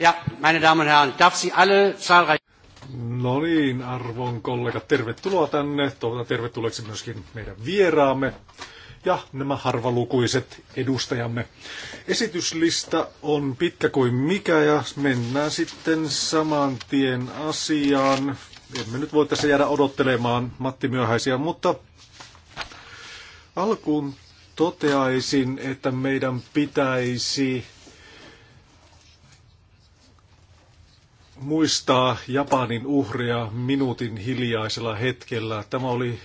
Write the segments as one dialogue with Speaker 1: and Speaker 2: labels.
Speaker 1: Ja, meine Damen und Herren, darf Sie alle zahlreich... No niin, arvon kollegat, tervetuloa tänne. Toivotan tervetulleeksi myöskin meidän vieraamme ja nämä harvalukuiset edustajamme. Esityslista on pitkä kuin mikä ja mennään sitten saman tien asiaan. Emme nyt voi tässä jäädä odottelemaan Matti Myöhäisiä, mutta alkuun toteaisin, että meidän pitäisi muistaa Japanin uhria minuutin hiljaisella hetkellä. Tämä oli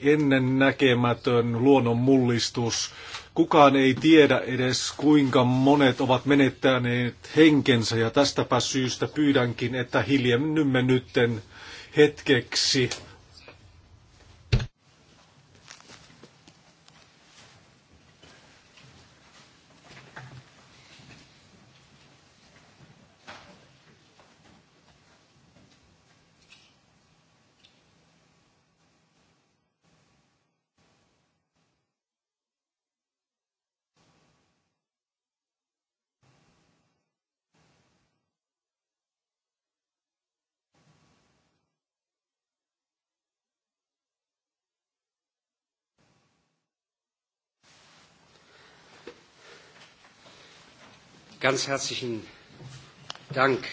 Speaker 1: ennen näkemätön luonnon mullistus. Kukaan ei tiedä edes, kuinka monet ovat menettäneet henkensä, ja tästäpä syystä pyydänkin, että hiljennymme nytten hetkeksi Ganz herzlichen Dank.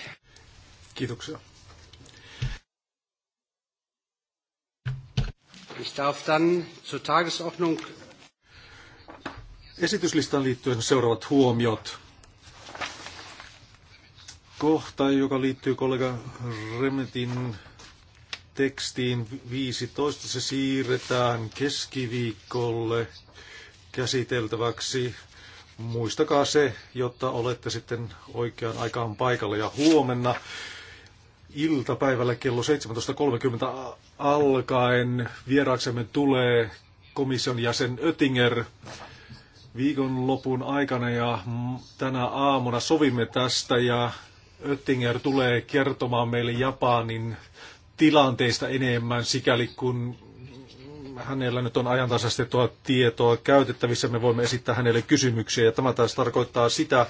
Speaker 1: Ich darf dann zur Tagesordnung Esityslistan liittyen seuraavat huomiot. Kohta, joka liittyy kollega Remetin tekstiin 15, se siirretään keskiviikolle käsiteltäväksi muistakaa se, jotta olette sitten oikeaan aikaan paikalla. Ja huomenna iltapäivällä kello 17.30 alkaen vieraaksemme tulee komission jäsen Öttinger viikonlopun aikana ja tänä aamuna sovimme tästä ja Öttinger tulee kertomaan meille Japanin tilanteista enemmän sikäli kun hänellä nyt on ajantasaisesti tuo tietoa käytettävissä, me voimme esittää hänelle kysymyksiä. Ja tämä taas tarkoittaa sitä,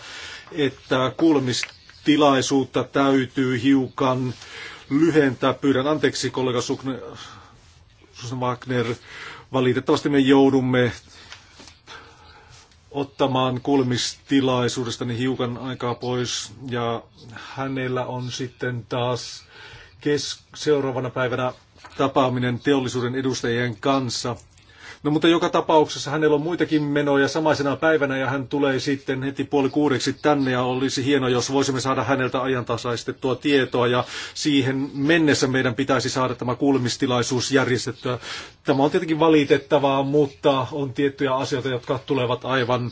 Speaker 1: että kuulemistilaisuutta täytyy hiukan lyhentää. Pyydän anteeksi kollega Susan Wagner. Valitettavasti me joudumme ottamaan kuulemistilaisuudestani niin hiukan aikaa pois ja hänellä on sitten taas kes- seuraavana päivänä tapaaminen teollisuuden edustajien kanssa. No mutta joka tapauksessa hänellä on muitakin menoja samaisena päivänä ja hän tulee sitten heti puoli kuudeksi tänne ja olisi hienoa, jos voisimme saada häneltä ajantasaistettua tietoa ja siihen mennessä meidän pitäisi saada tämä kuulemistilaisuus järjestettyä. Tämä on tietenkin valitettavaa, mutta on tiettyjä asioita, jotka tulevat aivan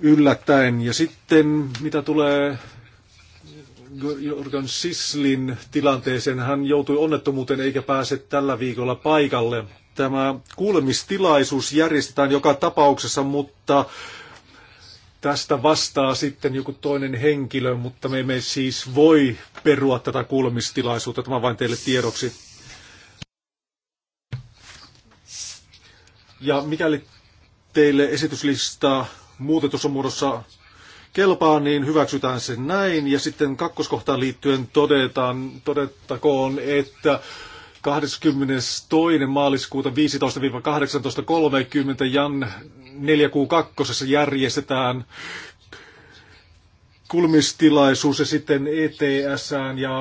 Speaker 1: yllättäen. Ja sitten mitä tulee Jorgan Sislin tilanteeseen. Hän joutui onnettomuuteen eikä pääse tällä viikolla paikalle. Tämä kuulemistilaisuus järjestetään joka tapauksessa, mutta tästä vastaa sitten joku toinen henkilö, mutta me emme siis voi perua tätä kuulemistilaisuutta. Tämä vain teille tiedoksi. Ja mikäli teille esityslista muutetussa muodossa kelpaa, niin hyväksytään se näin. Ja sitten kakkoskohtaan liittyen todetaan, todettakoon, että 22. maaliskuuta 15-18.30 Jan 4 q järjestetään kulmistilaisuus ja sitten ets ja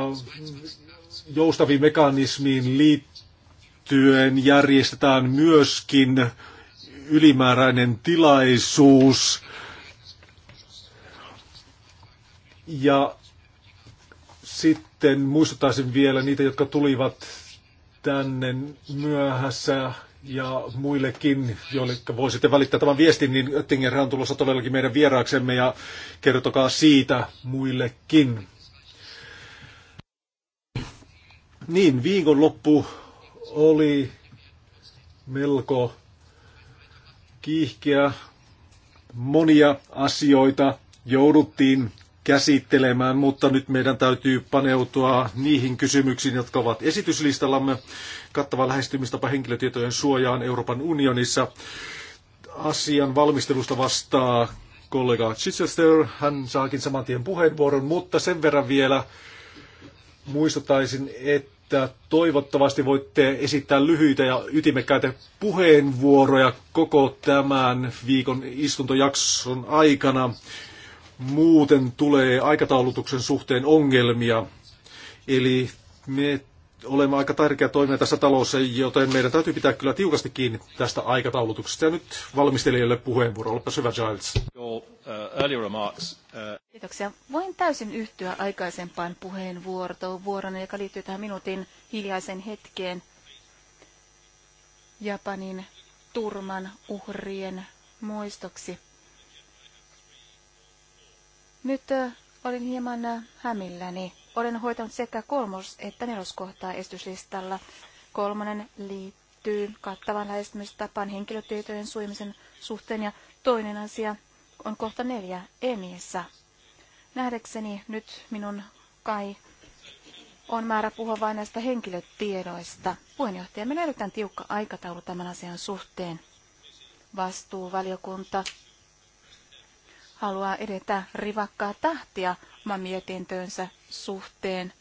Speaker 1: joustaviin mekanismiin liittyen järjestetään myöskin ylimääräinen tilaisuus ja sitten muistuttaisin vielä niitä, jotka tulivat tänne myöhässä ja muillekin, joille voisitte välittää tämän viestin, niin Oettinger on tulossa todellakin meidän vieraaksemme ja kertokaa siitä muillekin. Niin, viikonloppu oli melko kiihkeä. Monia asioita jouduttiin käsittelemään, mutta nyt meidän täytyy paneutua niihin kysymyksiin, jotka ovat esityslistallamme. Kattava lähestymistapa henkilötietojen suojaan Euroopan unionissa. Asian valmistelusta vastaa kollega Chichester. Hän saakin saman tien puheenvuoron, mutta sen verran vielä muistuttaisin, että toivottavasti voitte esittää lyhyitä ja ytimekkäitä puheenvuoroja koko tämän viikon istuntojakson aikana. Muuten tulee aikataulutuksen suhteen ongelmia. Eli me olemme aika tärkeä toimija tässä talossa, joten meidän täytyy pitää kyllä tiukasti kiinni tästä aikataulutuksesta. Ja nyt valmistelijalle puheenvuoro. Olepas hyvä, Giles. Uh, uh,
Speaker 2: Kiitoksia. Voin täysin yhtyä aikaisempaan puheenvuoroon, joka liittyy tähän minuutin hiljaisen hetkeen Japanin turman uhrien muistoksi. Nyt olin hieman hämilläni. Olen hoitanut sekä kolmos- että neloskohtaa estyslistalla. Kolmonen liittyy kattavan lähestymistapaan henkilötietojen suojamisen suhteen ja toinen asia on kohta neljä emiessä. Nähdäkseni nyt minun kai on määrä puhua vain näistä henkilötiedoista. Puheenjohtaja, meillä on tiukka aikataulu tämän asian suhteen. Vastuuvaliokunta haluaa edetä rivakkaa tahtia oman mietintöönsä suhteen.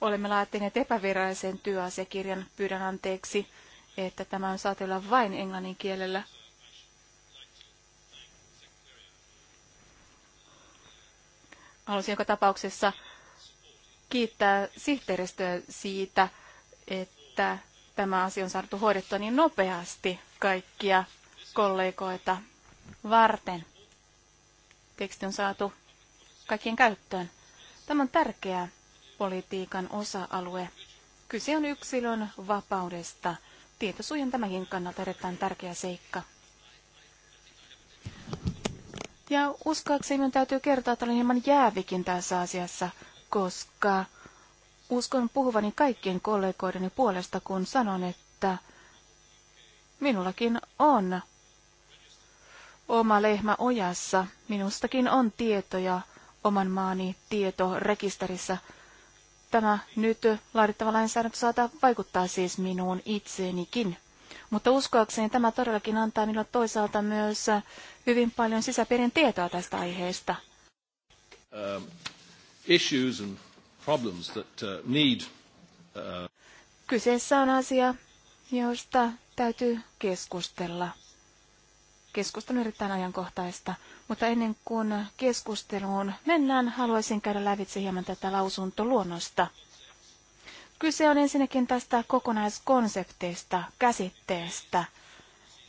Speaker 2: Olemme laatineet epävirallisen työasiakirjan. Pyydän anteeksi, että tämä on saatu olla vain englannin kielellä. Haluaisin joka tapauksessa kiittää sihteeristöä siitä, että tämä asia on saatu hoidettua niin nopeasti kaikkia kollegoita varten. Teksti on saatu kaikkien käyttöön. Tämä on tärkeä politiikan osa-alue. Kyse on yksilön vapaudesta. Tietosuojan tämäkin kannalta erittäin tärkeä seikka. Ja uskoakseni minun täytyy kertoa, että olen hieman jäävikin tässä asiassa, koska uskon puhuvani kaikkien kollegoideni puolesta, kun sanon, että minullakin on oma lehmä ojassa. Minustakin on tietoja oman maani tietorekisterissä. Tämä nyt laadittava lainsäädäntö saattaa vaikuttaa siis minuun itseenikin. Mutta uskoakseni tämä todellakin antaa minulle toisaalta myös hyvin paljon sisäpiirin tietoa tästä aiheesta.
Speaker 1: Um, uh, uh,
Speaker 2: Kyseessä on asia, josta täytyy keskustella. Keskustelu on erittäin ajankohtaista, mutta ennen kuin keskusteluun mennään, haluaisin käydä lävitse hieman tätä lausuntoluonnosta. Kyse on ensinnäkin tästä kokonaiskonsepteista, käsitteestä,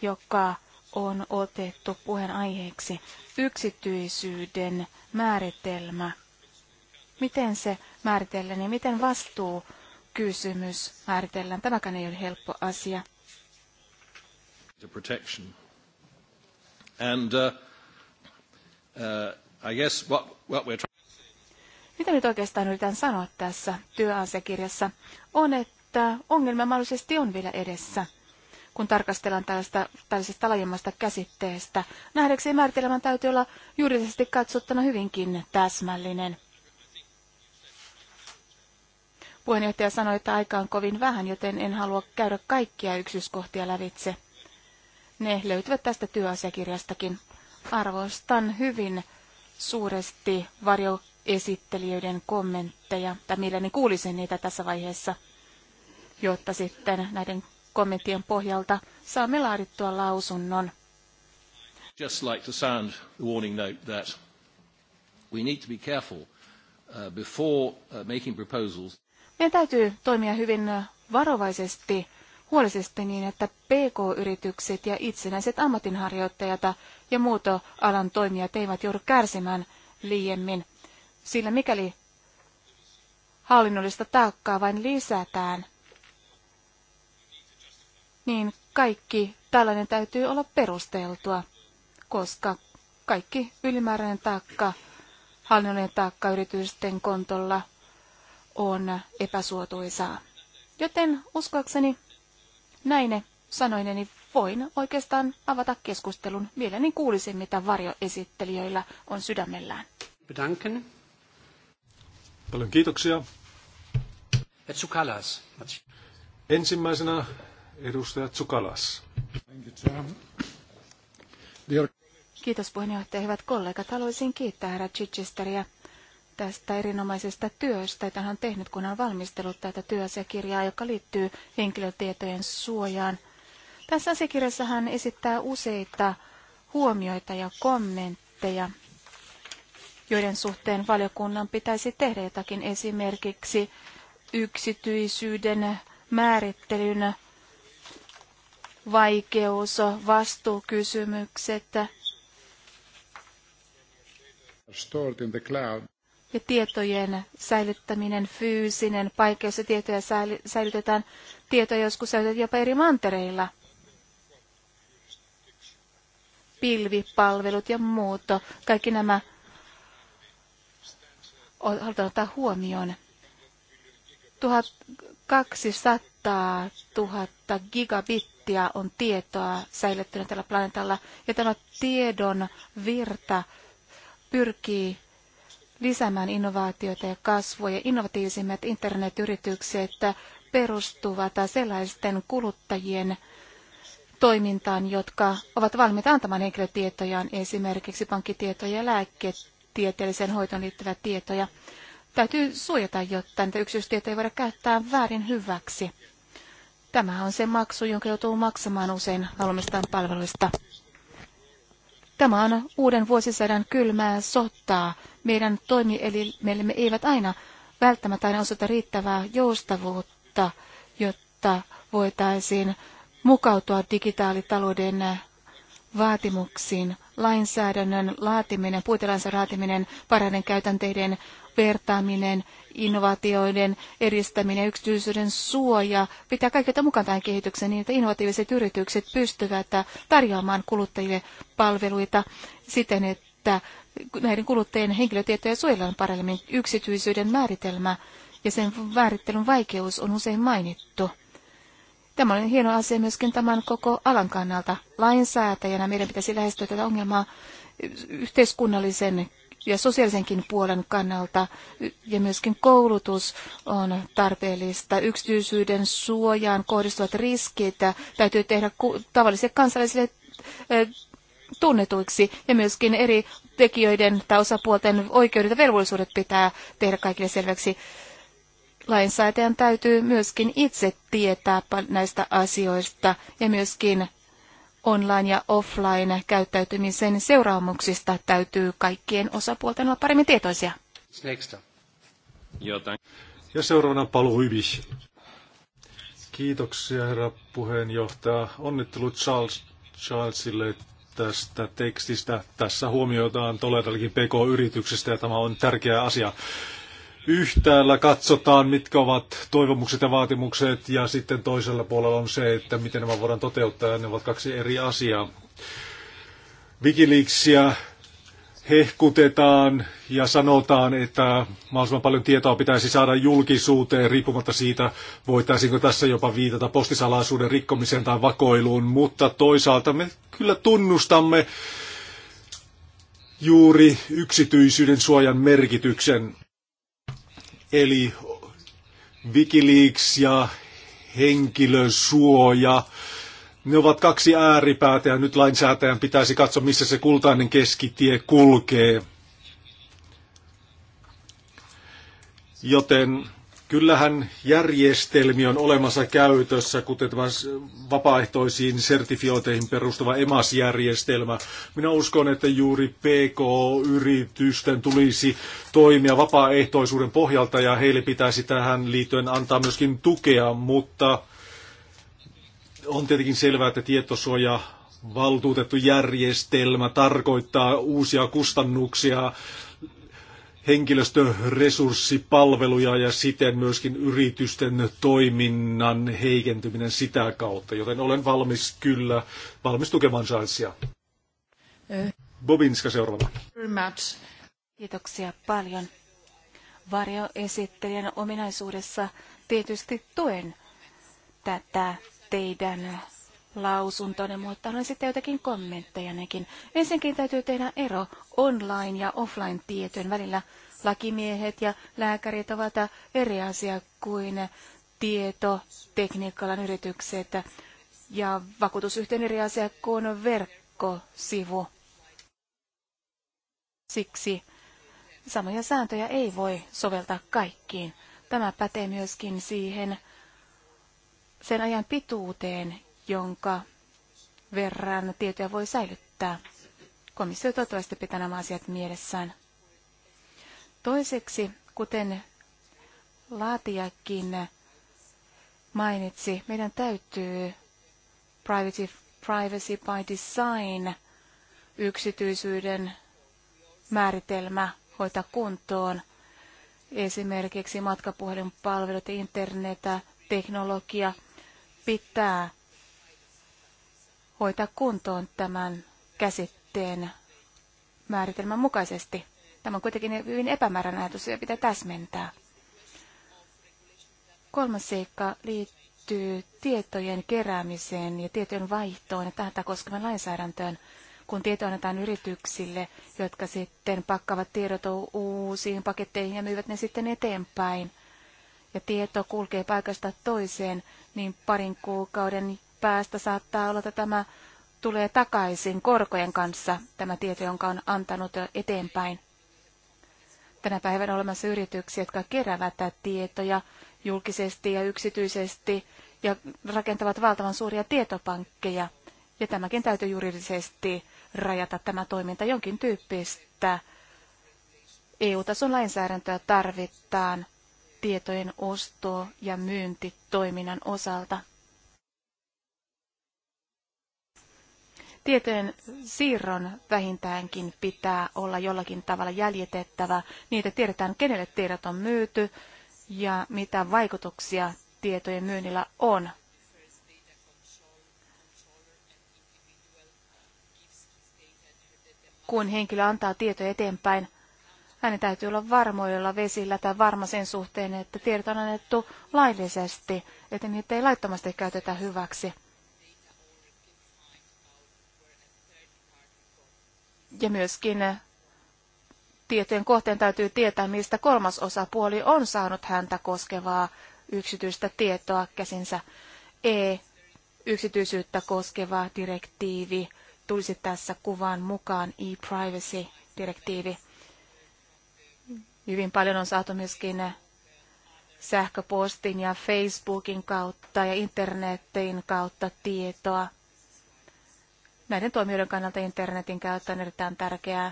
Speaker 2: joka on otettu puheen aiheeksi yksityisyyden määritelmä. Miten se määritellään ja miten vastuu kysymys määritellään? Tämäkään ei ole helppo asia.
Speaker 1: The protection And uh, uh, I guess what, what we're
Speaker 2: Mitä nyt oikeastaan yritän sanoa tässä työasiakirjassa on, että ongelma mahdollisesti on vielä edessä kun tarkastellaan tällaista, tällaisesta laajemmasta käsitteestä. Nähdäkseni määritelmän täytyy olla juridisesti katsottuna hyvinkin täsmällinen. Puheenjohtaja sanoi, että aika on kovin vähän, joten en halua käydä kaikkia yksityiskohtia lävitse. Ne löytyvät tästä työasiakirjastakin. Arvostan hyvin suuresti varjoesittelijöiden kommentteja, tai mielelläni kuulisin niitä tässä vaiheessa, jotta sitten näiden kommenttien pohjalta saamme laadittua lausunnon.
Speaker 3: Just like to sound the warning note that we need to be careful uh,
Speaker 2: before uh, making proposals. Meidän täytyy toimia hyvin varovaisesti huolisesti niin, että PK-yritykset ja itsenäiset ammatinharjoittajat ja muut alan toimijat eivät joudu kärsimään liiemmin, sillä mikäli hallinnollista taakkaa vain lisätään, niin kaikki tällainen täytyy olla perusteltua, koska kaikki ylimääräinen taakka, hallinnollinen taakka yritysten kontolla on epäsuotuisaa. Joten uskoakseni näin sanoineni voin oikeastaan avata keskustelun. Mieleni kuulisin, mitä varjoesittelijöillä on sydämellään.
Speaker 1: Bedanken. Paljon kiitoksia. Tsukalas. Ensimmäisenä edustaja Tsukalas.
Speaker 2: Kiitos puheenjohtaja, hyvät kollegat. Haluaisin kiittää herra Chichesteriä tästä erinomaisesta työstä, jota hän on tehnyt, kun hän on valmistellut tätä työasiakirjaa, joka liittyy henkilötietojen suojaan. Tässä asiakirjassa hän esittää useita huomioita ja kommentteja, joiden suhteen valiokunnan pitäisi tehdä jotakin esimerkiksi yksityisyyden määrittelyn vaikeus, vastuukysymykset,
Speaker 1: stored in the cloud
Speaker 2: ja tietojen säilyttäminen, fyysinen paikka, jossa tietoja säilytetään, tietoja joskus säilytetään jopa eri mantereilla. Pilvipalvelut ja muuto, kaikki nämä halutaan ottaa huomioon. 1200 000 gigabittia on tietoa säilyttänyt tällä planeetalla, ja tämä tiedon virta pyrkii lisäämään innovaatioita ja kasvua ja innovatiivisimmat internetyritykset perustuvat sellaisten kuluttajien toimintaan, jotka ovat valmiita antamaan henkilötietojaan, esimerkiksi pankkitietoja ja lääketieteelliseen hoitoon liittyviä tietoja. Täytyy suojata, jotta näitä yksityistietoja ei voida käyttää väärin hyväksi. Tämä on se maksu, jonka joutuu maksamaan usein valmistaan palveluista. Tämä on uuden vuosisadan kylmää sotaa. Meidän toimielimellemme eivät aina välttämättä aina osoita riittävää joustavuutta, jotta voitaisiin mukautua digitaalitalouden vaatimuksiin. Lainsäädännön laatiminen, puitelainsäädännön laatiminen, parhaiden käytänteiden vertaaminen, innovaatioiden edistäminen, yksityisyyden suoja, pitää kaikilta mukaan tähän kehitykseen niin, että innovatiiviset yritykset pystyvät tarjoamaan kuluttajille palveluita siten, että näiden kuluttajien henkilötietoja suojellaan paremmin. Yksityisyyden määritelmä ja sen määrittelyn vaikeus on usein mainittu. Tämä on hieno asia myöskin tämän koko alan kannalta. Lainsäätäjänä meidän pitäisi lähestyä tätä ongelmaa yhteiskunnallisen ja sosiaalisenkin puolen kannalta ja myöskin koulutus on tarpeellista. Yksityisyyden suojaan kohdistuvat riskit täytyy tehdä tavallisille kansalaisille tunnetuiksi ja myöskin eri tekijöiden tai osapuolten oikeudet ja velvollisuudet pitää tehdä kaikille selväksi. Lainsäätäjän täytyy myöskin itse tietää näistä asioista ja myöskin online- ja offline-käyttäytymisen seuraamuksista täytyy kaikkien osapuolten olla paremmin tietoisia.
Speaker 1: Ja seuraavana Palu Hyvish. Kiitoksia herra puheenjohtaja. Onnittelut Charles, Charlesille tästä tekstistä. Tässä huomioidaan todellakin PK-yrityksestä ja tämä on tärkeä asia yhtäällä katsotaan, mitkä ovat toivomukset ja vaatimukset, ja sitten toisella puolella on se, että miten nämä voidaan toteuttaa, ja ne ovat kaksi eri asiaa. Wikileaksia hehkutetaan ja sanotaan, että mahdollisimman paljon tietoa pitäisi saada julkisuuteen riippumatta siitä, voitaisiinko tässä jopa viitata postisalaisuuden rikkomiseen tai vakoiluun, mutta toisaalta me kyllä tunnustamme juuri yksityisyyden suojan merkityksen. Eli Wikileaks ja henkilösuoja, ne ovat kaksi ääripäätä ja nyt lainsäätäjän pitäisi katsoa, missä se kultainen keskitie kulkee. Joten Kyllähän järjestelmi on olemassa käytössä, kuten tämä vapaaehtoisiin sertifioiteihin perustuva EMAS-järjestelmä. Minä uskon, että juuri PK-yritysten tulisi toimia vapaaehtoisuuden pohjalta ja heille pitäisi tähän liittyen antaa myöskin tukea, mutta on tietenkin selvää, että tietosuoja valtuutettu järjestelmä tarkoittaa uusia kustannuksia henkilöstöresurssipalveluja ja siten myöskin yritysten toiminnan heikentyminen sitä kautta, joten olen valmis kyllä, valmis tukemaan Charlesia. Eh. Bobinska seuraava.
Speaker 2: Kiitoksia paljon. Varjoesittelijän ominaisuudessa tietysti tuen tätä teidän lausuntoni, mutta on sitten jotakin kommentteja nekin. Ensinnäkin täytyy tehdä ero online- ja offline-tietojen välillä. Lakimiehet ja lääkärit ovat eri asia kuin tietotekniikkalan yritykset ja vakuutusyhtiön eri asia kuin verkkosivu. Siksi samoja sääntöjä ei voi soveltaa kaikkiin. Tämä pätee myöskin siihen sen ajan pituuteen, jonka verran tietoja voi säilyttää. Komissio toivottavasti pitää nämä asiat mielessään. Toiseksi, kuten laatijakin mainitsi, meidän täytyy privacy, privacy by design yksityisyyden määritelmä hoitaa kuntoon. Esimerkiksi matkapuhelinpalvelut, internet, teknologia pitää hoitaa kuntoon tämän käsitteen määritelmän mukaisesti. Tämä on kuitenkin hyvin epämääräinen ajatus ja pitää täsmentää. Kolmas seikka liittyy tietojen keräämiseen ja tietojen vaihtoon ja tähän koskevan lainsäädäntöön, kun tieto annetaan yrityksille, jotka sitten pakkavat tiedot uusiin paketteihin ja myyvät ne sitten eteenpäin. Ja tieto kulkee paikasta toiseen, niin parin kuukauden päästä saattaa olla, että tämä tulee takaisin korkojen kanssa, tämä tieto, jonka on antanut eteenpäin. Tänä päivänä on olemassa yrityksiä, jotka keräävät tietoja julkisesti ja yksityisesti ja rakentavat valtavan suuria tietopankkeja. Ja tämäkin täytyy juridisesti rajata tämä toiminta jonkin tyyppistä. EU-tason lainsäädäntöä tarvitaan tietojen osto- ja myyntitoiminnan osalta. Tietojen siirron vähintäänkin pitää olla jollakin tavalla jäljitettävä. Niitä tiedetään, kenelle tiedot on myyty ja mitä vaikutuksia tietojen myynnillä on. Kun henkilö antaa tietoja eteenpäin, hänen täytyy olla varmoilla vesillä tai varma sen suhteen, että tiedot on annettu laillisesti, että niitä ei laittomasti käytetä hyväksi. Ja myöskin tietojen kohteen täytyy tietää, mistä kolmas osapuoli on saanut häntä koskevaa yksityistä tietoa käsinsä. E-yksityisyyttä koskeva direktiivi tulisi tässä kuvaan mukaan, e-privacy-direktiivi. Hyvin paljon on saatu myöskin sähköpostin ja Facebookin kautta ja internetin kautta tietoa Näiden toimijoiden kannalta internetin käyttö on erittäin tärkeää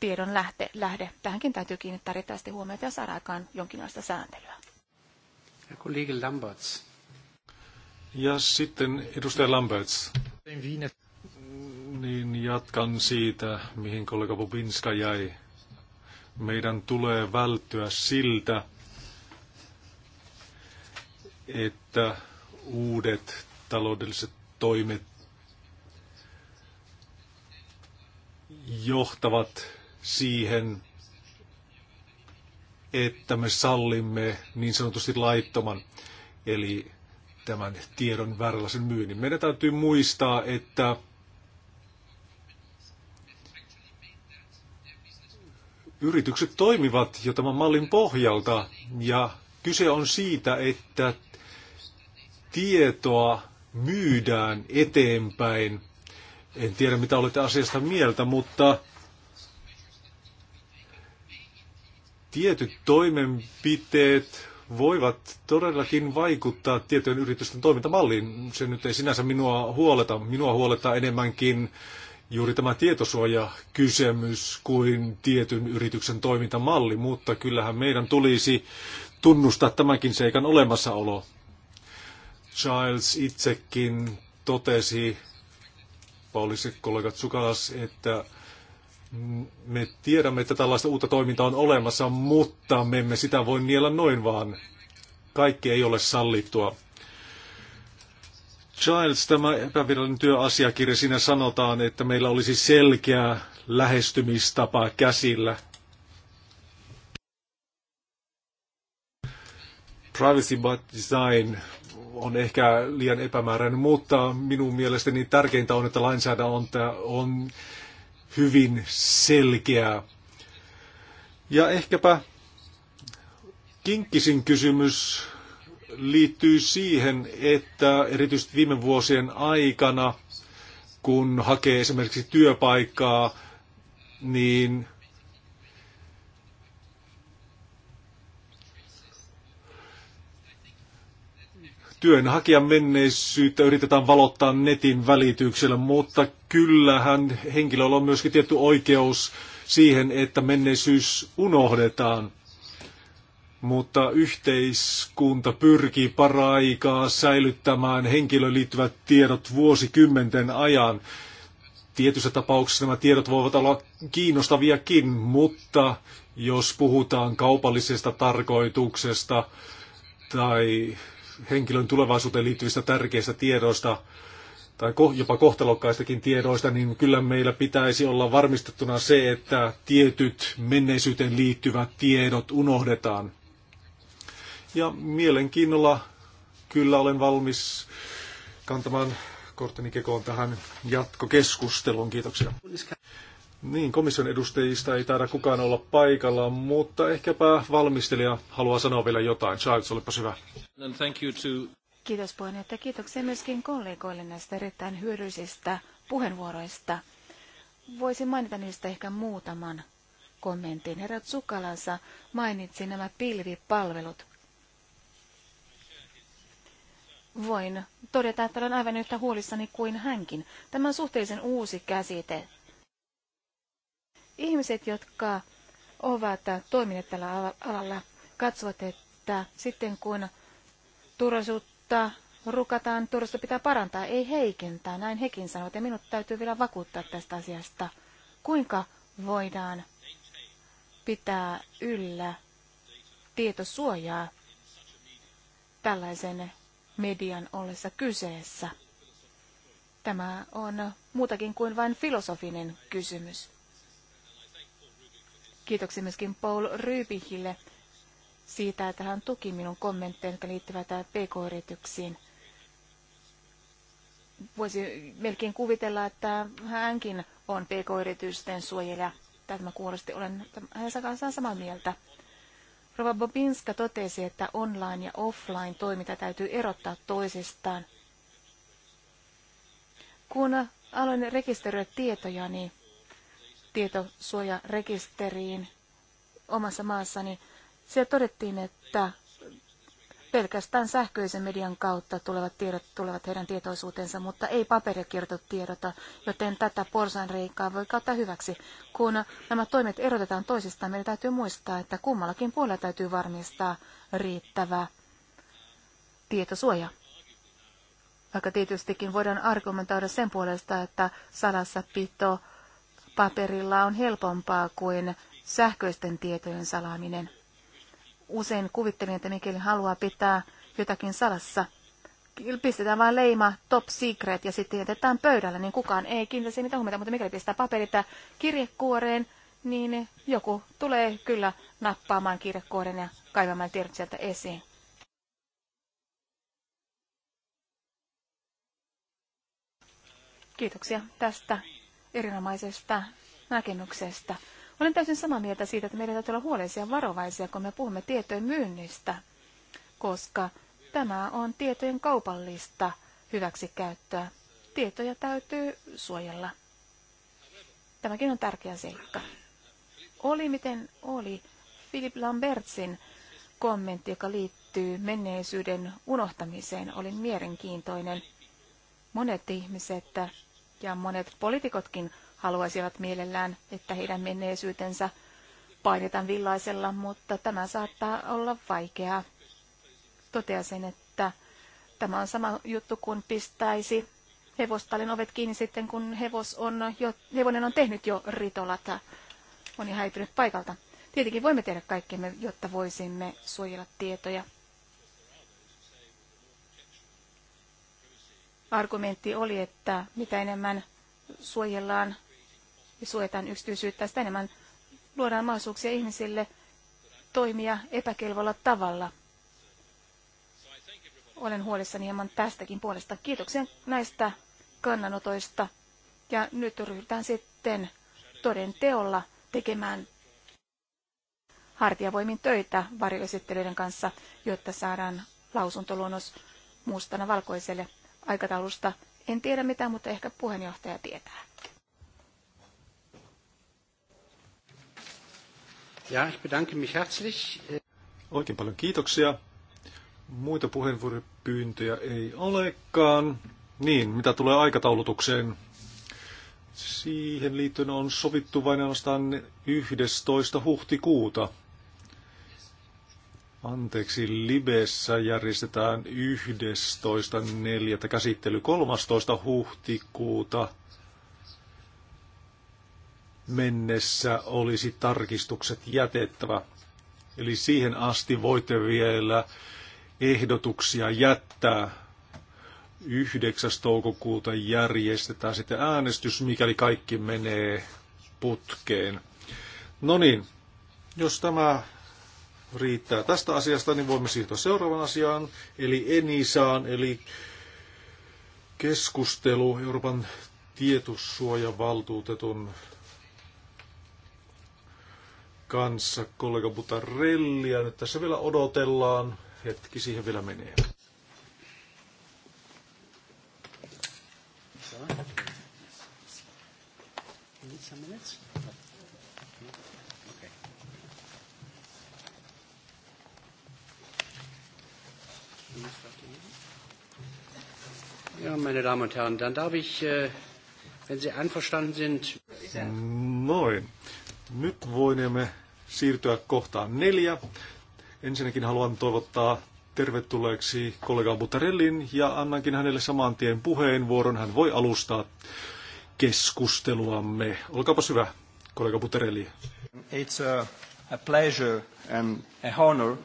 Speaker 2: tiedon lähte, lähde. Tähänkin täytyy kiinnittää riittävästi huomiota ja saada aikaan jonkinlaista sääntelyä.
Speaker 1: Ja kollega Lamberts. Ja sitten edustaja Lamberts. Niin jatkan siitä, mihin kollega Bobinska jäi. Meidän tulee välttyä siltä, että uudet taloudelliset toimet johtavat siihen, että me sallimme niin sanotusti laittoman, eli tämän tiedon vääränlaisen myynnin. Meidän täytyy muistaa, että yritykset toimivat jo tämän mallin pohjalta ja kyse on siitä, että tietoa myydään eteenpäin – en tiedä, mitä olette asiasta mieltä, mutta tietyt toimenpiteet voivat todellakin vaikuttaa tietyn yritysten toimintamalliin. Se nyt ei sinänsä minua huoleta. Minua huoleta enemmänkin juuri tämä tietosuojakysymys kuin tietyn yrityksen toimintamalli, mutta kyllähän meidän tulisi tunnustaa tämänkin seikan olemassaolo. Giles itsekin totesi poliisi kollega Tsukalas, että me tiedämme, että tällaista uutta toimintaa on olemassa, mutta me emme sitä voi niellä noin vaan. Kaikki ei ole sallittua. Giles, tämä epävirallinen työasiakirja, siinä sanotaan, että meillä olisi selkeä lähestymistapa käsillä. Privacy by Design on ehkä liian epämääräinen, mutta minun mielestäni tärkeintä on, että lainsäädäntö on hyvin selkeä. Ja ehkäpä kinkkisin kysymys liittyy siihen, että erityisesti viime vuosien aikana, kun hakee esimerkiksi työpaikkaa, niin työnhakijan menneisyyttä yritetään valottaa netin välityksellä, mutta kyllähän henkilöllä on myöskin tietty oikeus siihen, että menneisyys unohdetaan. Mutta yhteiskunta pyrkii paraikaa säilyttämään henkilöön liittyvät tiedot vuosikymmenten ajan. Tietyissä tapauksissa nämä tiedot voivat olla kiinnostaviakin, mutta jos puhutaan kaupallisesta tarkoituksesta tai henkilön tulevaisuuteen liittyvistä tärkeistä tiedoista tai jopa kohtalokkaistakin tiedoista, niin kyllä meillä pitäisi olla varmistettuna se, että tietyt menneisyyteen liittyvät tiedot unohdetaan. Ja mielenkiinnolla kyllä olen valmis kantamaan kortteni kekoon tähän jatkokeskusteluun. Kiitoksia. Niin, komission edustajista ei taida kukaan olla paikalla, mutta ehkäpä valmistelija haluaa sanoa vielä jotain. Charles, olipa hyvä.
Speaker 2: Kiitos puheenjohtaja. Kiitoksia myöskin kollegoille näistä erittäin hyödyllisistä puheenvuoroista. Voisin mainita niistä ehkä muutaman kommentin. Herra Tsukalansa mainitsi nämä pilvipalvelut. Voin todeta, että olen aivan yhtä huolissani kuin hänkin. Tämä on suhteellisen uusi käsite Ihmiset, jotka ovat toimineet tällä alalla, katsovat, että sitten kun turvallisuutta rukataan, turvallisuutta pitää parantaa, ei heikentää. Näin hekin sanovat, ja minut täytyy vielä vakuuttaa tästä asiasta. Kuinka voidaan pitää yllä tietosuojaa tällaisen median ollessa kyseessä? Tämä on muutakin kuin vain filosofinen kysymys. Kiitoksia myöskin Paul Rybihille siitä, että hän tuki minun kommentteja, jotka liittyvät pk-yrityksiin. Voisi melkein kuvitella, että hänkin on pk-yritysten suojelija. Tämä kuulosti, olen hänen kanssaan samaa mieltä. Rova Bobinska totesi, että online ja offline toiminta täytyy erottaa toisistaan. Kun aloin rekisteröidä tietojani, niin tietosuojarekisteriin omassa maassani, siellä todettiin, että pelkästään sähköisen median kautta tulevat tiedot tulevat heidän tietoisuutensa, mutta ei paperikirjoitut joten tätä porsanreikkaa voi käyttää hyväksi. Kun nämä toimet erotetaan toisistaan, meidän täytyy muistaa, että kummallakin puolella täytyy varmistaa riittävä tietosuoja. Vaikka tietystikin voidaan argumentoida sen puolesta, että salassapito pito paperilla on helpompaa kuin sähköisten tietojen salaaminen. Usein kuvittelen, että mikäli haluaa pitää jotakin salassa, pistetään vain leima top secret ja sitten jätetään pöydällä, niin kukaan ei kiinnitä siihen mitään huomiota, mutta mikäli pistää paperita kirjekuoreen, niin joku tulee kyllä nappaamaan kirjekuoren ja kaivamaan tiedot sieltä esiin. Kiitoksia tästä erinomaisesta näkemyksestä. Olen täysin samaa mieltä siitä, että meidän täytyy olla huolellisia ja varovaisia, kun me puhumme tietojen myynnistä, koska tämä on tietojen kaupallista hyväksikäyttöä. Tietoja täytyy suojella. Tämäkin on tärkeä seikka. Oli miten oli Philip Lambertsin kommentti, joka liittyy menneisyyden unohtamiseen, oli mielenkiintoinen. Monet ihmiset ja monet poliitikotkin haluaisivat mielellään, että heidän menneisyytensä painetaan villaisella, mutta tämä saattaa olla vaikeaa. Toteasin, että tämä on sama juttu kuin pistäisi hevostallin ovet kiinni sitten, kun hevos on jo, hevonen on tehnyt jo ritolat. on häipynyt paikalta. Tietenkin voimme tehdä kaikkemme, jotta voisimme suojella tietoja argumentti oli, että mitä enemmän suojellaan ja suojataan yksityisyyttä, sitä enemmän luodaan mahdollisuuksia ihmisille toimia epäkelvolla tavalla. Olen huolissani hieman tästäkin puolesta. Kiitoksia näistä kannanotoista. Ja nyt ryhdytään sitten toden teolla tekemään hartiavoimin töitä varjoesittelyiden kanssa, jotta saadaan lausuntoluonnos mustana valkoiselle aikataulusta en tiedä mitään, mutta ehkä puheenjohtaja tietää.
Speaker 1: Ja, ich bedanke mich herzlich. Oikein paljon kiitoksia. Muita puheenvuoropyyntöjä ei olekaan. Niin, mitä tulee aikataulutukseen, siihen liittyen on sovittu vain ainoastaan 11. huhtikuuta Anteeksi, Libessä järjestetään 11.4. käsittely 13. huhtikuuta mennessä olisi tarkistukset jätettävä. Eli siihen asti voitte vielä ehdotuksia jättää. 9. toukokuuta järjestetään sitten äänestys, mikäli kaikki menee putkeen. No niin, jos tämä riittää tästä asiasta, niin voimme siirtyä seuraavaan asiaan, eli ENISAan, eli keskustelu Euroopan tietosuojavaltuutetun kanssa kollega Ja Nyt tässä vielä odotellaan. Hetki siihen vielä menee. Ja, meine Damen und Herren, dann darf ich, äh, wenn Sie einverstanden sind... Noin. Nyt voimme siirtyä kohtaan neljä. Ensinnäkin haluan toivottaa tervetulleeksi kollega Butarellin ja annankin hänelle saman tien puheenvuoron. Hän voi alustaa keskusteluamme. Olkaapa hyvä, kollega Butarelli. It's a, a pleasure and a honor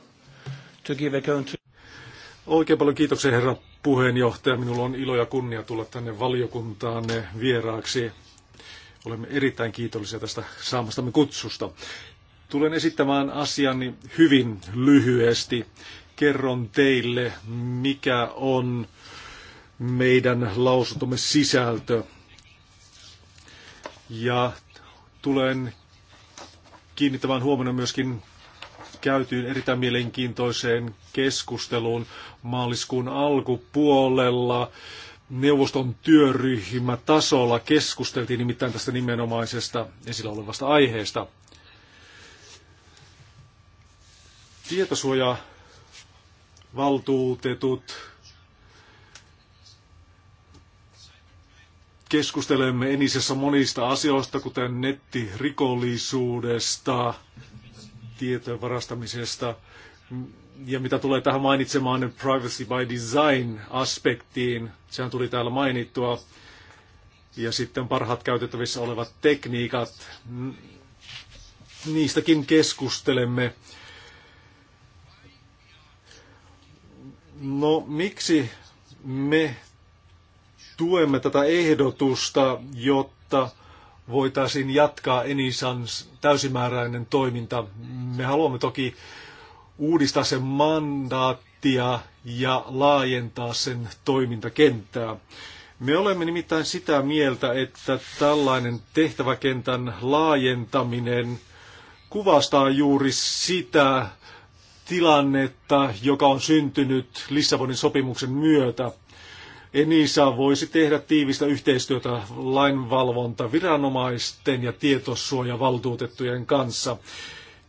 Speaker 1: to give a country Oikein paljon kiitoksia herra puheenjohtaja. Minulla on ilo ja kunnia tulla tänne valiokuntaanne vieraaksi. Olemme erittäin kiitollisia tästä saamastamme kutsusta. Tulen esittämään asiani hyvin lyhyesti. Kerron teille, mikä on meidän lausuntomme sisältö. Ja tulen kiinnittämään huomenna myöskin käytyyn erittäin mielenkiintoiseen keskusteluun maaliskuun alkupuolella. Neuvoston työryhmä tasolla keskusteltiin nimittäin tästä nimenomaisesta esillä olevasta aiheesta. Tietosuoja valtuutetut keskustelemme enisessä monista asioista, kuten nettirikollisuudesta, tietojen varastamisesta. Ja mitä tulee tähän mainitsemaan privacy by design-aspektiin, sehän tuli täällä mainittua, ja sitten parhaat käytettävissä olevat tekniikat, niistäkin keskustelemme. No miksi me tuemme tätä ehdotusta, jotta voitaisiin jatkaa Enisan täysimääräinen toiminta. Me haluamme toki uudistaa sen mandaattia ja laajentaa sen toimintakenttää. Me olemme nimittäin sitä mieltä, että tällainen tehtäväkentän laajentaminen kuvastaa juuri sitä tilannetta, joka on syntynyt Lissabonin sopimuksen myötä – Enisa voisi tehdä tiivistä yhteistyötä lainvalvonta viranomaisten ja tietosuojavaltuutettujen kanssa.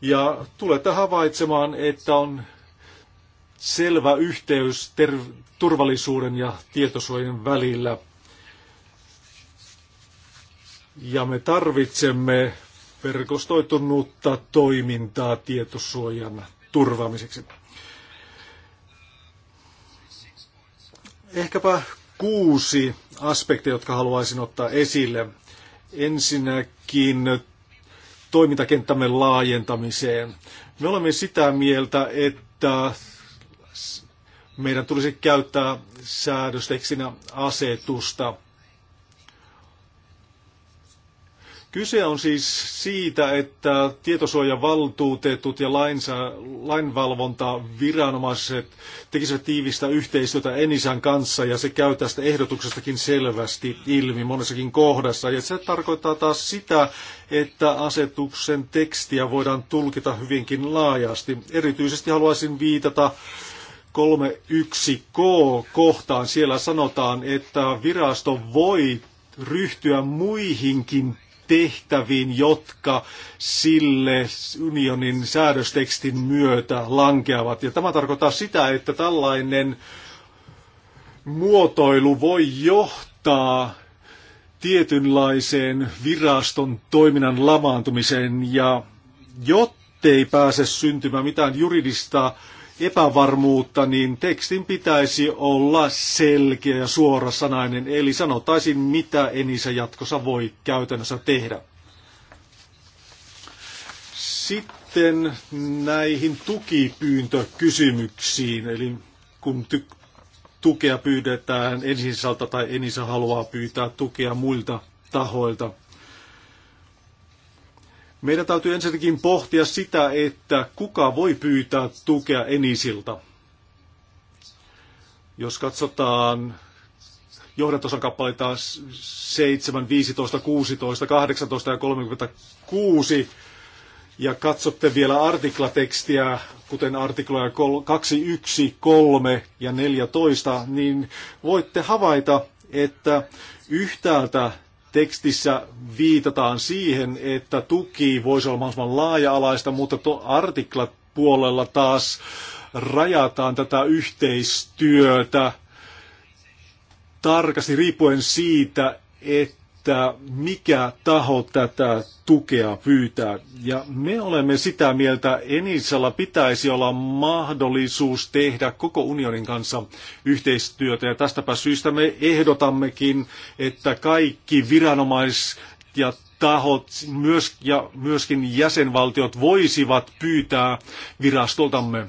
Speaker 1: Ja tulette havaitsemaan, että on selvä yhteys ter- turvallisuuden ja tietosuojan välillä. Ja me tarvitsemme verkostoitunutta toimintaa tietosuojan turvaamiseksi. Ehkäpä kuusi aspektia, jotka haluaisin ottaa esille. Ensinnäkin toimintakenttämme laajentamiseen. Me olemme sitä mieltä, että meidän tulisi käyttää säädösteksinä asetusta – Kyse on siis siitä, että tietosuojavaltuutetut ja lainsä, lainvalvontaviranomaiset tekisivät tiivistä yhteistyötä Enisan kanssa ja se käy tästä ehdotuksestakin selvästi ilmi monessakin kohdassa. Ja se tarkoittaa taas sitä, että asetuksen tekstiä voidaan tulkita hyvinkin laajasti. Erityisesti haluaisin viitata 31K-kohtaan. Siellä sanotaan, että virasto voi ryhtyä muihinkin tehtäviin, jotka sille unionin säädöstekstin myötä lankeavat. Ja tämä tarkoittaa sitä, että tällainen muotoilu voi johtaa tietynlaiseen viraston toiminnan lamaantumiseen ja jottei pääse syntymään mitään juridista epävarmuutta, niin tekstin pitäisi olla selkeä ja suorasanainen, eli sanotaisin, mitä Enisa jatkossa voi käytännössä tehdä. Sitten näihin tukipyyntökysymyksiin, eli kun ty- tukea pyydetään Enisalta tai Enisa haluaa pyytää tukea muilta tahoilta. Meidän täytyy ensinnäkin pohtia sitä, että kuka voi pyytää tukea Enisilta. Jos katsotaan johdantosan kappaleita 7, 15, 16, 18 ja 36, ja katsotte vielä artiklatekstiä, kuten artikloja 2, 1, 3 ja 14, niin voitte havaita, että yhtäältä tekstissä viitataan siihen, että tuki voisi olla mahdollisimman laaja-alaista, mutta to artiklat puolella taas rajataan tätä yhteistyötä tarkasti riippuen siitä, että että mikä taho tätä tukea pyytää. Ja me olemme sitä mieltä, Enisalla pitäisi olla mahdollisuus tehdä koko unionin kanssa yhteistyötä. Ja tästäpä syystä me ehdotammekin, että kaikki viranomais- ja tahot myös, ja myöskin jäsenvaltiot voisivat pyytää virastoltamme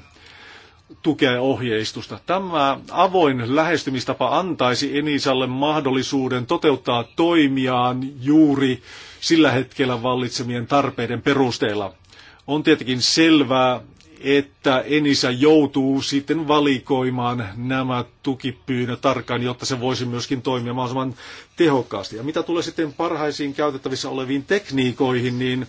Speaker 1: tukea ja ohjeistusta. Tämä avoin lähestymistapa antaisi Enisalle mahdollisuuden toteuttaa toimiaan juuri sillä hetkellä vallitsemien tarpeiden perusteella. On tietenkin selvää, että Enisa joutuu sitten valikoimaan nämä tukipyynnöt tarkkaan, jotta se voisi myöskin toimia mahdollisimman tehokkaasti. Ja mitä tulee sitten parhaisiin käytettävissä oleviin tekniikoihin, niin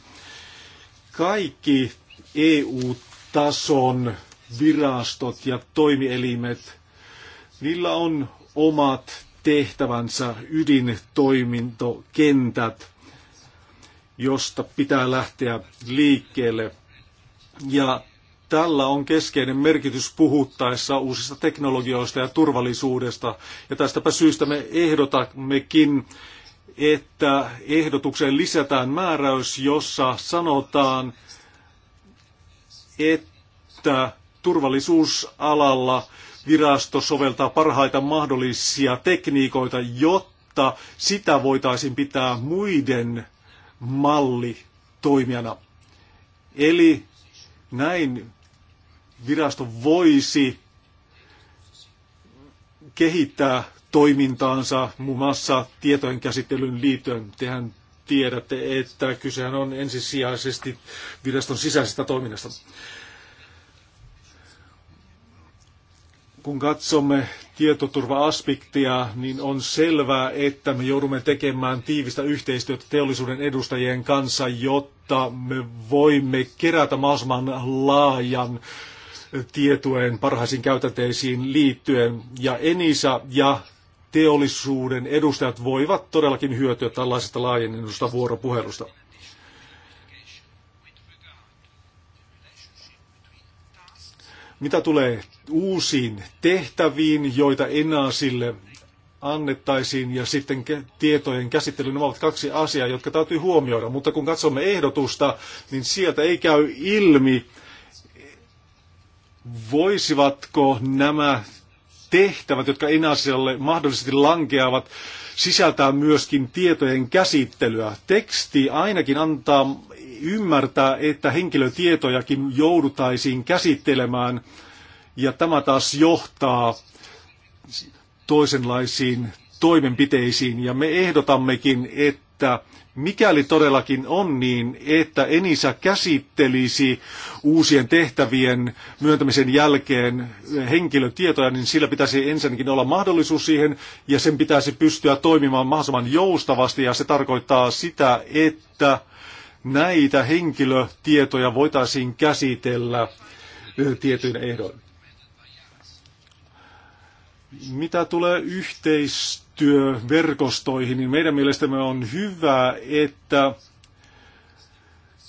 Speaker 1: kaikki EU-tason virastot ja toimielimet, niillä on omat tehtävänsä ydintoimintokentät, josta pitää lähteä liikkeelle. Ja tällä on keskeinen merkitys puhuttaessa uusista teknologioista ja turvallisuudesta. Ja tästäpä syystä me ehdotammekin, että ehdotukseen lisätään määräys, jossa sanotaan, että turvallisuusalalla virasto soveltaa parhaita mahdollisia tekniikoita, jotta sitä voitaisiin pitää muiden malli toimijana. Eli näin virasto voisi kehittää toimintaansa muun muassa tietojen käsittelyn liittyen. Tehän tiedätte, että kysehän on ensisijaisesti viraston sisäisestä toiminnasta. kun katsomme tietoturva-aspektia, niin on selvää, että me joudumme tekemään tiivistä yhteistyötä teollisuuden edustajien kanssa, jotta me voimme kerätä mahdollisimman laajan tietojen parhaisiin käytänteisiin liittyen. Ja Enisa ja teollisuuden edustajat voivat todellakin hyötyä tällaisesta laajennetusta vuoropuhelusta. Mitä tulee uusiin tehtäviin, joita enää sille annettaisiin ja sitten tietojen käsittely, nämä ovat kaksi asiaa, jotka täytyy huomioida. Mutta kun katsomme ehdotusta, niin sieltä ei käy ilmi, voisivatko nämä tehtävät, jotka Enasialle mahdollisesti lankeavat, sisältää myöskin tietojen käsittelyä. Teksti ainakin antaa ymmärtää, että henkilötietojakin joudutaisiin käsittelemään ja tämä taas johtaa toisenlaisiin toimenpiteisiin ja me ehdotammekin, että mikäli todellakin on niin, että Enisa käsittelisi uusien tehtävien myöntämisen jälkeen henkilötietoja, niin sillä pitäisi ensinnäkin olla mahdollisuus siihen ja sen pitäisi pystyä toimimaan mahdollisimman joustavasti ja se tarkoittaa sitä, että näitä henkilötietoja voitaisiin käsitellä tietyin ehdoin. Mitä tulee yhteistyöverkostoihin, niin meidän mielestämme on hyvä, että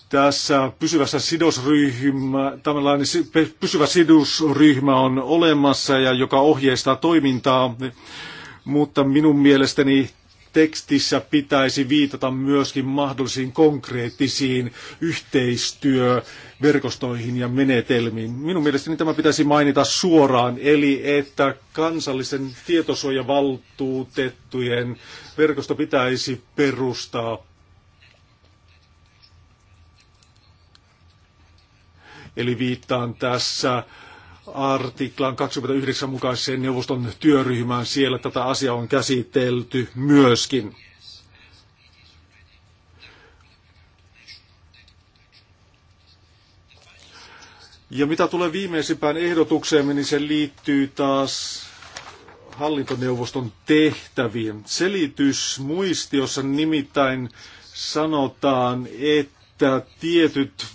Speaker 1: tässä pysyvässä sidosryhmä, tällainen pysyvä sidosryhmä on olemassa ja joka ohjeistaa toimintaa, mutta minun mielestäni tekstissä pitäisi viitata myöskin mahdollisiin konkreettisiin yhteistyöverkostoihin ja menetelmiin. Minun mielestäni tämä pitäisi mainita suoraan, eli että kansallisen tietosuojavaltuutettujen verkosto pitäisi perustaa Eli viittaan tässä artiklan 29 mukaiseen neuvoston työryhmään. Siellä tätä asiaa on käsitelty myöskin. Ja mitä tulee viimeisimpään ehdotukseen, niin se liittyy taas hallintoneuvoston tehtäviin. Selitysmuistiossa nimittäin sanotaan, että tietyt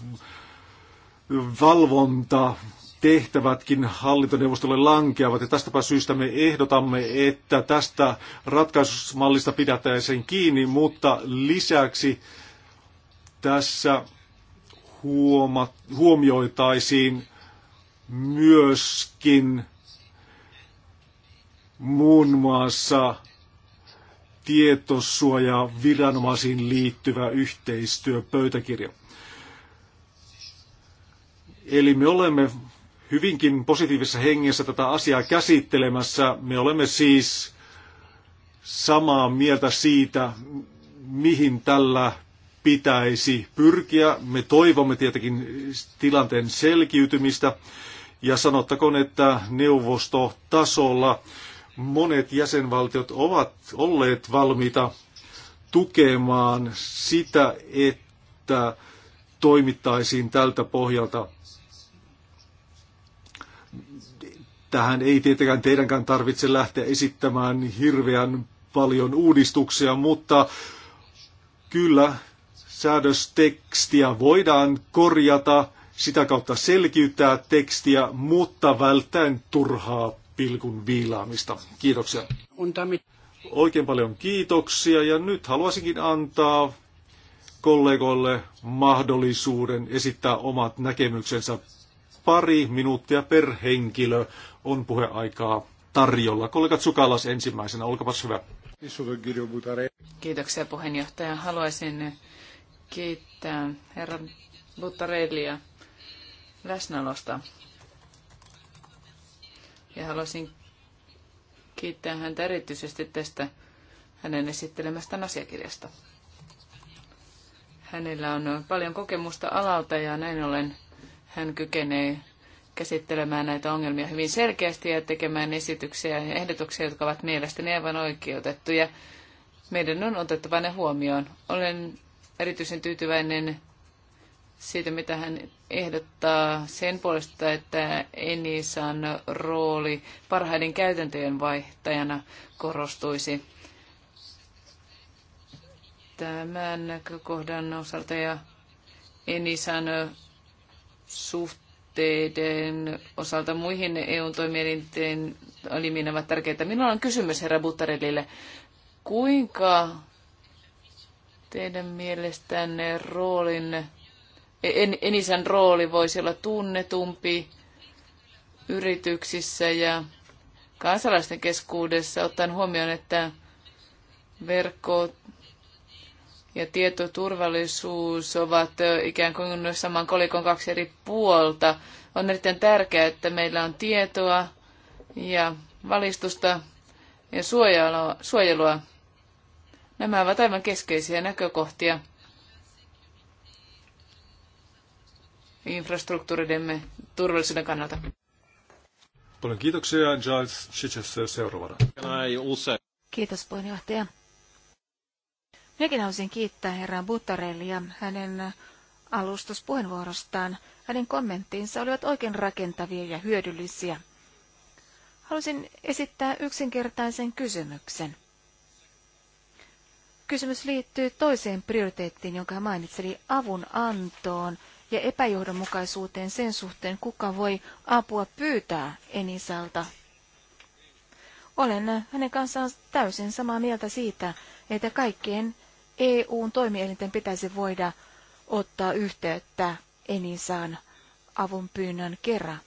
Speaker 1: valvonta tehtävätkin hallintoneuvostolle lankeavat. Ja tästäpä syystä me ehdotamme, että tästä ratkaisumallista sen kiinni, mutta lisäksi tässä huoma- huomioitaisiin myöskin muun muassa tietosuoja viranomaisiin liittyvä yhteistyöpöytäkirja. Eli me olemme hyvinkin positiivisessa hengessä tätä asiaa käsittelemässä. Me olemme siis samaa mieltä siitä, mihin tällä pitäisi pyrkiä. Me toivomme tietenkin tilanteen selkiytymistä. Ja sanottakoon, että neuvostotasolla monet jäsenvaltiot ovat olleet valmiita tukemaan sitä, että toimittaisiin tältä pohjalta. Tähän ei tietenkään teidänkään tarvitse lähteä esittämään hirveän paljon uudistuksia, mutta kyllä säädöstekstiä voidaan korjata, sitä kautta selkiyttää tekstiä, mutta välttäen turhaa pilkun viilaamista. Kiitoksia. Oikein paljon kiitoksia ja nyt haluaisinkin antaa kollegoille mahdollisuuden esittää omat näkemyksensä pari minuuttia per henkilö on puheaikaa tarjolla. Kollega Tsukalas ensimmäisenä, olkapas hyvä.
Speaker 3: Kiitoksia puheenjohtaja. Haluaisin kiittää herra Buttarellia läsnäolosta. Ja haluaisin kiittää häntä erityisesti tästä hänen esittelemästään asiakirjasta. Hänellä on paljon kokemusta alalta ja näin ollen hän kykenee käsittelemään näitä ongelmia hyvin selkeästi ja tekemään esityksiä ja ehdotuksia, jotka ovat mielestäni aivan oikeutettuja. Meidän on otettava ne huomioon. Olen erityisen tyytyväinen siitä, mitä hän ehdottaa sen puolesta, että Enisan rooli parhaiden käytäntöjen vaihtajana korostuisi. Tämän näkökohdan osalta ja Enisan suhteiden osalta muihin EUn toimielinten elimiin ovat tärkeitä. Minulla on kysymys herra Buttarellille. Kuinka teidän mielestänne roolin, en, Enisän rooli voisi olla tunnetumpi yrityksissä ja kansalaisten keskuudessa, ottaen huomioon, että verkko ja tietoturvallisuus ovat ikään kuin saman kolikon kaksi eri puolta. On erittäin tärkeää, että meillä on tietoa ja valistusta ja suojelua. Nämä ovat aivan keskeisiä näkökohtia infrastruktuuridemme turvallisuuden kannalta.
Speaker 1: Paljon kiitoksia, Giles Chichester seuraavana.
Speaker 3: Kiitos
Speaker 2: puheenjohtaja. Minäkin haluaisin kiittää herran Buttarellia hänen alustuspuheenvuorostaan. Hänen kommenttinsa olivat oikein rakentavia ja hyödyllisiä. Haluaisin esittää yksinkertaisen kysymyksen. Kysymys liittyy toiseen prioriteettiin, jonka hän mainitsi, avun antoon ja epäjohdonmukaisuuteen sen suhteen, kuka voi apua pyytää Enisalta. Olen hänen kanssaan täysin samaa mieltä siitä, että kaikkien EUn toimielinten pitäisi voida ottaa yhteyttä Enisaan avunpyynnön kerran.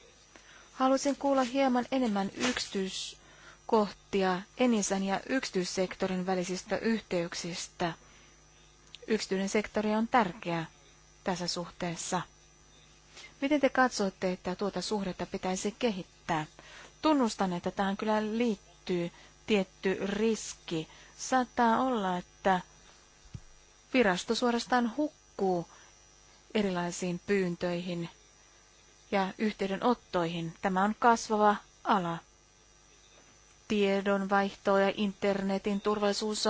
Speaker 2: Haluaisin kuulla hieman enemmän yksityiskohtia Enisan ja yksityissektorin välisistä yhteyksistä. Yksityinen sektori on tärkeä tässä suhteessa. Miten te katsotte, että tuota suhdetta pitäisi kehittää? Tunnustan, että tähän kyllä liittyy tietty riski. Saattaa olla, että Virasto suorastaan hukkuu erilaisiin pyyntöihin ja yhteydenottoihin. Tämä on kasvava ala. Tiedonvaihto ja internetin turvallisuus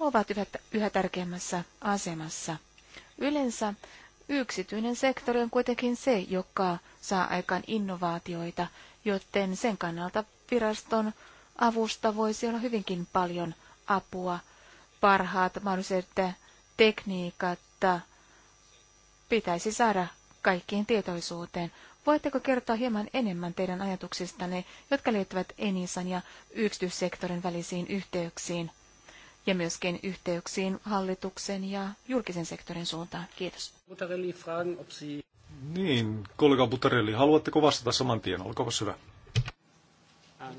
Speaker 2: ovat yhä, yhä tärkeämmässä asemassa. Yleensä yksityinen sektori on kuitenkin se, joka saa aikaan innovaatioita, joten sen kannalta viraston avusta voisi olla hyvinkin paljon apua parhaat mahdolliset tekniikat pitäisi saada kaikkiin tietoisuuteen. Voitteko kertoa hieman enemmän teidän ajatuksistanne, jotka liittyvät Enisan ja yksityissektorin välisiin yhteyksiin ja myöskin yhteyksiin hallituksen ja julkisen sektorin
Speaker 3: suuntaan? Kiitos.
Speaker 1: Niin, kollega Butarelli, haluatteko vastata saman tien? Olkaa hyvä. Ah,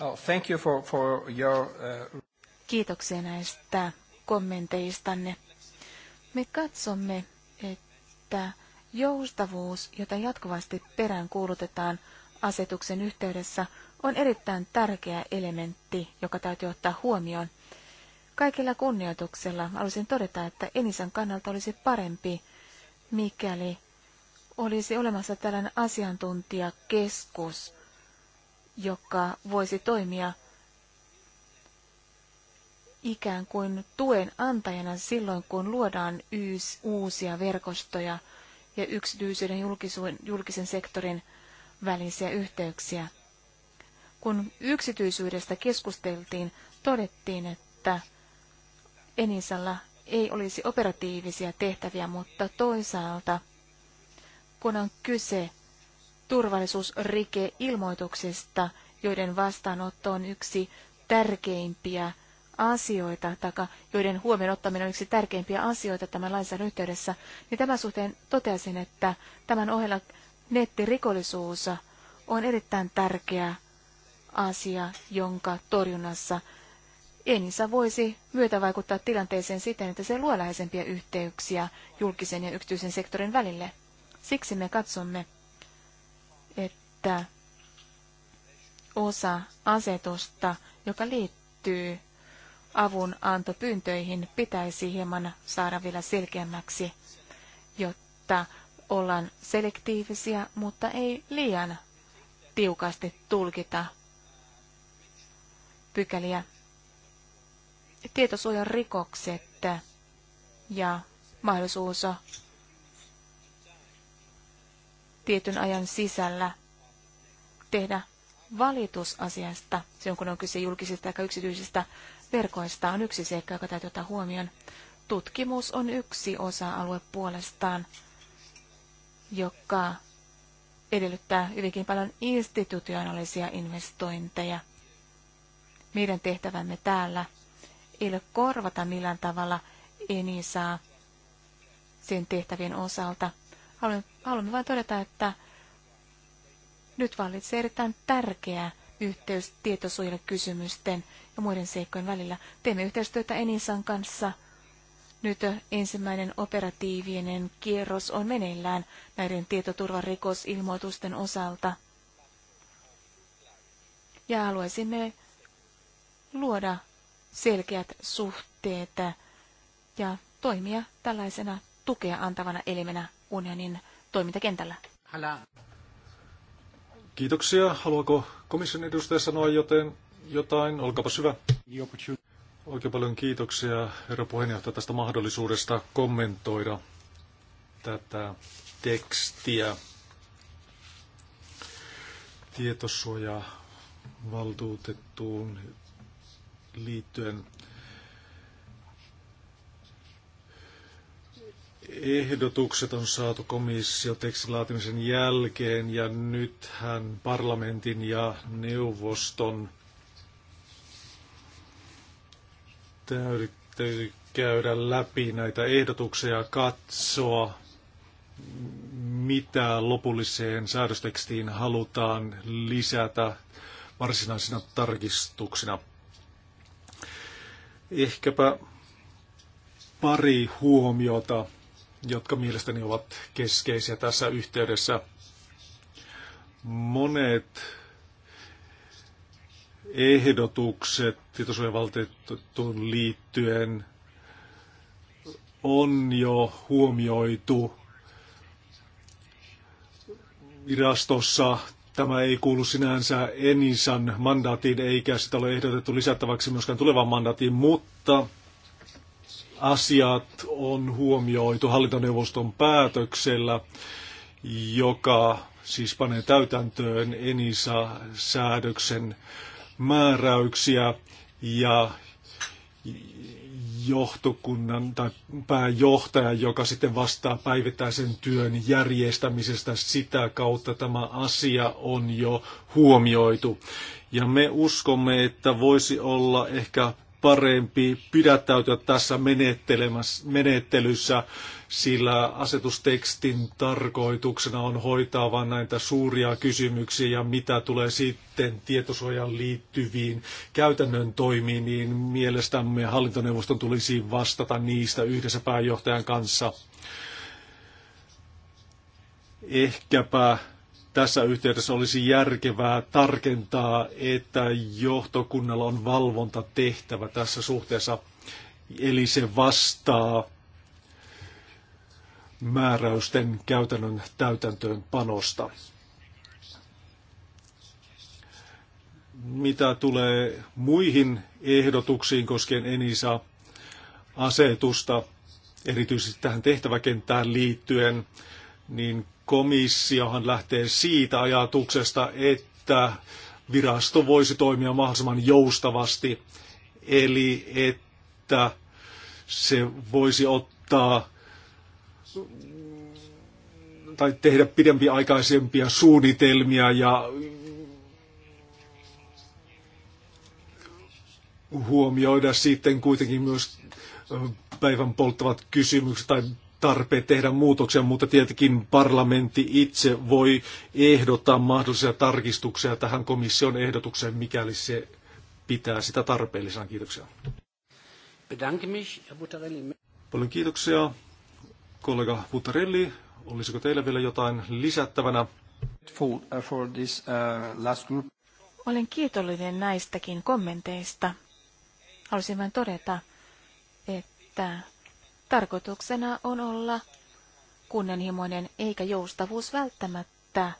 Speaker 1: Oh, thank you for, for your, uh...
Speaker 2: Kiitoksia näistä kommenteistanne. Me katsomme, että joustavuus, jota jatkuvasti peräänkuulutetaan asetuksen yhteydessä, on erittäin tärkeä elementti, joka täytyy ottaa huomioon. Kaikilla kunnioituksella haluaisin todeta, että Enisan kannalta olisi parempi, mikäli olisi olemassa tällainen asiantuntijakeskus, joka voisi toimia ikään kuin tuen antajana silloin, kun luodaan yys, uusia verkostoja ja yksityisyyden julkisen sektorin välisiä yhteyksiä. Kun yksityisyydestä keskusteltiin, todettiin, että Enisalla ei olisi operatiivisia tehtäviä, mutta toisaalta, kun on kyse turvallisuusrikeilmoituksista, joiden vastaanotto on yksi tärkeimpiä asioita, taka, joiden huomioon ottaminen on yksi tärkeimpiä asioita tämän lainsäädännön yhteydessä, niin tämän suhteen toteasin, että tämän ohella nettirikollisuus on erittäin tärkeä asia, jonka torjunnassa Enisa voisi myötävaikuttaa tilanteeseen siten, että se luo läheisempiä yhteyksiä julkisen ja yksityisen sektorin välille. Siksi me katsomme, että osa asetusta, joka liittyy avun antopyyntöihin, pitäisi hieman saada vielä selkeämmäksi, jotta ollaan selektiivisiä, mutta ei liian tiukasti tulkita pykäliä. Tietosuojan rikokset ja mahdollisuus tietyn ajan sisällä tehdä valitus asiasta, silloin kun on kyse julkisista tai yksityisistä verkoista, on yksi seikka, joka täytyy ottaa huomioon. Tutkimus on yksi osa-alue puolestaan, joka edellyttää hyvinkin paljon institutionaalisia investointeja. Meidän tehtävämme täällä ei ole korvata millään tavalla Enisaa sen tehtävien osalta. Haluan Haluamme vain todeta, että nyt vallitsee erittäin tärkeä yhteys kysymysten ja muiden seikkojen välillä. Teemme yhteistyötä Enisan kanssa. Nyt ensimmäinen operatiivinen kierros on meneillään näiden tietoturvarikosilmoitusten osalta. Ja haluaisimme luoda selkeät suhteet ja toimia tällaisena tukea antavana elimenä unionin toimintakentällä.
Speaker 3: Hala.
Speaker 1: Kiitoksia. Haluaako komission edustaja sanoa joten, jotain? Olkaapa hyvä. Oikein paljon kiitoksia, herra puheenjohtaja, tästä mahdollisuudesta kommentoida tätä tekstiä. Tietosuoja valtuutettuun liittyen. ehdotukset on saatu komissiotekstin laatimisen jälkeen ja nythän parlamentin ja neuvoston täytyy käydä läpi näitä ehdotuksia ja katsoa, mitä lopulliseen säädöstekstiin halutaan lisätä varsinaisina tarkistuksina. Ehkäpä pari huomiota jotka mielestäni ovat keskeisiä tässä yhteydessä. Monet ehdotukset tietosuojavaltuutettuun liittyen on jo huomioitu virastossa. Tämä ei kuulu sinänsä Enisan mandaatiin, eikä sitä ole ehdotettu lisättäväksi myöskään tulevaan mandaatiin, mutta asiat on huomioitu hallintoneuvoston päätöksellä, joka siis panee täytäntöön ENISA-säädöksen määräyksiä ja johtokunnan tai pääjohtaja, joka sitten vastaa päivittäisen työn järjestämisestä. Sitä kautta tämä asia on jo huomioitu. Ja me uskomme, että voisi olla ehkä parempi pidättäytyä tässä menettelyssä, sillä asetustekstin tarkoituksena on hoitaa vain näitä suuria kysymyksiä ja mitä tulee sitten tietosuojan liittyviin käytännön toimiin, niin mielestämme hallintoneuvoston tulisi vastata niistä yhdessä pääjohtajan kanssa. Ehkäpä tässä yhteydessä olisi järkevää tarkentaa, että johtokunnalla on valvontatehtävä tässä suhteessa, eli se vastaa määräysten käytännön täytäntöön panosta. Mitä tulee muihin ehdotuksiin koskien Enisa-asetusta, erityisesti tähän tehtäväkenttään liittyen, niin Komissiohan lähtee siitä ajatuksesta, että virasto voisi toimia mahdollisimman joustavasti, eli että se voisi ottaa tai tehdä pidempiaikaisempia suunnitelmia ja huomioida sitten kuitenkin myös päivän polttavat kysymykset tai tarpeen tehdä muutoksia, mutta tietenkin parlamentti itse voi ehdottaa mahdollisia tarkistuksia tähän komission ehdotukseen, mikäli se pitää sitä tarpeellisena. Kiitoksia. Paljon kiitoksia, kollega Butarelli. Olisiko teillä vielä jotain lisättävänä? Uh, uh,
Speaker 2: Olen kiitollinen näistäkin kommenteista. Haluaisin vain todeta, että Tarkoituksena on olla kunnianhimoinen, eikä joustavuus välttämättä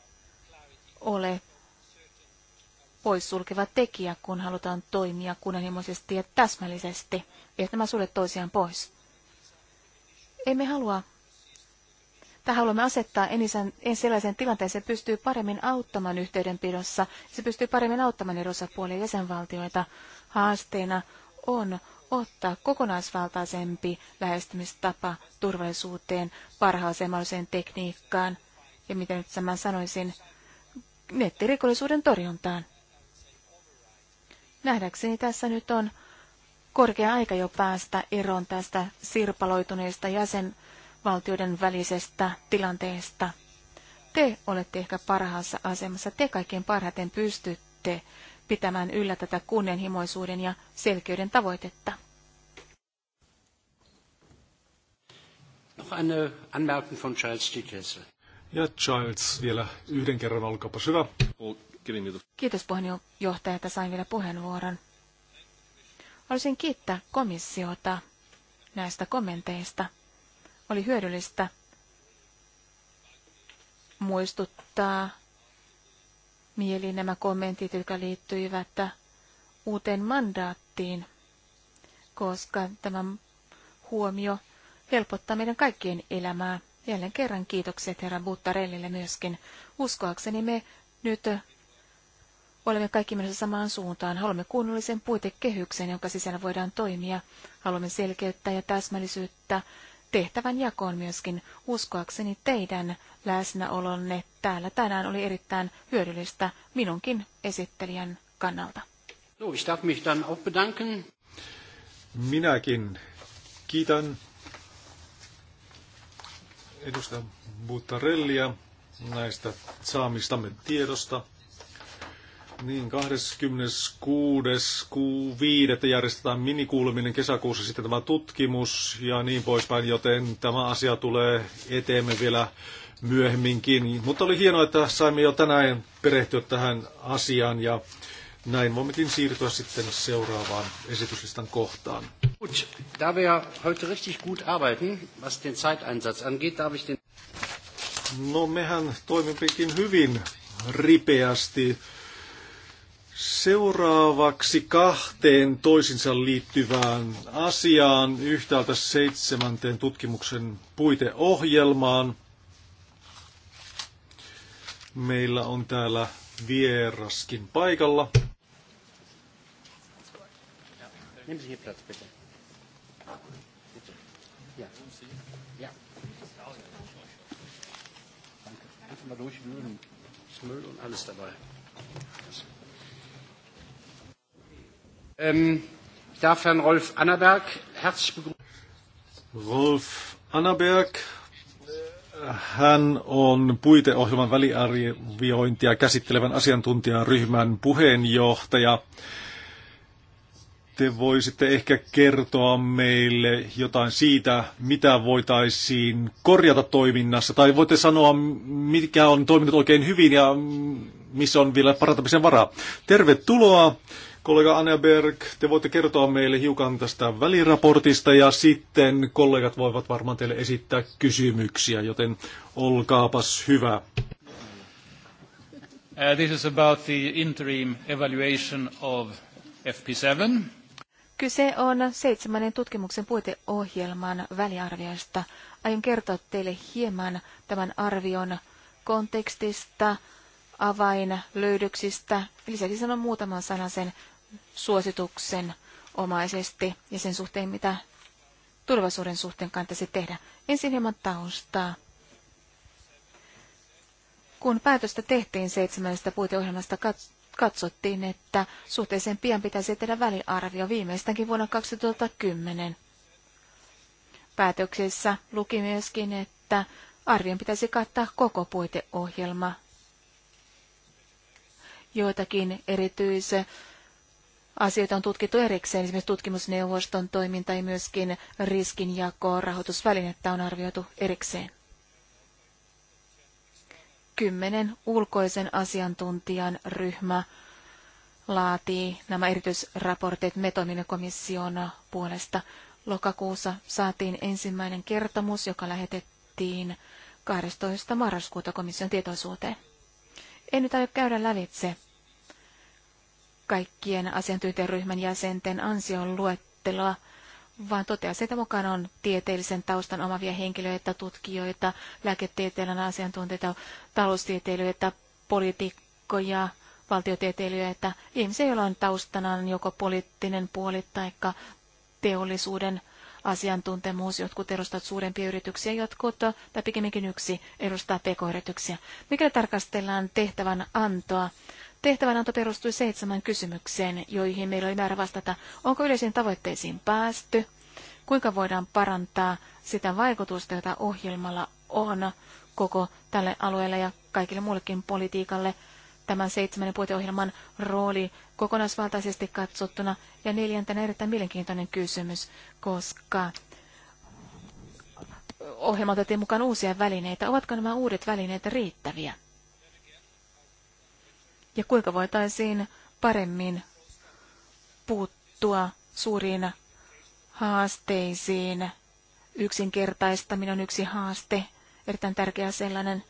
Speaker 2: ole poissulkeva tekijä, kun halutaan toimia kunnianhimoisesti ja täsmällisesti. Eivät nämä sulle toisiaan pois. Emme halua Tähän haluamme asettaa enisän, en sellaisen tilanteeseen, se pystyy paremmin auttamaan yhteydenpidossa, se pystyy paremmin auttamaan eri osapuolia jäsenvaltioita. Haasteena on ottaa kokonaisvaltaisempi lähestymistapa turvallisuuteen, parhaaseen mahdolliseen tekniikkaan ja miten nyt tämän sanoisin, nettirikollisuuden torjuntaan. Nähdäkseni tässä nyt on korkea aika jo päästä eroon tästä sirpaloituneesta jäsenvaltioiden välisestä tilanteesta. Te olette ehkä parhaassa asemassa, te kaikkein parhaiten pystytte pitämään yllä tätä kunnianhimoisuuden ja selkeyden tavoitetta.
Speaker 1: Noch eine Anmerkung von Charles Dietese. Ja Charles vielä yhden kerran, olkaapa hyvä.
Speaker 2: Kiitos puheenjohtaja, että sain vielä puheenvuoron. Haluaisin kiittää komissiota näistä kommenteista. Oli hyödyllistä muistuttaa mieliin nämä kommentit, jotka liittyivät uuteen mandaattiin, koska tämä huomio helpottaa meidän kaikkien elämää. Jälleen kerran kiitokset herra Buttarellille myöskin. Uskoakseni me nyt olemme kaikki menossa samaan suuntaan. Haluamme kunnollisen puitekehyksen, jonka sisällä voidaan toimia. Haluamme selkeyttä ja täsmällisyyttä tehtävän jakoon myöskin. Uskoakseni teidän läsnäolonne täällä tänään oli erittäin hyödyllistä minunkin esittelijän kannalta.
Speaker 3: No, ich darf mich dann auch bedanken.
Speaker 1: Minäkin kiitän edustaja Buttarellia näistä saamistamme tiedosta. Niin, 26.5. järjestetään minikuuleminen kesäkuussa sitten tämä tutkimus ja niin poispäin, joten tämä asia tulee eteemme vielä myöhemminkin. Mutta oli hienoa, että saimme jo tänään perehtyä tähän asiaan ja näin voimmekin siirtyä sitten seuraavaan esityslistan kohtaan. Gut, da wir heute richtig gut arbeiten, was den Zeiteinsatz angeht, darf ich den... No mehän toimimmekin hyvin ripeästi. Seuraavaksi kahteen toisinsa liittyvään asiaan, yhtäältä seitsemänteen tutkimuksen puiteohjelmaan. Meillä on täällä vieraskin paikalla. Nehmen Sie hier Platz, bitte.
Speaker 3: bitte. Ja. ja. Danke. Einfach mal durchwühlen. Ist Müll und alles dabei.
Speaker 1: Ähm, ich darf Herrn Rolf Annaberg herzlich begrüßen. Rolf Annaberg, hän on puiteohjelman väliarviointia käsittelevän asiantuntijaryhmän puheenjohtaja te voisitte ehkä kertoa meille jotain siitä, mitä voitaisiin korjata toiminnassa, tai voitte sanoa, mikä on toiminut oikein hyvin ja missä on vielä parantamisen varaa. Tervetuloa, kollega Anneberg. Te voitte kertoa meille hiukan tästä väliraportista, ja sitten kollegat voivat varmaan teille esittää kysymyksiä, joten olkaapas hyvä. Uh, this is about the interim evaluation of FP7.
Speaker 2: Kyse on seitsemännen tutkimuksen puiteohjelman väliarvioista. Aion kertoa teille hieman tämän arvion kontekstista, avainlöydöksistä. Lisäksi sanon muutaman sanan sen suosituksen omaisesti ja sen suhteen, mitä turvallisuuden suhteen kannattaisi tehdä. Ensin hieman taustaa. Kun päätöstä tehtiin seitsemännestä puiteohjelmasta, katsottiin, että suhteeseen pian pitäisi tehdä väliarvio viimeistäänkin vuonna 2010. Päätöksessä luki myöskin, että arvion pitäisi kattaa koko puiteohjelma. Joitakin erityisiä asioita on tutkittu erikseen, esimerkiksi tutkimusneuvoston toiminta ja myöskin riskinjako rahoitusvälinettä on arvioitu erikseen kymmenen ulkoisen asiantuntijan ryhmä laatii nämä erityisraportit metominikomission puolesta. Lokakuussa saatiin ensimmäinen kertomus, joka lähetettiin 12. marraskuuta komission tietoisuuteen. En nyt aio käydä lävitse kaikkien asiantuntijaryhmän jäsenten ansion luetteloa vaan toteaa että mukaan on tieteellisen taustan omavia henkilöitä, tutkijoita, lääketieteellän asiantuntijoita, taloustieteilijöitä, politiikkoja, valtiotieteilijöitä, ihmisiä, joilla on taustanaan joko poliittinen puoli tai teollisuuden asiantuntemus, jotkut edustavat suurempia yrityksiä, jotkut, tai pikemminkin yksi, edustaa pk-yrityksiä. Mikä tarkastellaan tehtävän antoa, Tehtävänanto perustui seitsemän kysymykseen, joihin meillä oli määrä vastata. Onko yleisiin tavoitteisiin päästy? Kuinka voidaan parantaa sitä vaikutusta, jota ohjelmalla on koko tälle alueelle ja kaikille muullekin politiikalle? Tämän seitsemän puiteohjelman rooli kokonaisvaltaisesti katsottuna. Ja neljäntenä erittäin mielenkiintoinen kysymys, koska ohjelma otettiin mukaan uusia välineitä. Ovatko nämä uudet välineet riittäviä? ja kuinka voitaisiin paremmin puuttua suuriin haasteisiin. Yksinkertaistaminen on yksi haaste, erittäin tärkeä sellainen,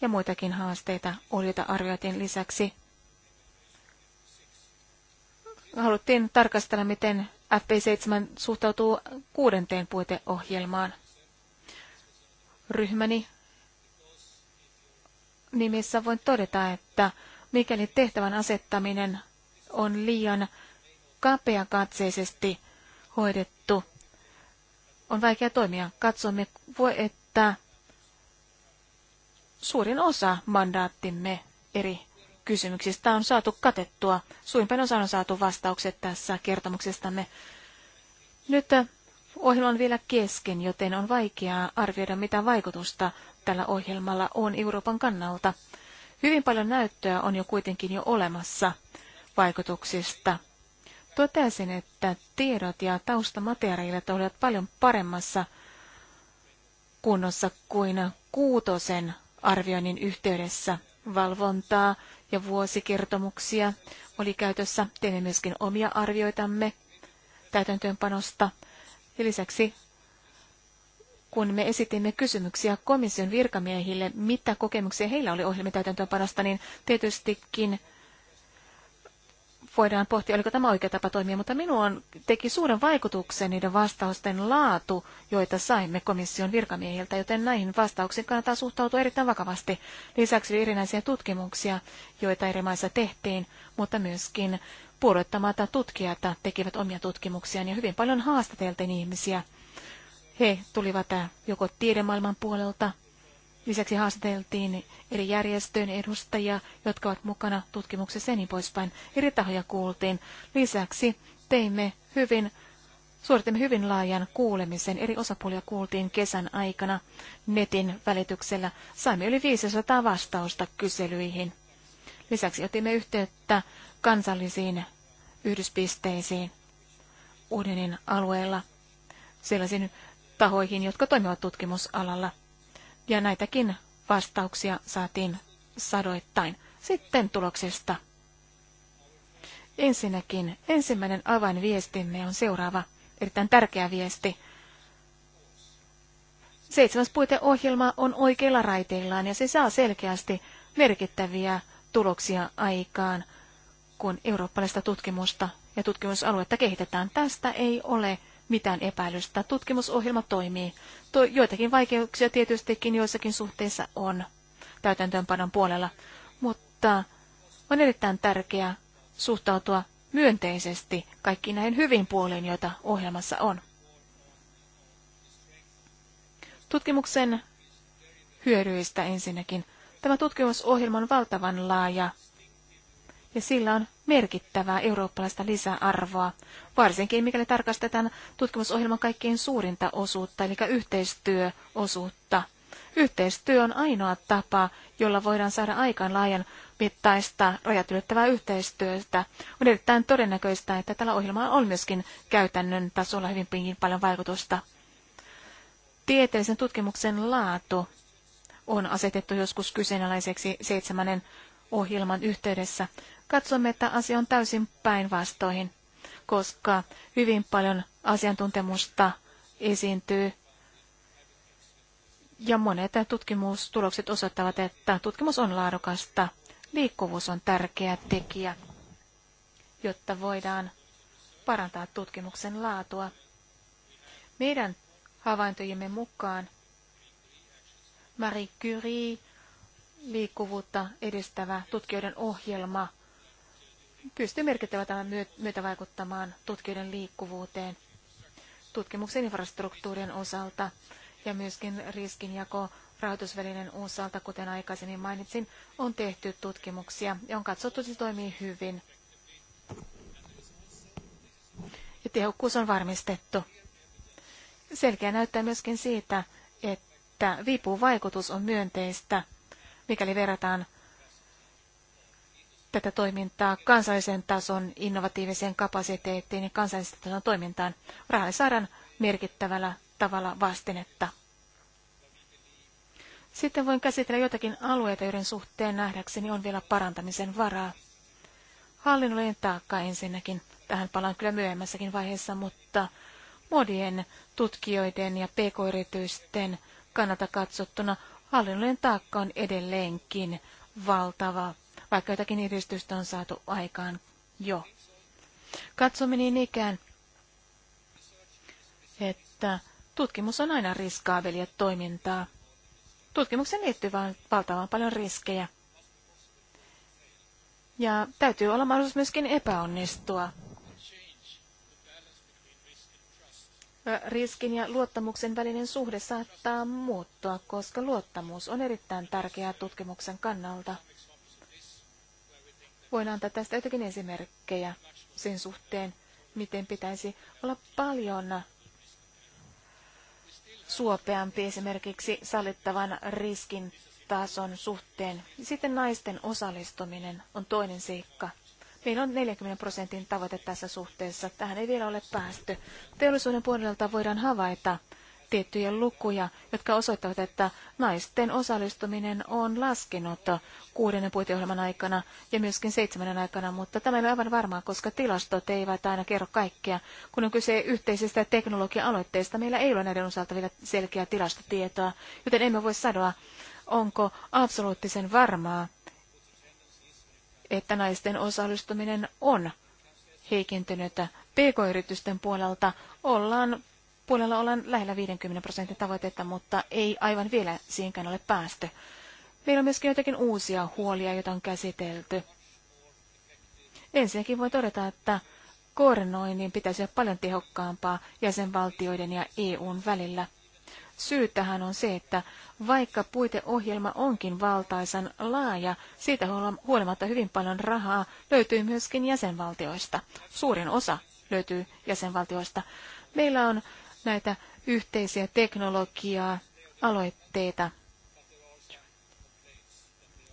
Speaker 2: ja muitakin haasteita oli, joita arvioitiin lisäksi. Haluttiin tarkastella, miten FP7 suhtautuu kuudenteen puiteohjelmaan. Ryhmäni nimissä voin todeta, että mikäli tehtävän asettaminen on liian kapeakatseisesti hoidettu, on vaikea toimia. Katsomme, että suurin osa mandaattimme eri kysymyksistä on saatu katettua. Suinpäin osa on saatu vastaukset tässä kertomuksestamme. Nyt Ohjelma on vielä kesken, joten on vaikeaa arvioida, mitä vaikutusta tällä ohjelmalla on Euroopan kannalta. Hyvin paljon näyttöä on jo kuitenkin jo olemassa vaikutuksista. Totesin, että tiedot ja taustamateriaalit olivat paljon paremmassa kunnossa kuin kuutosen arvioinnin yhteydessä. Valvontaa ja vuosikertomuksia oli käytössä. Teimme myöskin omia arvioitamme täytäntöönpanosta ja lisäksi kun me esitimme kysymyksiä komission virkamiehille, mitä kokemuksia heillä oli ohjelmien täytäntöönpanosta, niin tietystikin voidaan pohtia, oliko tämä oikea tapa toimia, mutta minun teki suuren vaikutuksen niiden vastausten laatu, joita saimme komission virkamiehiltä, joten näihin vastauksiin kannattaa suhtautua erittäin vakavasti. Lisäksi erinäisiä tutkimuksia, joita eri maissa tehtiin, mutta myöskin puolueettomata tutkijat tekivät omia tutkimuksiaan ja hyvin paljon haastateltiin ihmisiä. He tulivat joko tiedemaailman puolelta, lisäksi haastateltiin eri järjestöjen edustajia, jotka ovat mukana tutkimuksessa ja niin poispäin. Eri tahoja kuultiin. Lisäksi teimme hyvin Suoritimme hyvin laajan kuulemisen. Eri osapuolia kuultiin kesän aikana netin välityksellä. Saimme yli 500 vastausta kyselyihin. Lisäksi otimme yhteyttä kansallisiin yhdyspisteisiin Uudenin alueella sellaisiin tahoihin, jotka toimivat tutkimusalalla. Ja näitäkin vastauksia saatiin sadoittain. Sitten tuloksista. Ensinnäkin ensimmäinen avainviestimme on seuraava, erittäin tärkeä viesti. Seitsemäs puiteohjelma on oikeilla raiteillaan ja se saa selkeästi merkittäviä tuloksia aikaan – kun eurooppalaista tutkimusta ja tutkimusaluetta kehitetään. Tästä ei ole mitään epäilystä. Tutkimusohjelma toimii. To- joitakin vaikeuksia tietystikin joissakin suhteissa on täytäntöönpanon puolella, mutta on erittäin tärkeää suhtautua myönteisesti kaikkiin näihin hyvin puoliin, joita ohjelmassa on. Tutkimuksen hyödyistä ensinnäkin. Tämä tutkimusohjelma on valtavan laaja ja sillä on merkittävää eurooppalaista lisäarvoa, varsinkin mikäli tarkastetaan tutkimusohjelman kaikkein suurinta osuutta, eli yhteistyöosuutta. Yhteistyö on ainoa tapa, jolla voidaan saada aikaan laajan mittaista rajat ylittävää yhteistyötä. On erittäin todennäköistä, että tällä ohjelmalla on myöskin käytännön tasolla hyvin paljon vaikutusta. Tieteellisen tutkimuksen laatu on asetettu joskus kyseenalaiseksi seitsemännen ohjelman yhteydessä katsomme, että asia on täysin päinvastoin, koska hyvin paljon asiantuntemusta esiintyy. Ja monet tutkimustulokset osoittavat, että tutkimus on laadukasta. Liikkuvuus on tärkeä tekijä, jotta voidaan parantaa tutkimuksen laatua. Meidän havaintojemme mukaan Marie Curie liikkuvuutta edistävä tutkijoiden ohjelma pystyy merkittävä tämän myötä vaikuttamaan tutkijoiden liikkuvuuteen tutkimuksen infrastruktuurien osalta ja myöskin riskinjako rahoitusvälineen osalta, kuten aikaisemmin mainitsin, on tehty tutkimuksia ja on katsottu, että se toimii hyvin. Ja tehokkuus on varmistettu. Selkeä näyttää myöskin siitä, että vaikutus on myönteistä, mikäli verrataan tätä toimintaa kansallisen tason innovatiiviseen kapasiteettiin ja kansallisen tason toimintaan. Rahalle saadaan merkittävällä tavalla vastinetta. Sitten voin käsitellä jotakin alueita, joiden suhteen nähdäkseni on vielä parantamisen varaa. Hallinnollinen taakka ensinnäkin. Tähän palaan kyllä myöhemmässäkin vaiheessa, mutta modien, tutkijoiden ja pk-yritysten kannalta katsottuna hallinnollinen taakka on edelleenkin valtava vaikka jotakin edistystä on saatu aikaan jo. Katsomme niin ikään, että tutkimus on aina riskaaveliä toimintaa. Tutkimuksen liittyy vain valtavan paljon riskejä. Ja täytyy olla mahdollisuus myöskin epäonnistua. Riskin ja luottamuksen välinen suhde saattaa muuttua, koska luottamus on erittäin tärkeää tutkimuksen kannalta. Voin antaa tästä jotakin esimerkkejä sen suhteen, miten pitäisi olla paljon suopeampi esimerkiksi sallittavan riskin tason suhteen. Sitten naisten osallistuminen on toinen seikka. Meillä on 40 prosentin tavoite tässä suhteessa. Tähän ei vielä ole päästy. Teollisuuden puolelta voidaan havaita, tiettyjä lukuja, jotka osoittavat, että naisten osallistuminen on laskenut kuudennen puiteohjelman aikana ja myöskin seitsemännen aikana, mutta tämä ei ole aivan varmaa, koska tilastot eivät aina kerro kaikkea. Kun on kyse yhteisestä teknologia-aloitteesta, meillä ei ole näiden osalta vielä selkeää tilastotietoa, joten emme voi sanoa, onko absoluuttisen varmaa, että naisten osallistuminen on heikentynyt. PK-yritysten puolelta ollaan puolella ollaan lähellä 50 prosentin tavoitetta, mutta ei aivan vielä siihenkään ole päästy. Meillä on myöskin jotakin uusia huolia, joita on käsitelty. Ensinnäkin voi todeta, että koordinoinnin pitäisi olla paljon tehokkaampaa jäsenvaltioiden ja EUn välillä. Syy tähän on se, että vaikka puiteohjelma onkin valtaisan laaja, siitä huolimatta hyvin paljon rahaa löytyy myöskin jäsenvaltioista. Suurin osa löytyy jäsenvaltioista. Meillä on näitä yhteisiä teknologiaa, aloitteita,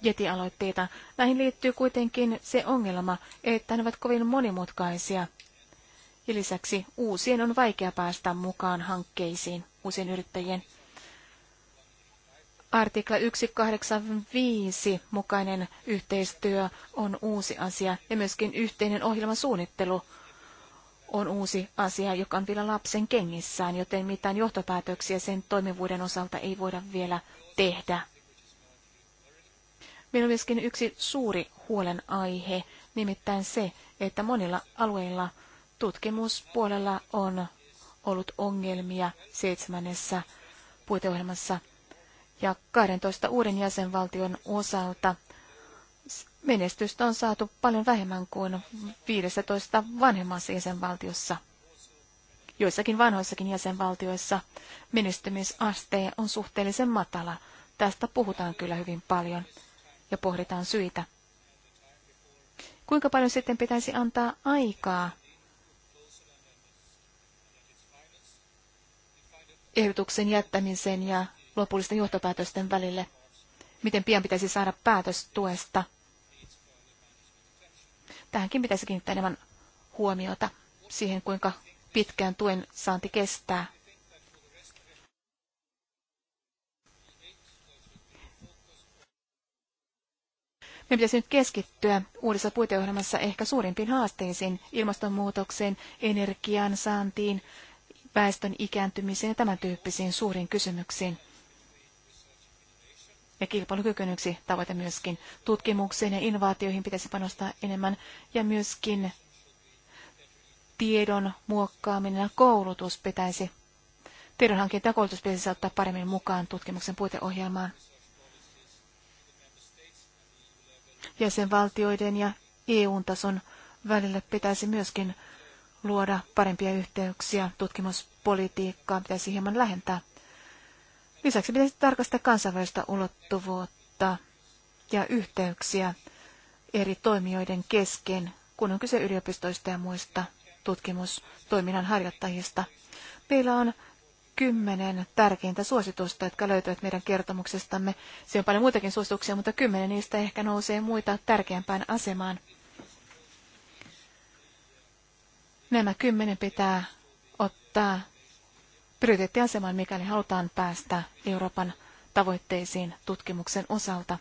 Speaker 2: jetialoitteita. Näihin liittyy kuitenkin se ongelma, että ne ovat kovin monimutkaisia. Ja lisäksi uusien on vaikea päästä mukaan hankkeisiin, uusien yrittäjien. Artikla 185 mukainen yhteistyö on uusi asia ja myöskin yhteinen ohjelmasuunnittelu on uusi asia, joka on vielä lapsen kengissään, joten mitään johtopäätöksiä sen toimivuuden osalta ei voida vielä tehdä. Meillä on myöskin yksi suuri huolenaihe, nimittäin se, että monilla alueilla tutkimuspuolella on ollut ongelmia seitsemännessä puiteohjelmassa ja 12 uuden jäsenvaltion osalta menestystä on saatu paljon vähemmän kuin 15 vanhemmassa jäsenvaltiossa. Joissakin vanhoissakin jäsenvaltioissa menestymisaste on suhteellisen matala. Tästä puhutaan kyllä hyvin paljon ja pohditaan syitä. Kuinka paljon sitten pitäisi antaa aikaa ehdotuksen jättämisen ja lopullisten johtopäätösten välille? Miten pian pitäisi saada päätös tuesta? Tähänkin pitäisi kiinnittää enemmän huomiota siihen, kuinka pitkään tuen saanti kestää. Meidän pitäisi nyt keskittyä uudessa puiteohjelmassa ehkä suurimpiin haasteisiin, ilmastonmuutokseen, energian saantiin, väestön ikääntymiseen ja tämän tyyppisiin suuriin kysymyksiin ja kilpailukyky yksi tavoite myöskin. Tutkimukseen ja innovaatioihin pitäisi panostaa enemmän ja myöskin tiedon muokkaaminen ja koulutus pitäisi, tiedonhankinta ja koulutus pitäisi ottaa paremmin mukaan tutkimuksen puiteohjelmaan. Jäsenvaltioiden ja EU-tason välille pitäisi myöskin luoda parempia yhteyksiä. Tutkimuspolitiikkaa pitäisi hieman lähentää. Lisäksi pitäisi tarkastaa kansainvälistä ulottuvuutta ja yhteyksiä eri toimijoiden kesken, kun on kyse yliopistoista ja muista tutkimustoiminnan harjoittajista. Meillä on kymmenen tärkeintä suositusta, jotka löytyvät meidän kertomuksestamme. Se on paljon muitakin suosituksia, mutta kymmenen niistä ehkä nousee muita tärkeämpään asemaan. Nämä kymmenen pitää ottaa prioriteettiasemaan, mikäli halutaan päästä Euroopan tavoitteisiin tutkimuksen osalta.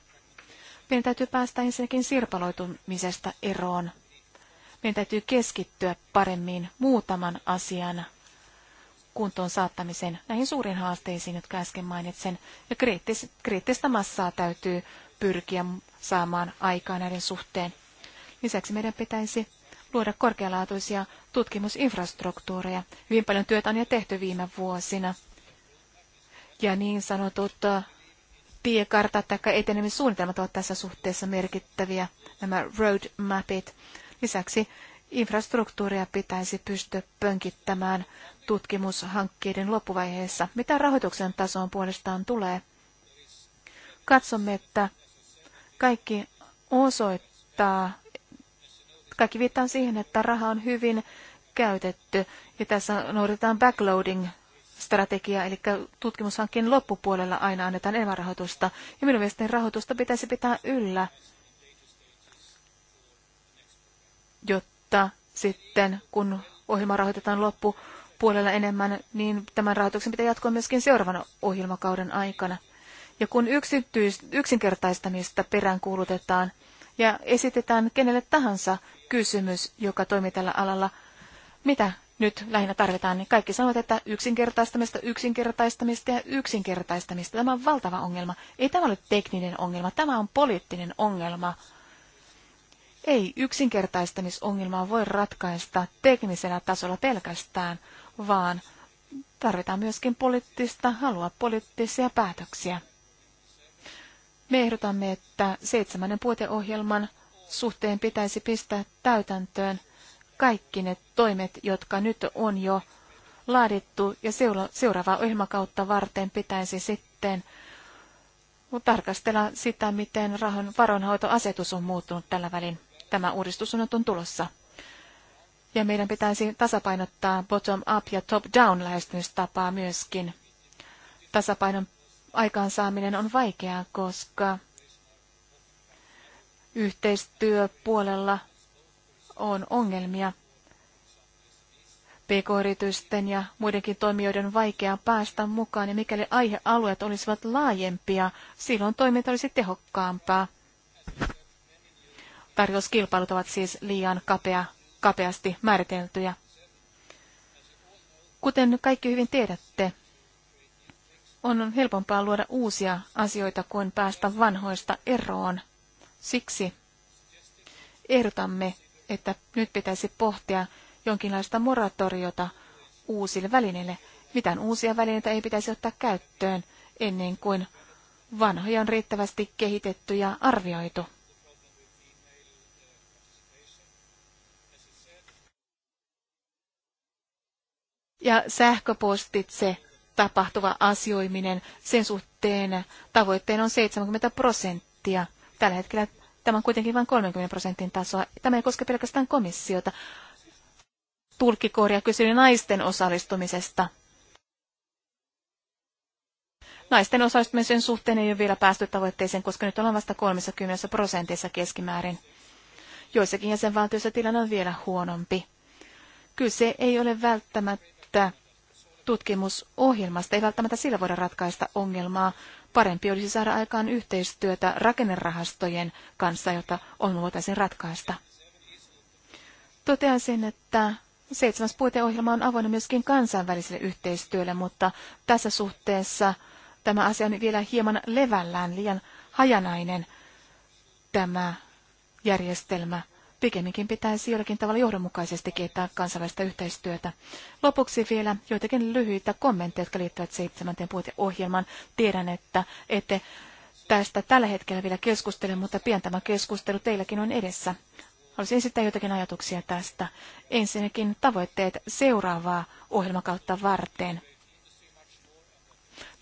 Speaker 2: Meidän täytyy päästä ensinnäkin sirpaloitumisesta eroon. Meidän täytyy keskittyä paremmin muutaman asian kuntoon saattamiseen näihin suuriin haasteisiin, jotka äsken mainitsin. ja kriittis, kriittistä massaa täytyy pyrkiä saamaan aikaa näiden suhteen. Lisäksi meidän pitäisi luoda korkealaatuisia tutkimusinfrastruktuureja. Hyvin paljon työtä on jo tehty viime vuosina. Ja niin sanotut äh, tiekartat tai etenemissuunnitelmat ovat tässä suhteessa merkittäviä, nämä roadmapit. Lisäksi infrastruktuuria pitäisi pystyä pönkittämään tutkimushankkeiden loppuvaiheessa. Mitä rahoituksen tasoon puolestaan tulee? Katsomme, että kaikki osoittaa kaikki viittaa siihen, että raha on hyvin käytetty ja tässä noudatetaan backloading strategia, eli tutkimushankkeen loppupuolella aina annetaan enemmän rahoitusta. Ja minun mielestäni rahoitusta pitäisi pitää yllä, jotta sitten kun ohjelma rahoitetaan loppupuolella enemmän, niin tämän rahoituksen pitää jatkoa myöskin seuraavan ohjelmakauden aikana. Ja kun yksinkertaistamista peräänkuulutetaan, ja esitetään kenelle tahansa kysymys, joka toimii tällä alalla, mitä nyt lähinnä tarvitaan, niin kaikki sanovat, että yksinkertaistamista, yksinkertaistamista ja yksinkertaistamista. Tämä on valtava ongelma. Ei tämä ole tekninen ongelma, tämä on poliittinen ongelma. Ei yksinkertaistamisongelmaa voi ratkaista teknisellä tasolla pelkästään, vaan tarvitaan myöskin poliittista halua, poliittisia päätöksiä. Me ehdotamme, että seitsemännen puiteohjelman suhteen pitäisi pistää täytäntöön kaikki ne toimet, jotka nyt on jo laadittu, ja seuraavaa ohjelmakautta varten pitäisi sitten tarkastella sitä, miten rahon varonhoitoasetus on muuttunut tällä välin. Tämä uudistus on nyt tulossa. Ja meidän pitäisi tasapainottaa bottom-up ja top-down lähestymistapaa myöskin. Tasapainon aikaansaaminen on vaikeaa, koska yhteistyöpuolella on ongelmia. PK-yritysten ja muidenkin toimijoiden vaikea päästä mukaan, ja mikäli aihealueet olisivat laajempia, silloin toiminta olisi tehokkaampaa. Tarjouskilpailut ovat siis liian kapea, kapeasti määriteltyjä. Kuten kaikki hyvin tiedätte, on helpompaa luoda uusia asioita kuin päästä vanhoista eroon. Siksi ehdotamme, että nyt pitäisi pohtia jonkinlaista moratoriota uusille välineille. Mitään uusia välineitä ei pitäisi ottaa käyttöön ennen kuin vanhoja on riittävästi kehitetty ja arvioitu. Ja sähköpostitse tapahtuva asioiminen, sen suhteen tavoitteena on 70 prosenttia. Tällä hetkellä tämä on kuitenkin vain 30 prosentin tasoa. Tämä ei koske pelkästään komissiota. Tulkkikoria kysyi naisten osallistumisesta. Naisten osallistumisen suhteen ei ole vielä päästy tavoitteeseen, koska nyt ollaan vasta 30 prosentissa keskimäärin. Joissakin jäsenvaltioissa tilanne on vielä huonompi. Kyse ei ole välttämättä tutkimusohjelmasta. Ei välttämättä sillä voida ratkaista ongelmaa. Parempi olisi saada aikaan yhteistyötä rakennerahastojen kanssa, jotta on voitaisiin ratkaista. Toteaisin, että seitsemäs puiteohjelma on avoinna myöskin kansainväliselle yhteistyölle, mutta tässä suhteessa tämä asia on vielä hieman levällään, liian hajanainen tämä järjestelmä. Pikemminkin pitäisi jollakin tavalla johdonmukaisesti kehittää kansainvälistä yhteistyötä. Lopuksi vielä joitakin lyhyitä kommentteja, jotka liittyvät seitsemänteen puiteohjelmaan. Tiedän, että ette tästä tällä hetkellä vielä keskustele, mutta pian tämä keskustelu teilläkin on edessä. Haluaisin esittää jotakin ajatuksia tästä. Ensinnäkin tavoitteet seuraavaa ohjelmakautta varten.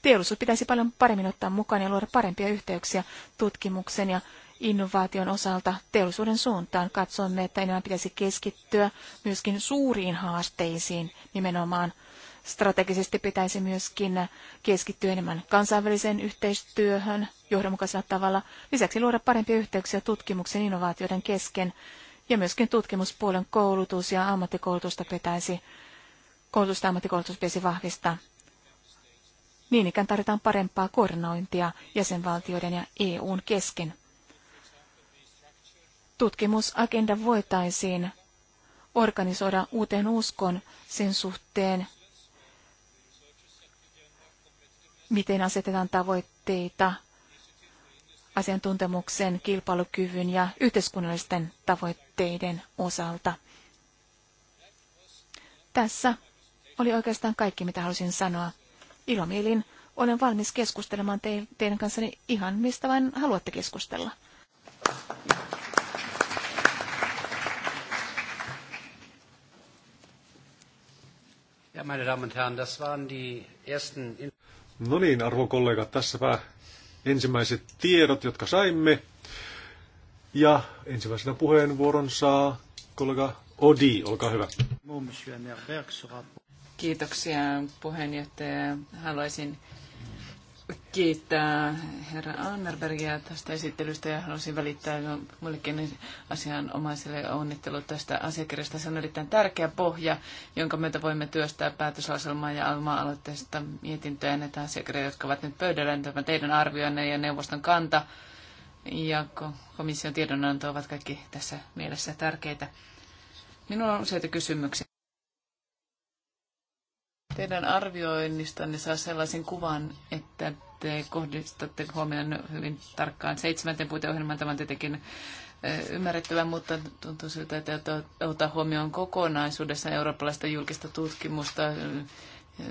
Speaker 2: Teollisuus pitäisi paljon paremmin ottaa mukaan ja luoda parempia yhteyksiä tutkimuksen ja innovaation osalta teollisuuden suuntaan. Katsomme, että enemmän pitäisi keskittyä myöskin suuriin haasteisiin nimenomaan. Strategisesti pitäisi myöskin keskittyä enemmän kansainväliseen yhteistyöhön johdonmukaisella tavalla. Lisäksi luoda parempia yhteyksiä tutkimuksen innovaatioiden kesken ja myöskin tutkimuspuolen koulutus ja ammattikoulutusta pitäisi, koulutusta ja ammattikoulutus pitäisi vahvistaa. Niin ikään tarvitaan parempaa koordinointia jäsenvaltioiden ja EUn kesken tutkimusagenda voitaisiin organisoida uuteen uskon sen suhteen, miten asetetaan tavoitteita asiantuntemuksen, kilpailukyvyn ja yhteiskunnallisten tavoitteiden osalta. Tässä oli oikeastaan kaikki, mitä halusin sanoa. Ilomielin olen valmis keskustelemaan teidän kanssani ihan mistä vain haluatte keskustella.
Speaker 3: Ja, meine Damen und Herren, das waren die
Speaker 1: ersten... No niin, arvokollegat, tässäpä ensimmäiset tiedot, jotka saimme. Ja ensimmäisenä puheenvuoron saa kollega Odi, olkaa hyvä.
Speaker 3: Kiitoksia puheenjohtaja. Haluaisin kiittää herra Annerbergia tästä esittelystä ja haluaisin välittää muillekin asianomaisille onnittelut tästä asiakirjasta. Se on erittäin tärkeä pohja, jonka myötä voimme työstää päätöslauselmaa ja alma-aloitteesta mietintöä näitä asiakirjoja, jotka ovat nyt pöydällä. Tämä teidän arvioinnin ja neuvoston kanta ja komission tiedonanto ovat kaikki tässä mielessä tärkeitä. Minulla on useita kysymyksiä. Teidän arvioinnistanne saa sellaisen kuvan, että te kohdistatte huomioon hyvin tarkkaan seitsemänten puiteohjelman. Tämä on tietenkin ymmärrettävä, mutta tuntuu siltä, että ottaa huomioon kokonaisuudessa eurooppalaista julkista tutkimusta,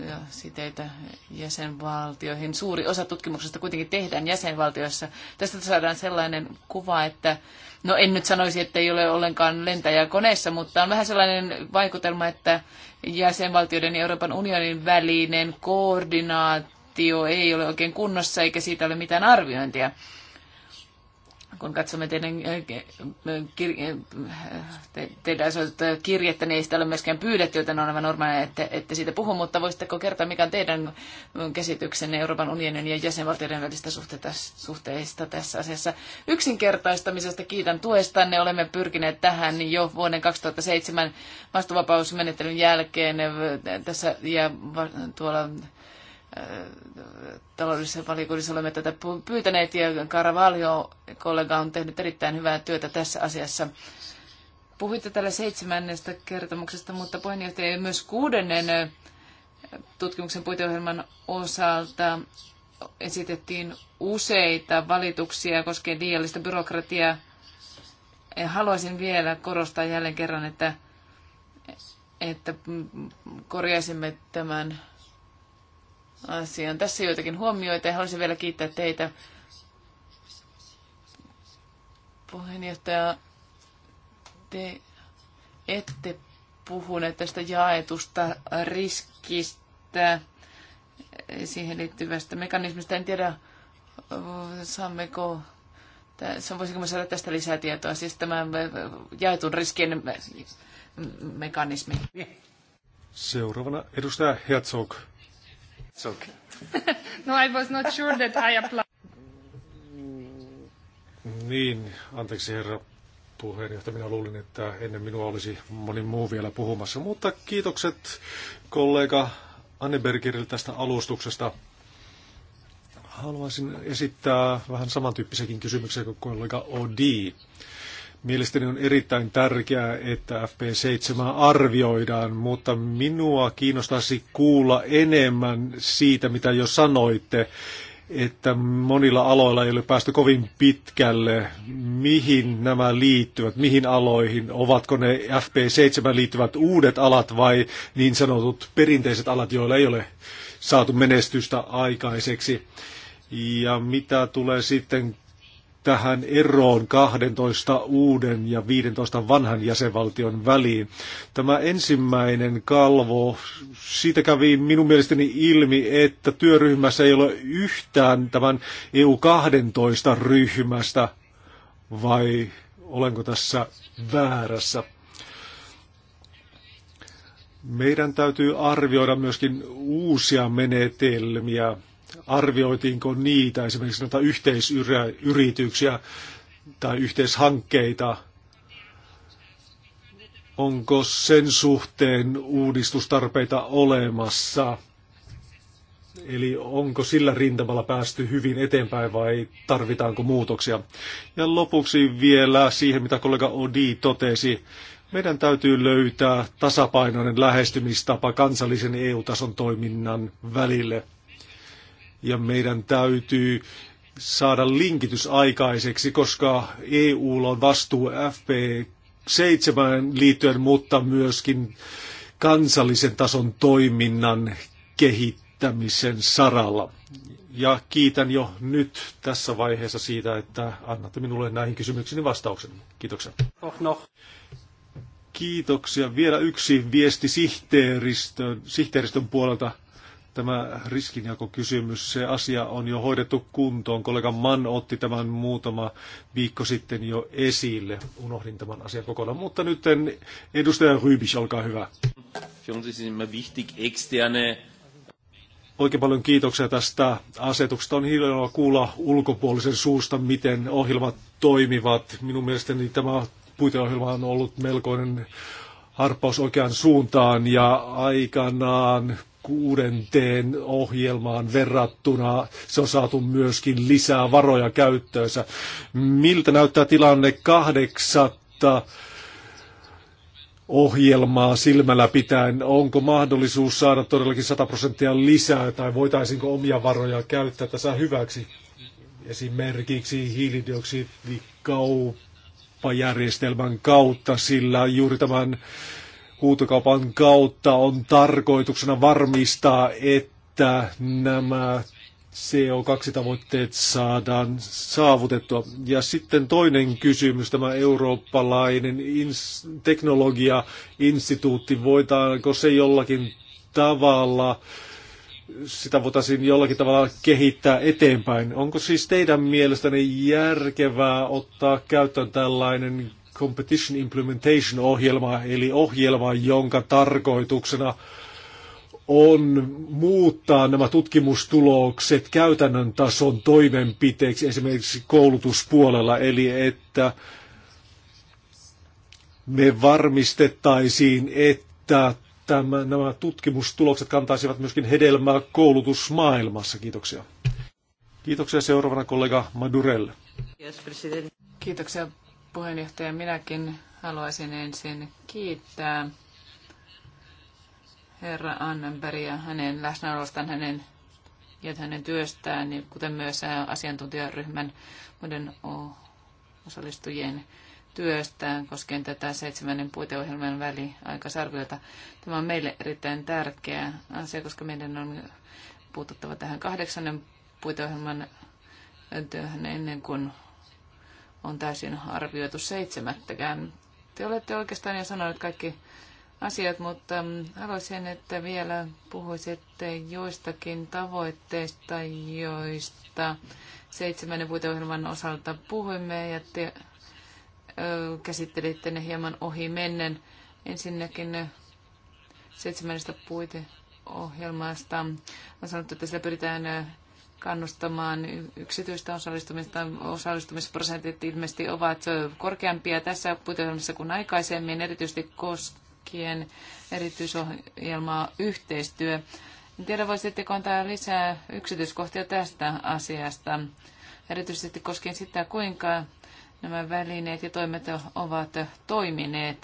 Speaker 3: ja siteitä jäsenvaltioihin. Suuri osa tutkimuksesta kuitenkin tehdään jäsenvaltioissa. Tästä saadaan sellainen kuva, että no en nyt sanoisi, että ei ole ollenkaan lentäjä koneessa, mutta on vähän sellainen vaikutelma, että jäsenvaltioiden ja Euroopan unionin välinen koordinaatio ei ole oikein kunnossa eikä siitä ole mitään arviointia kun katsomme teidän, äh, äh, kir, äh, te, teidän kirjettä, niin ei sitä ole myöskään pyydetty, joten on aivan normaalia, että, että siitä puhu, mutta voisitteko kertoa, mikä on teidän käsityksenne Euroopan unionin ja jäsenvaltioiden välistä suhteita, suhteista tässä asiassa? Yksinkertaistamisesta kiitän tuestanne. Olemme pyrkineet tähän jo vuoden 2007 vastuvapausmenettelyn jälkeen tässä ja tuolla taloudellisessa valiokunnassa olemme tätä pyytäneet ja Carvalho kollega on tehnyt erittäin hyvää työtä tässä asiassa. Puhuitte tällä seitsemännestä kertomuksesta, mutta puheenjohtaja myös kuudennen tutkimuksen puiteohjelman osalta esitettiin useita valituksia koskien liiallista byrokratiaa. Haluaisin vielä korostaa jälleen kerran, että, että korjaisimme tämän asiaan. Tässä joitakin huomioita ja haluaisin vielä kiittää teitä puheenjohtaja, te ette puhuneet tästä jaetusta riskistä siihen liittyvästä mekanismista. En tiedä, saammeko, tässä, voisinko saada tästä lisää tietoa, siis tämän jaetun riskien mekanismi.
Speaker 1: Seuraavana edustaja Herzog. It's okay.
Speaker 3: no, I was not sure that I applied.
Speaker 1: Niin, anteeksi herra puheenjohtaja. Minä luulin, että ennen minua olisi moni muu vielä puhumassa, mutta kiitokset kollega Annebergerille tästä alustuksesta. Haluaisin esittää vähän samantyyppisiäkin kysymyksiä kuin kollega Odi. Mielestäni on erittäin tärkeää, että FP7 arvioidaan, mutta minua kiinnostaisi kuulla enemmän siitä, mitä jo sanoitte, että monilla aloilla ei ole päästy kovin pitkälle. Mihin nämä liittyvät, mihin aloihin? Ovatko ne FP7 liittyvät uudet alat vai niin sanotut perinteiset alat, joilla ei ole saatu menestystä aikaiseksi? Ja mitä tulee sitten tähän eroon 12 uuden ja 15 vanhan jäsenvaltion väliin. Tämä ensimmäinen kalvo, siitä kävi minun mielestäni ilmi, että työryhmässä ei ole yhtään tämän EU-12 ryhmästä, vai olenko tässä väärässä? Meidän täytyy arvioida myöskin uusia menetelmiä arvioitiinko niitä, esimerkiksi näitä yhteisyrityksiä tai yhteishankkeita, onko sen suhteen uudistustarpeita olemassa, eli onko sillä rintamalla päästy hyvin eteenpäin vai tarvitaanko muutoksia. Ja lopuksi vielä siihen, mitä kollega Odi totesi, meidän täytyy löytää tasapainoinen lähestymistapa kansallisen EU-tason toiminnan välille ja meidän täytyy saada linkitys aikaiseksi, koska EUlla on vastuu FP7 liittyen, mutta myöskin kansallisen tason toiminnan kehittämisen saralla. Ja kiitän jo nyt tässä vaiheessa siitä, että annatte minulle näihin kysymyksiin vastauksen. Kiitoksia. Oh, no. Kiitoksia. Vielä yksi viesti sihteeristön, sihteeristön puolelta Tämä riskinjakokysymys, se asia on jo hoidettu kuntoon. Kollega Mann otti tämän muutama viikko sitten jo esille. Unohdin tämän asian kokonaan, mutta nyt edustaja Rybisch, olkaa hyvä. Oikein paljon kiitoksia tästä asetuksesta. On hienoa kuulla ulkopuolisen suusta, miten ohjelmat toimivat. Minun mielestäni tämä puiteohjelma on ollut melkoinen harppaus oikeaan suuntaan ja aikanaan kuudenteen ohjelmaan verrattuna. Se on saatu myöskin lisää varoja käyttöönsä. Miltä näyttää tilanne kahdeksatta ohjelmaa silmällä pitäen? Onko mahdollisuus saada todellakin 100 prosenttia lisää tai voitaisiinko omia varoja käyttää tässä hyväksi? Esimerkiksi hiilidioksidikauppajärjestelmän kautta, sillä juuri tämän Huutokaupan kautta on tarkoituksena varmistaa, että nämä CO2-tavoitteet saadaan saavutettua. Ja sitten toinen kysymys, tämä eurooppalainen ins- teknologiainstituutti, voitaanko se jollakin tavalla, sitä voitaisiin jollakin tavalla kehittää eteenpäin. Onko siis teidän mielestänne järkevää ottaa käyttöön tällainen Competition implementation Ohjelma, eli ohjelma, jonka tarkoituksena on muuttaa nämä tutkimustulokset käytännön tason toimenpiteiksi esimerkiksi koulutuspuolella, eli että me varmistettaisiin, että tämä, nämä tutkimustulokset kantaisivat myöskin hedelmää koulutusmaailmassa. Kiitoksia. Kiitoksia seuraavana kollega Madurelle.
Speaker 3: Kiitoksia puheenjohtaja. Minäkin haluaisin ensin kiittää herra ja hänen läsnäolostaan, hänen ja hänen työstään, niin kuten myös asiantuntijaryhmän muiden osallistujien työstään koskien tätä seitsemännen puiteohjelman väliaikaisarviota. Tämä on meille erittäin tärkeä asia, koska meidän on puututtava tähän kahdeksannen puiteohjelman työhön ennen kuin on täysin arvioitu seitsemättäkään. Te olette oikeastaan jo sanoneet kaikki asiat, mutta mm, haluaisin, että vielä puhuisitte joistakin tavoitteista, joista seitsemännen puiteohjelman osalta puhuimme ja te käsittelitte ne hieman ohi mennen. Ensinnäkin seitsemännestä puiteohjelmasta on sanottu, että sillä pyritään kannustamaan yksityistä osallistumista. Osallistumisprosentit ilmeisesti ovat korkeampia tässä puitelmassa kuin aikaisemmin, erityisesti koskien erityisohjelmaa yhteistyö. En tiedä, voisitteko antaa lisää yksityiskohtia tästä asiasta, erityisesti koskien sitä, kuinka nämä välineet ja toimet ovat toimineet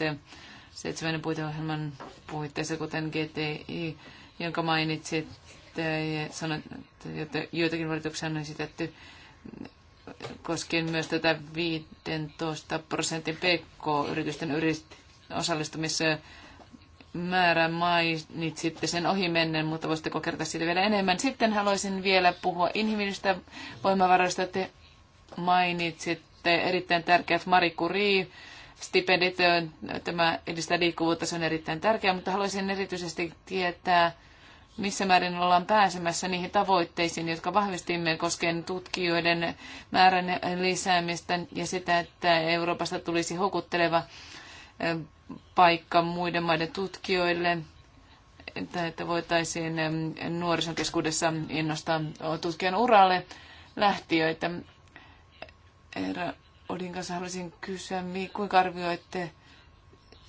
Speaker 3: seitsemännen puiteohjelman puitteissa, kuten GTI, jonka mainitsit ja sanoi, että joitakin valituksia on esitetty koskien myös tätä 15 prosentin PK-yritysten osallistumisen määrän mainitsitte sen mennen, mutta voisitteko kertoa siitä vielä enemmän. Sitten haluaisin vielä puhua inhimillistä voimavaroista. Te mainitsitte erittäin tärkeät Marie Curie stipendit, tämä edistää liikkuvuutta, se on erittäin tärkeää, mutta haluaisin erityisesti tietää missä määrin ollaan pääsemässä niihin tavoitteisiin, jotka vahvistimme koskien tutkijoiden määrän lisäämistä ja sitä, että Euroopasta tulisi houkutteleva paikka muiden maiden tutkijoille, että voitaisiin nuorison keskuudessa innostaa tutkijan uralle lähtiöitä. Herra Odin kanssa haluaisin kysyä, kuinka arvioitte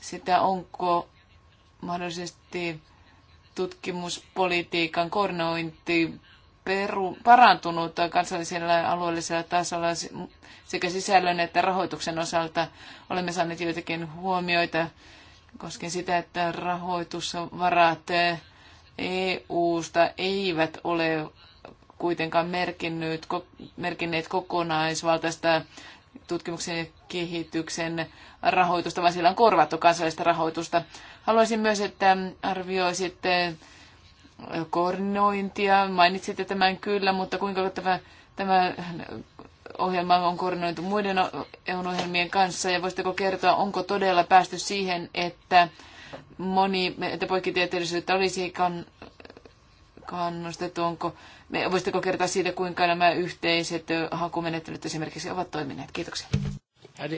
Speaker 3: sitä, onko mahdollisesti tutkimuspolitiikan koordinointi peru, parantunut kansallisella ja alueellisella tasolla sekä sisällön että rahoituksen osalta. Olemme saaneet joitakin huomioita koskien sitä, että rahoitusvarat EU-sta eivät ole kuitenkaan merkinnyt, merkinneet kokonaisvaltaista tutkimuksen ja kehityksen rahoitusta, vaan sillä on korvattu kansallista rahoitusta. Haluaisin myös, että arvioisitte koordinointia. Mainitsitte tämän kyllä, mutta kuinka tämä, tämä ohjelma on koordinoitu muiden ohjelmien kanssa ja voisitteko kertoa, onko todella päästy siihen, että moni, että poikkitieteellisyyttä olisi kan, kannustettu, onko, me, voisitteko kertoa siitä, kuinka nämä yhteiset hakumenettelyt esimerkiksi ovat toimineet? Kiitoksia.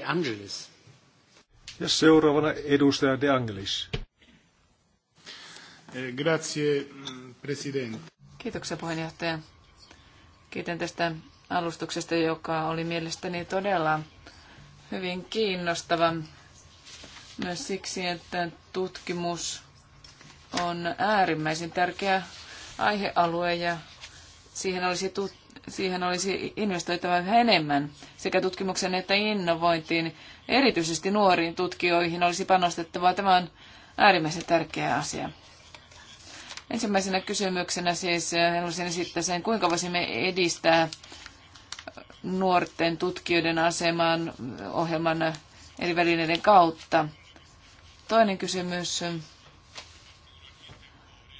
Speaker 1: Angelis. Ja seuraavana edustaja De Angelis. Eh, grazie, mm, president.
Speaker 3: Kiitoksia puheenjohtaja. Kiitän tästä alustuksesta, joka oli mielestäni todella hyvin kiinnostava. Myös siksi, että tutkimus on äärimmäisen tärkeä aihealue ja siihen olisi, tut- siihen olisi investoitava yhä enemmän sekä tutkimuksen että innovointiin. Erityisesti nuoriin tutkijoihin olisi panostettava. Tämä on äärimmäisen tärkeä asia. Ensimmäisenä kysymyksenä siis eh, haluaisin esittää sen, kuinka voisimme edistää nuorten tutkijoiden aseman eh, ohjelman eh, eri välineiden kautta. Toinen kysymys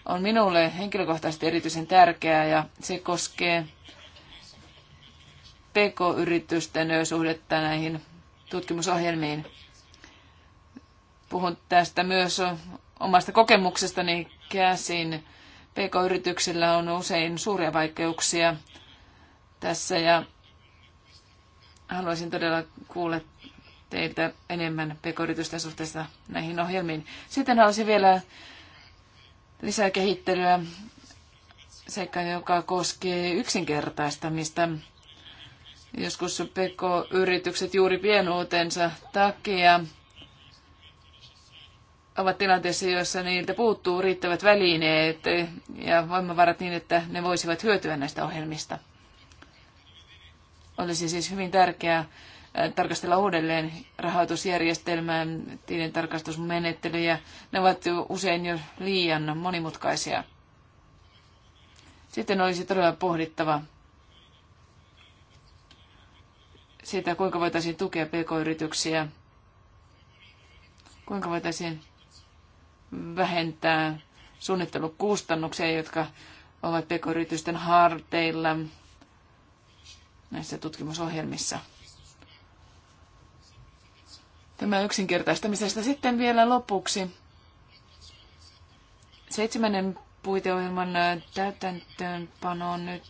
Speaker 3: on minulle henkilökohtaisesti erityisen tärkeää ja se koskee PK-yritysten suhdetta näihin tutkimusohjelmiin. Puhun tästä myös omasta kokemuksestani käsin. PK-yrityksillä on usein suuria vaikeuksia tässä ja haluaisin todella kuulla teiltä enemmän pk-yritysten suhteesta näihin ohjelmiin. Sitten haluaisin vielä lisää kehittelyä sekä joka koskee yksinkertaistamista. Joskus pk-yritykset juuri pienuutensa takia ovat tilanteessa, jossa niiltä puuttuu riittävät välineet ja voimavarat niin, että ne voisivat hyötyä näistä ohjelmista. Olisi siis hyvin tärkeää tarkastella uudelleen rahoitusjärjestelmää, tiiden tarkastusmenettelyjä. Ne ovat usein jo liian monimutkaisia. Sitten olisi todella pohdittava sitä kuinka voitaisiin tukea pk-yrityksiä, kuinka voitaisiin vähentää suunnittelukustannuksia, jotka ovat pk-yritysten harteilla näissä tutkimusohjelmissa. Tämä yksinkertaistamisesta sitten vielä lopuksi. Seitsemännen puiteohjelman täytäntöönpano on nyt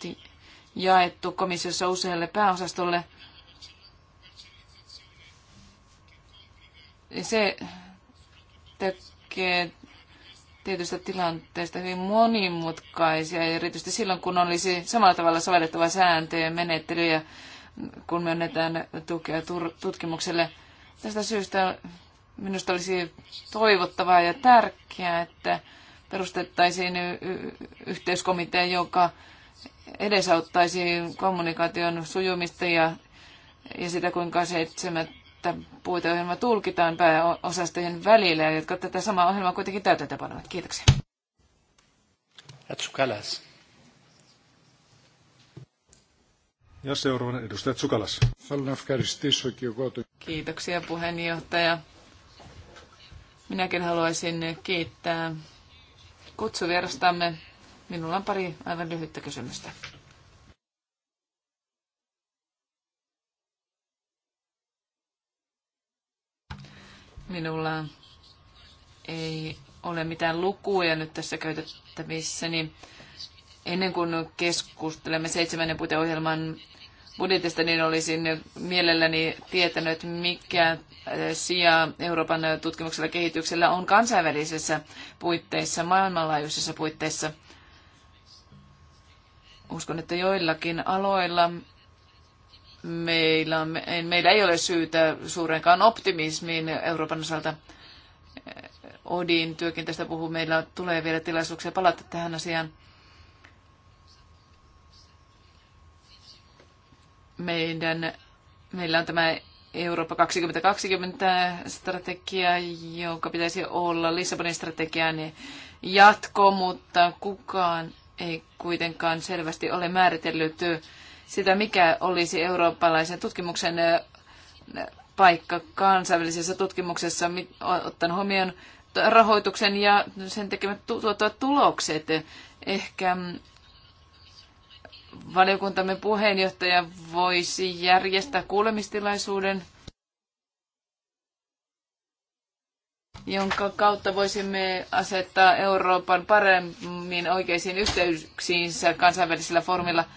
Speaker 3: jaettu komissiossa usealle pääosastolle. Se tekee tietystä tilanteesta hyvin monimutkaisia, erityisesti silloin, kun olisi samalla tavalla sovellettava sääntöjä ja menettelyjä, kun myönnetään tukea tutkimukselle. Tästä syystä minusta olisi toivottavaa ja tärkeää, että perustettaisiin yhteiskomitea, joka edesauttaisi kommunikaation sujumista ja, ja sitä, kuinka seitsemät että puiteohjelma tulkitaan pääosastojen välillä, jotka tätä samaa ohjelmaa kuitenkin täytäntöönpanevat. Kiitoksia.
Speaker 1: Tsukalas. Ja seuraavana edustaja Tsukalas.
Speaker 3: Kiitoksia puheenjohtaja. Minäkin haluaisin kiittää kutsuvierastamme. Minulla on pari aivan lyhyttä kysymystä. Minulla ei ole mitään lukuja nyt tässä käytettävissä, niin ennen kuin keskustelemme seitsemännen puiteohjelman budjetista, niin olisin mielelläni tietänyt, mikä sija Euroopan tutkimuksella ja kehityksellä on kansainvälisessä puitteissa, maailmanlaajuisissa puitteissa. Uskon, että joillakin aloilla meillä, on, meillä ei ole syytä suurenkaan optimismiin Euroopan osalta. Odin työkin tästä puhuu. Meillä tulee vielä tilaisuuksia palata tähän asiaan. Meidän, meillä on tämä Eurooppa 2020 strategia, joka pitäisi olla Lissabonin strategian jatko, mutta kukaan ei kuitenkaan selvästi ole määritellyt sitä, mikä olisi eurooppalaisen tutkimuksen paikka kansainvälisessä tutkimuksessa, ottanut huomioon rahoituksen ja sen tekemät tuottavat tulokset. Ehkä mm, valiokuntamme puheenjohtaja voisi järjestää kuulemistilaisuuden, jonka kautta voisimme asettaa Euroopan paremmin oikeisiin yhteyksiinsä kansainvälisellä formilla –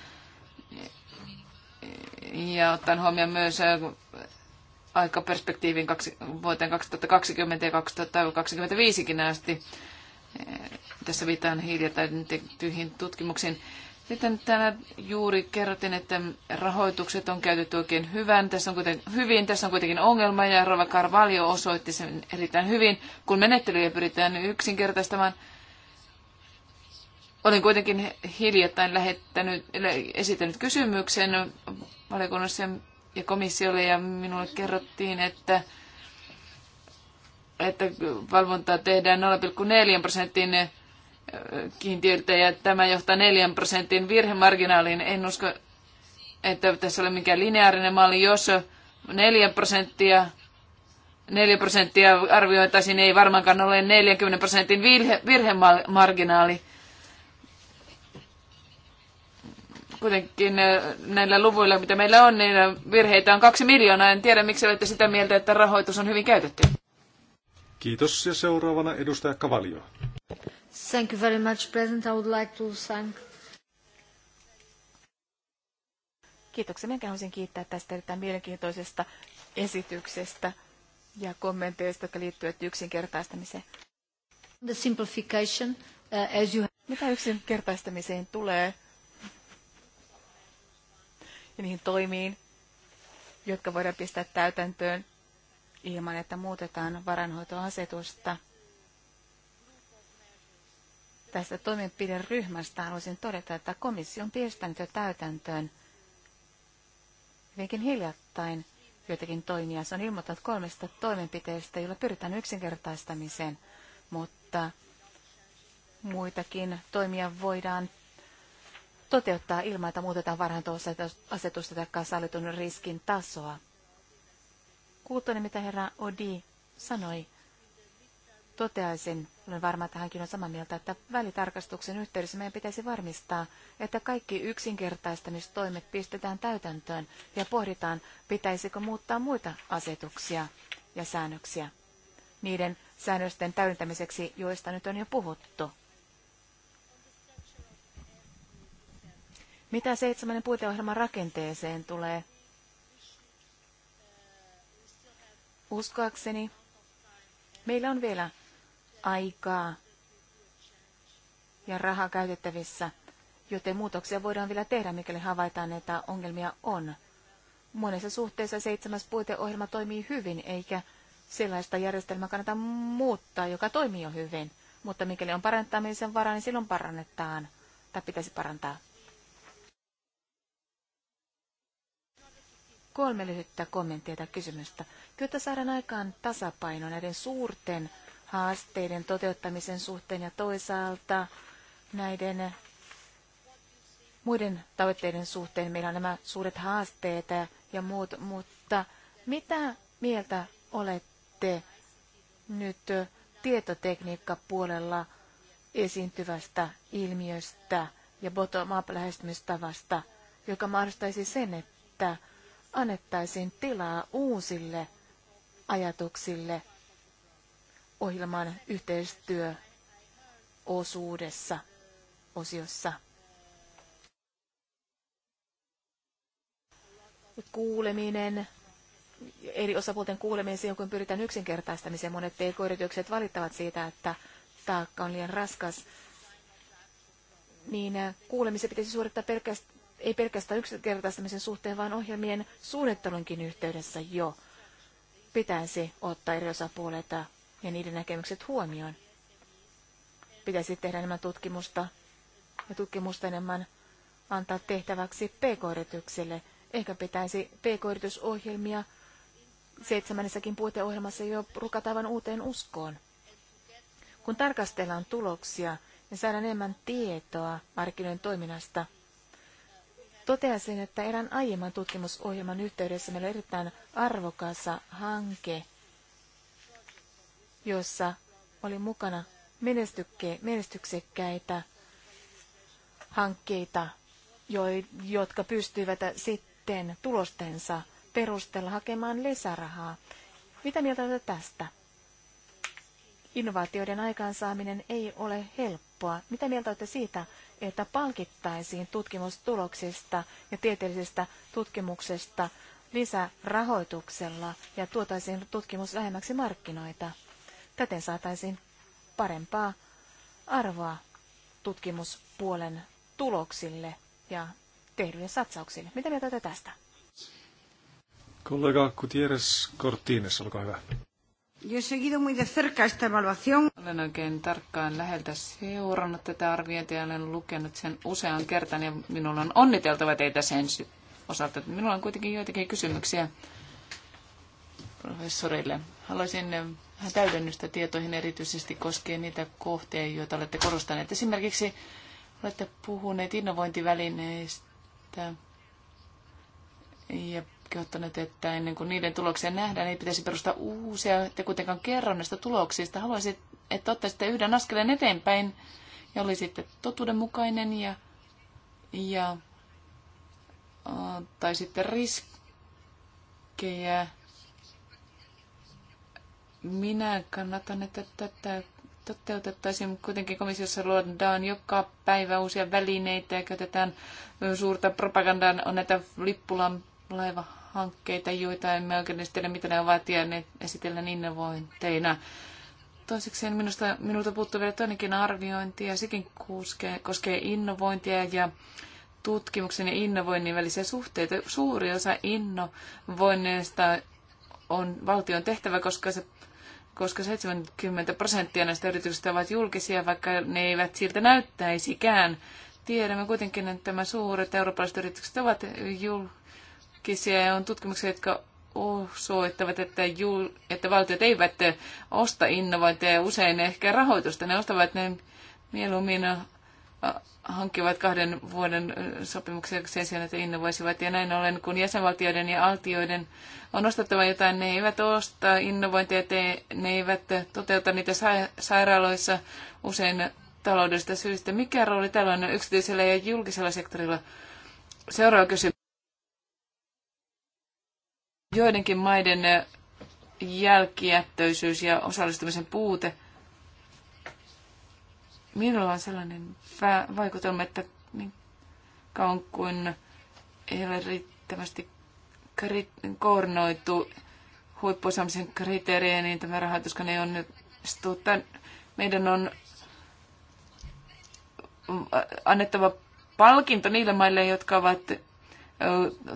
Speaker 3: ja ottaen huomioon myös aikaperspektiivin vuoteen 2020 ja 2025kin asti. Tässä viitaan hiljattain tehtyihin tutkimuksiin. Sitten täällä juuri kerrottiin, että rahoitukset on käytetty oikein hyvän. Tässä on kuitenkin, hyvin. Tässä on kuitenkin ongelma ja Rova Carvalho osoitti sen erittäin hyvin, kun menettelyjä pyritään yksinkertaistamaan. Olin kuitenkin hiljattain lähettänyt, esitänyt kysymyksen valiokunnassa ja komissiolle ja minulle kerrottiin, että, että valvontaa tehdään 0,4 prosentin äh, kiintiöltä ja tämä johtaa 4 prosentin virhemarginaaliin. En usko, että tässä ole mikään lineaarinen malli. Jos 4 prosenttia 4 prosenttia arvioitaisiin, ei varmaankaan ole 40 prosentin virhe, Kuitenkin eh, näillä luvuilla, mitä meillä on, niin eh, virheitä on kaksi miljoonaa. En tiedä, miksi olette sitä mieltä, että rahoitus on hyvin käytetty.
Speaker 1: Kiitos ja seuraavana edustaja Kavalio.
Speaker 2: Thank you very much, President. I would like to thank Kiitoksia. Minä haluaisin kiittää tästä erittäin mielenkiintoisesta esityksestä ja kommenteista, jotka liittyvät yksinkertaistamiseen. The simplification, uh, as you... Mitä yksinkertaistamiseen tulee, ja niihin toimiin, jotka voidaan pistää täytäntöön ilman, että muutetaan varanhoitoasetusta. Tästä toimenpideryhmästä haluaisin todeta, että komissio on pistänyt jo täytäntöön hyvinkin hiljattain joitakin toimia. Se on ilmoittanut kolmesta toimenpiteestä, joilla pyritään yksinkertaistamiseen, mutta muitakin toimia voidaan toteuttaa ilman, että muutetaan varhantoasetusta tai sallitun riskin tasoa. Kuultuani, mitä herra Odi sanoi, toteaisin, olen varma, että hänkin on samaa mieltä, että välitarkastuksen yhteydessä meidän pitäisi varmistaa, että kaikki yksinkertaistamistoimet pistetään täytäntöön ja pohditaan, pitäisikö muuttaa muita asetuksia ja säännöksiä niiden säännösten täydentämiseksi, joista nyt on jo puhuttu. Mitä seitsemännen puiteohjelman rakenteeseen tulee? Uskoakseni meillä on vielä aikaa ja rahaa käytettävissä, joten muutoksia voidaan vielä tehdä, mikäli havaitaan, että ongelmia on. Monessa suhteessa seitsemäs puiteohjelma toimii hyvin, eikä sellaista järjestelmää kannata muuttaa, joka toimii jo hyvin. Mutta mikäli on parantamisen varaa, niin silloin parannetaan, tai pitäisi parantaa. kolme lyhyttä kommenttia tai kysymystä. Jotta saadaan aikaan tasapaino näiden suurten haasteiden toteuttamisen suhteen ja toisaalta näiden muiden tavoitteiden suhteen meillä on nämä suuret haasteet ja muut, mutta mitä mieltä olette nyt tietotekniikkapuolella esiintyvästä ilmiöstä ja bottom-up lähestymistavasta, joka mahdollistaisi sen, että annettaisiin tilaa uusille ajatuksille ohjelman yhteistyöosuudessa osiossa. Kuuleminen, eri osapuolten kuuleminen silloin, kun pyritään yksinkertaistamiseen. Monet pk-yritykset valittavat siitä, että taakka on liian raskas. Niin kuulemisen pitäisi suorittaa pelkästään ei pelkästään yksinkertaistamisen suhteen, vaan ohjelmien suunnittelunkin yhteydessä jo pitäisi ottaa eri osapuolet ja niiden näkemykset huomioon. Pitäisi tehdä enemmän tutkimusta ja tutkimusta enemmän antaa tehtäväksi pk-yrityksille. Ehkä pitäisi pk-yritysohjelmia seitsemännessäkin puuteohjelmassa jo rukatavan uuteen uskoon. Kun tarkastellaan tuloksia ja niin saadaan enemmän tietoa markkinoiden toiminnasta – Toteasin, että erään aiemman tutkimusohjelman yhteydessä meillä on erittäin arvokas hanke, jossa oli mukana menestyksekkäitä hankkeita, jotka pystyivät sitten tulostensa perusteella hakemaan lisärahaa. Mitä mieltä olet tästä? Innovaatioiden aikaansaaminen ei ole helppoa. Mitä mieltä olette siitä, että palkittaisiin tutkimustuloksista ja tieteellisestä tutkimuksesta lisärahoituksella ja tuotaisiin tutkimus lähemmäksi markkinoita. Täten saataisiin parempaa arvoa tutkimuspuolen tuloksille ja tehdyille satsauksille. Mitä mieltä tästä?
Speaker 1: Kollega Gutierrez Cortines, olkaa hyvä.
Speaker 3: Yo seguido muy de cerca esta evaluación. Olen oikein tarkkaan läheltä seurannut tätä arviointia ja olen lukenut sen usean kertaan ja minulla on onniteltava teitä sen osalta. Minulla on kuitenkin joitakin kysymyksiä professorille. Haluaisin eh, täydennystä tietoihin erityisesti koskien niitä kohteja, joita olette korostaneet. Esimerkiksi olette puhuneet innovointivälineistä ja kehottaneet, että ennen kuin niiden tuloksia nähdään, ei niin pitäisi perustaa uusia, että kuitenkaan kerron näistä tuloksista. Haluaisit, että ottaisitte yhden askeleen eteenpäin ja olisitte totuudenmukainen ja, ja tai sitten riskejä. Minä kannatan, että tätä toteutettaisiin. Kuitenkin komissiossa luodaan joka päivä uusia välineitä ja käytetään suurta propagandaa on näitä lippulan laiva hankkeita, joita emme oikein esitellä, mitä ne ovat, ja ne esitellään innovointeina. Toiseksi minusta, minulta puuttuu vielä toinenkin arviointi, ja sekin koskee, koskee innovointia ja tutkimuksen ja innovoinnin välisiä suhteita. Suuri osa innovoinneista on valtion tehtävä, koska se koska 70 prosenttia näistä yrityksistä ovat julkisia, vaikka ne eivät siltä näyttäisikään. Tiedämme kuitenkin, että nämä suuret eurooppalaiset yritykset ovat jul- julkisia on tutkimuksia, jotka osoittavat, että, jul, että valtiot eivät osta innovointeja usein ehkä rahoitusta. Ne ostavat ne mieluummin äh, hankkivat kahden vuoden äh, sopimuksia sen sijaan, että innovoisivat. Ja näin ollen, kun jäsenvaltioiden ja altioiden on ostettava jotain, ne eivät osta innovointia, te, ne eivät toteuta niitä sa- sairaaloissa usein taloudellisista syistä. Mikä rooli tällä on yksityisellä ja julkisella sektorilla? Seuraava kysymys joidenkin maiden eh, jälkijättöisyys ja osallistumisen puute. Minulla on sellainen vaikutelma, että niin kauan kuin ei ole riittävästi koordinoitu huippuosaamisen kriteerejä, niin tämä rahoituskaan ei onnistu. Tän, meidän on annettava palkinto niille maille, jotka ovat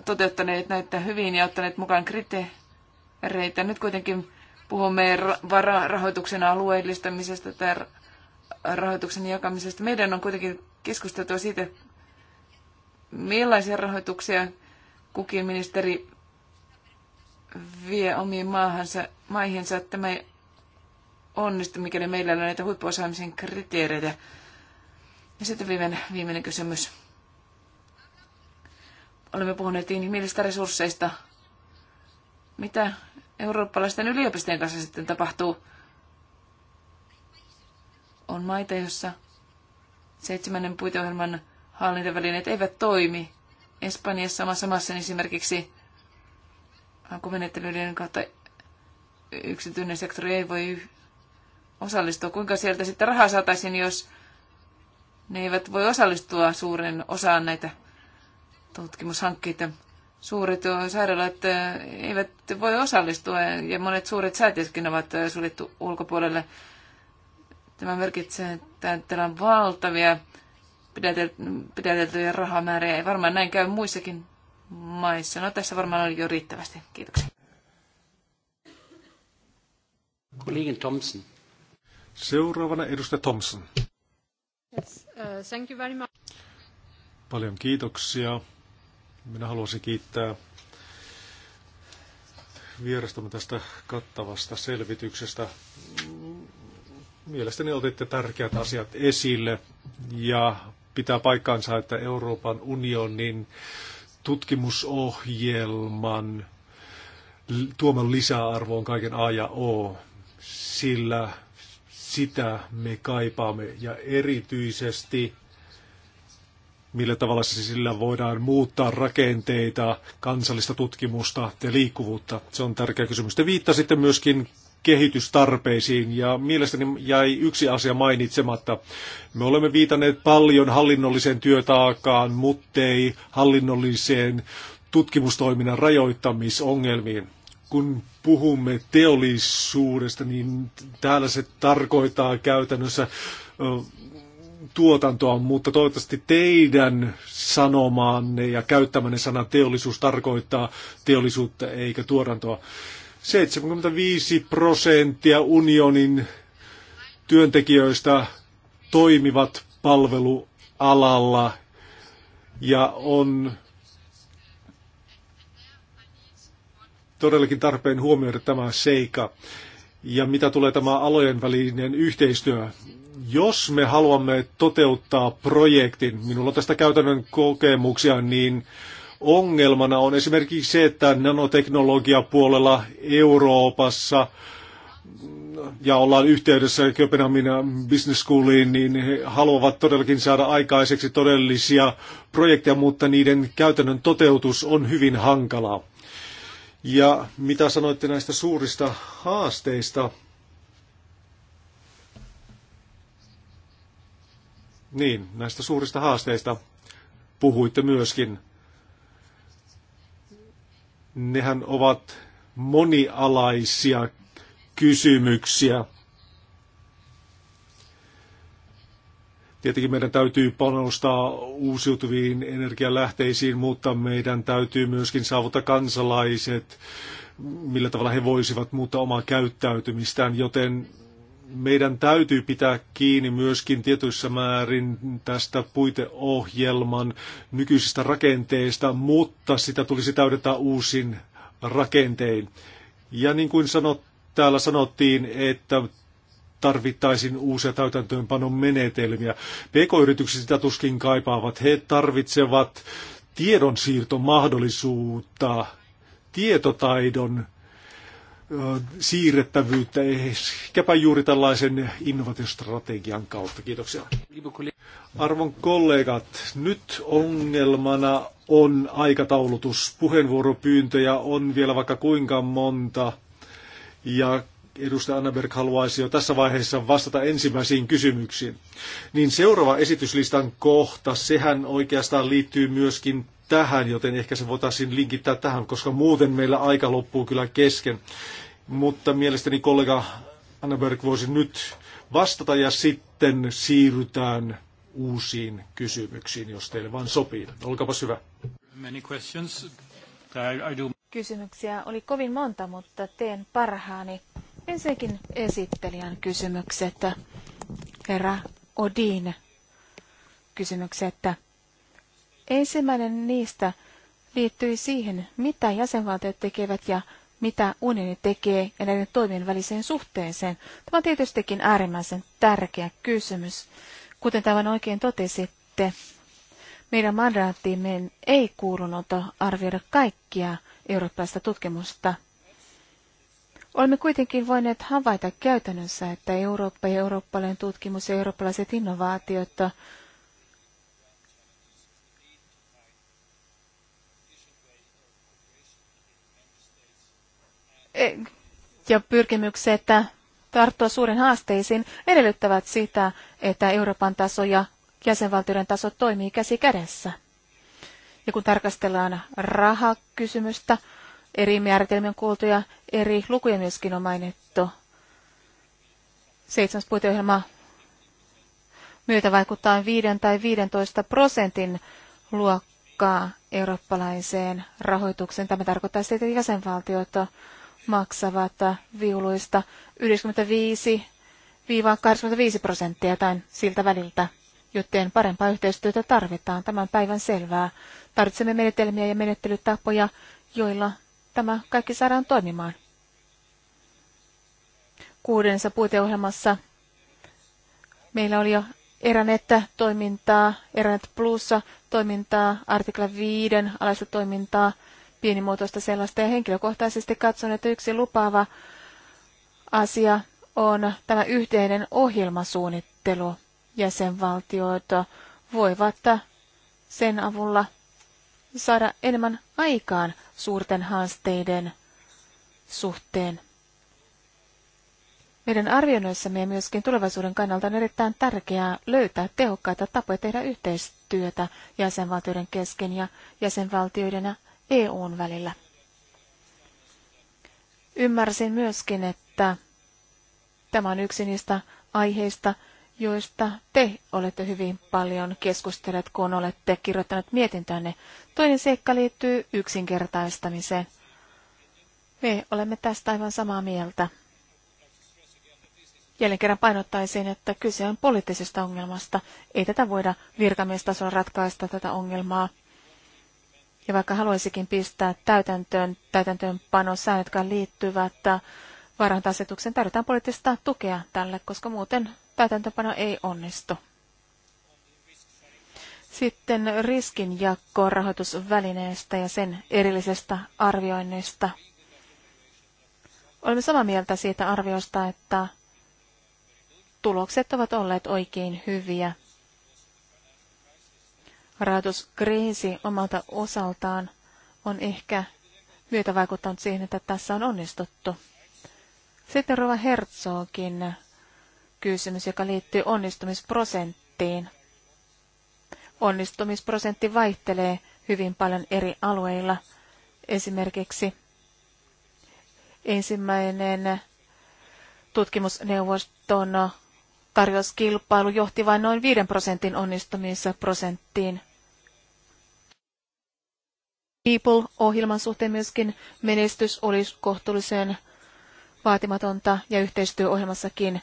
Speaker 3: toteuttaneet näitä hyvin ja ottaneet mukaan kriteereitä. Nyt kuitenkin puhumme rahoituksen alueellistamisesta tai rahoituksen jakamisesta. Meidän on kuitenkin keskusteltua siitä, millaisia rahoituksia kukin ministeri vie omiin maahansa, maihinsa. Tämä ei onnistu, mikäli meillä on näitä huippuosaamisen kriteereitä. Ja sitten viimeinen, viimeinen kysymys olemme puhuneet inhimillisistä resursseista. Mitä eurooppalaisten yliopistojen kanssa sitten tapahtuu? On maita, joissa seitsemännen puiteohjelman hallintavälineet eivät toimi. Espanjassa omassa maassani esimerkiksi hankumenettelyiden kautta yksityinen sektori ei voi osallistua. Kuinka sieltä sitten rahaa saataisiin, jos ne eivät voi osallistua suuren osaan näitä tutkimushankkeita. Suuret sairaalat äh, eivät voi osallistua ja monet suuret säätiötkin ovat äh, suljettu ulkopuolelle. Tämä merkitsee, että täällä on valtavia pidäteltyjä rahamääriä. Ei varmaan näin käy muissakin maissa. No tässä varmaan oli jo riittävästi. Kiitoksia.
Speaker 1: Kollegin Thompson. Seuraavana edustaja Thompson.
Speaker 2: Yes, uh, thank you very much.
Speaker 1: Paljon kiitoksia. Minä haluaisin kiittää vierastamme tästä kattavasta selvityksestä. Mielestäni otitte tärkeät asiat esille ja pitää paikkaansa, että Euroopan unionin tutkimusohjelman tuoman lisäarvo on kaiken A ja O, sillä sitä me kaipaamme ja erityisesti millä tavalla sillä voidaan muuttaa rakenteita, kansallista tutkimusta ja liikkuvuutta. Se on tärkeä kysymys. Te viittasitte myöskin kehitystarpeisiin ja mielestäni jäi yksi asia mainitsematta. Me olemme viitanneet paljon hallinnolliseen työtaakaan, muttei hallinnolliseen tutkimustoiminnan rajoittamisongelmiin. Kun puhumme teollisuudesta, niin täällä se tarkoittaa käytännössä tuotantoa, mutta toivottavasti teidän sanomaanne ja käyttämänne sana teollisuus tarkoittaa teollisuutta eikä tuotantoa. 75 prosenttia unionin työntekijöistä toimivat palvelualalla ja on todellakin tarpeen huomioida tämä seika. Ja mitä tulee tämä alojen välinen yhteistyö, jos me haluamme toteuttaa projektin, minulla on tästä käytännön kokemuksia, niin ongelmana on esimerkiksi se, että nanoteknologiapuolella Euroopassa ja ollaan yhteydessä Köpenhamin Business Schooliin, niin he haluavat todellakin saada aikaiseksi todellisia projekteja, mutta niiden käytännön toteutus on hyvin hankalaa. Ja mitä sanoitte näistä suurista haasteista, Niin, näistä suurista haasteista puhuitte myöskin. Nehän ovat monialaisia kysymyksiä. Tietenkin meidän täytyy panostaa uusiutuviin energialähteisiin, mutta meidän täytyy myöskin saavuttaa kansalaiset, millä tavalla he voisivat muuttaa omaa käyttäytymistään, joten meidän täytyy pitää kiinni myöskin tietyissä määrin tästä puiteohjelman nykyisistä rakenteista, mutta sitä tulisi täydentää uusin rakentein. Ja niin kuin sanot, täällä sanottiin, että tarvittaisiin uusia täytäntöönpanon menetelmiä. PK-yritykset sitä tuskin kaipaavat. He tarvitsevat tiedonsiirtomahdollisuutta, tietotaidon siirrettävyyttä, ehkäpä juuri tällaisen innovaatiostrategian kautta. Kiitoksia. Arvon kollegat, nyt ongelmana on aikataulutus. Puheenvuoropyyntöjä on vielä vaikka kuinka monta. Ja edustaja Annaberg haluaisi jo tässä vaiheessa vastata ensimmäisiin kysymyksiin. Niin seuraava esityslistan kohta, sehän oikeastaan liittyy myöskin tähän, joten ehkä se voitaisiin linkittää tähän, koska muuten meillä aika loppuu kyllä kesken. Mutta mielestäni kollega Annaberg voisi nyt vastata ja sitten siirrytään uusiin kysymyksiin, jos teille vain sopii. Olkaapa hyvä. Many questions. I do...
Speaker 2: Kysymyksiä oli kovin monta, mutta teen parhaani. Ensinnäkin esittelijän kysymykset. Herra Odin kysymykset. Ensimmäinen niistä liittyi siihen, mitä jäsenvaltiot tekevät ja mitä unioni tekee ja näiden toimien väliseen suhteeseen. Tämä on tietystikin äärimmäisen tärkeä kysymys. Kuten tämän oikein totesitte, meidän mandaattiimme ei kuulunut arvioida kaikkia eurooppalaista tutkimusta. Olemme kuitenkin voineet havaita käytännössä, että Eurooppa ja eurooppalainen tutkimus ja eurooppalaiset innovaatiot E, ja pyrkimykset tarttua suurin haasteisiin edellyttävät sitä, että Euroopan taso ja jäsenvaltioiden taso toimii käsi kädessä. Ja kun tarkastellaan rahakysymystä, eri määritelmien kuultu ja eri lukuja myöskin on mainittu. Seitsemäs puiteohjelma myötä vaikuttaa 5 tai 15 prosentin luokkaa eurooppalaiseen rahoitukseen. Tämä tarkoittaa sitä, että jäsenvaltiot maksavat viuluista 95-85 prosenttia tai siltä väliltä, joten parempaa yhteistyötä tarvitaan. Tämän päivän selvää. Tarvitsemme menetelmiä ja menettelytapoja, joilla tämä kaikki saadaan toimimaan. Kuudensa puiteohjelmassa meillä oli jo eränettä toimintaa, Eranet Plussa toimintaa, artikla 5 alaista toimintaa – pienimuotoista sellaista. Ja henkilökohtaisesti katson, että yksi lupaava asia on tämä yhteinen ohjelmasuunnittelu. jäsenvaltioita voivat sen avulla saada enemmän aikaan suurten haasteiden suhteen. Meidän arvioinnissamme ja myöskin tulevaisuuden kannalta on erittäin tärkeää löytää tehokkaita tapoja tehdä yhteistyötä jäsenvaltioiden kesken ja jäsenvaltioiden ja EUn välillä. Ymmärsin myöskin, että tämä on yksi niistä aiheista, joista te olette hyvin paljon keskustelleet, kun olette kirjoittaneet mietintönne. Toinen seikka liittyy yksinkertaistamiseen. Me olemme tästä aivan samaa mieltä. Jälleen kerran painottaisin, että kyse on poliittisesta ongelmasta. Ei tätä voida virkamiestasolla ratkaista tätä ongelmaa. Ja vaikka haluaisikin pistää täytäntöön, täytäntöönpanon säännöt, jotka liittyvät äh, varantasetuksen, tarvitaan poliittista tukea tälle, koska muuten täytäntöönpano ei onnistu. Sitten riskinjakko rahoitusvälineestä ja sen erillisestä arvioinnista. Olemme samaa mieltä siitä arviosta, että tulokset ovat olleet oikein hyviä kriisi omalta osaltaan on ehkä myötä vaikuttanut siihen, että tässä on onnistuttu. Sitten Rova Herzogin kysymys, joka liittyy onnistumisprosenttiin. Onnistumisprosentti vaihtelee hyvin paljon eri alueilla. Esimerkiksi ensimmäinen tutkimusneuvoston Tarjouskilpailu johti vain noin 5 prosentin onnistumisprosenttiin. People-ohjelman suhteen myöskin menestys oli kohtuullisen vaatimatonta ja yhteistyöohjelmassakin,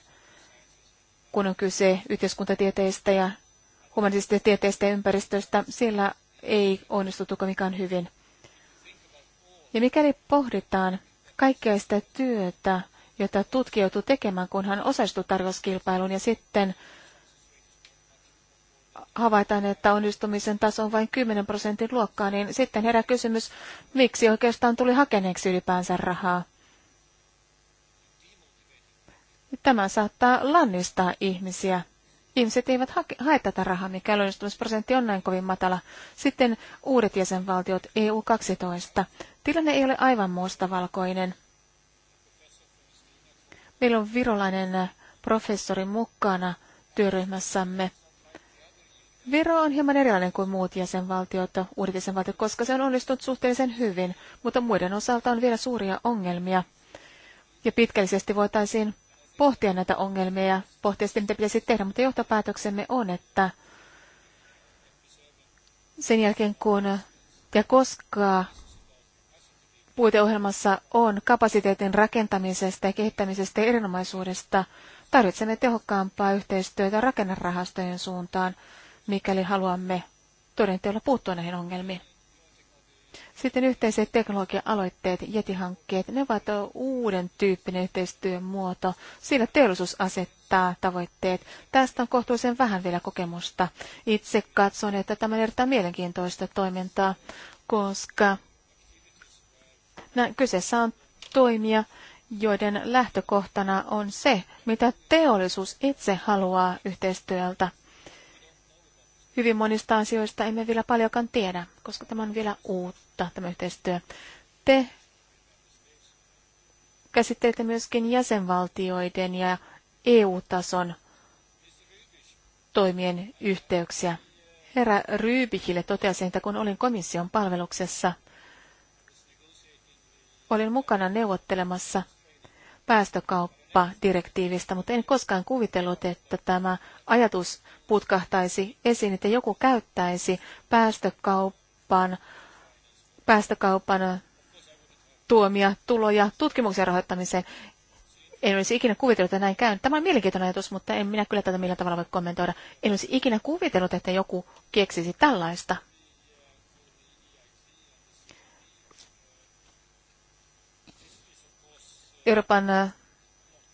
Speaker 2: kun on kyse yhteiskuntatieteistä ja humanistisista tieteistä ja ympäristöstä, siellä ei onnistuttu mikään hyvin. Ja mikäli pohditaan kaikkea sitä työtä, jota tutkija joutui tekemään, kun hän osallistui tarjouskilpailuun ja sitten havaitaan, että onnistumisen taso on vain 10 prosentin luokkaa, niin sitten herää kysymys, miksi oikeastaan tuli hakeneeksi ylipäänsä rahaa. Tämä saattaa lannistaa ihmisiä. Ihmiset eivät hae tätä rahaa, mikä onnistumisprosentti on näin kovin matala. Sitten uudet jäsenvaltiot EU-12. Tilanne ei ole aivan mustavalkoinen. Meillä on virolainen professori mukana työryhmässämme. Viro on hieman erilainen kuin muut jäsenvaltiot, uudet jäsenvaltiot, koska se on onnistunut suhteellisen hyvin, mutta muiden osalta on vielä suuria ongelmia. Ja pitkällisesti voitaisiin pohtia näitä ongelmia ja pohtia sitten, mitä pitäisi tehdä, mutta johtopäätöksemme on, että sen jälkeen kun ja koska puiteohjelmassa on kapasiteetin rakentamisesta ja kehittämisestä ja erinomaisuudesta. Tarvitsemme tehokkaampaa yhteistyötä rakennerahastojen suuntaan, mikäli haluamme todenteolla puuttua näihin ongelmiin. Sitten yhteiset teknologia-aloitteet, jetihankkeet, ne ovat uuden tyyppinen yhteistyön muoto. Siinä teollisuus asettaa tavoitteet. Tästä on kohtuullisen vähän vielä kokemusta. Itse katson, että tämä on erittäin mielenkiintoista toimintaa, koska kyseessä on toimia, joiden lähtökohtana on se, mitä teollisuus itse haluaa yhteistyöltä. Hyvin monista asioista emme vielä paljonkaan tiedä, koska tämä on vielä uutta, tämä yhteistyö. Te käsittelette myöskin jäsenvaltioiden ja EU-tason toimien yhteyksiä. Herra Ryybikille totesin, että kun olin komission palveluksessa, Olin mukana neuvottelemassa päästökauppadirektiivistä, mutta en koskaan kuvitellut, että tämä ajatus putkahtaisi esiin, että joku käyttäisi päästökaupan, päästökaupan tuomia tuloja tutkimuksen rahoittamiseen. En olisi ikinä kuvitellut, että näin käy. Tämä on mielenkiintoinen ajatus, mutta en minä kyllä tätä millään tavalla voi kommentoida. En olisi ikinä kuvitellut, että joku keksisi tällaista. Euroopan äh,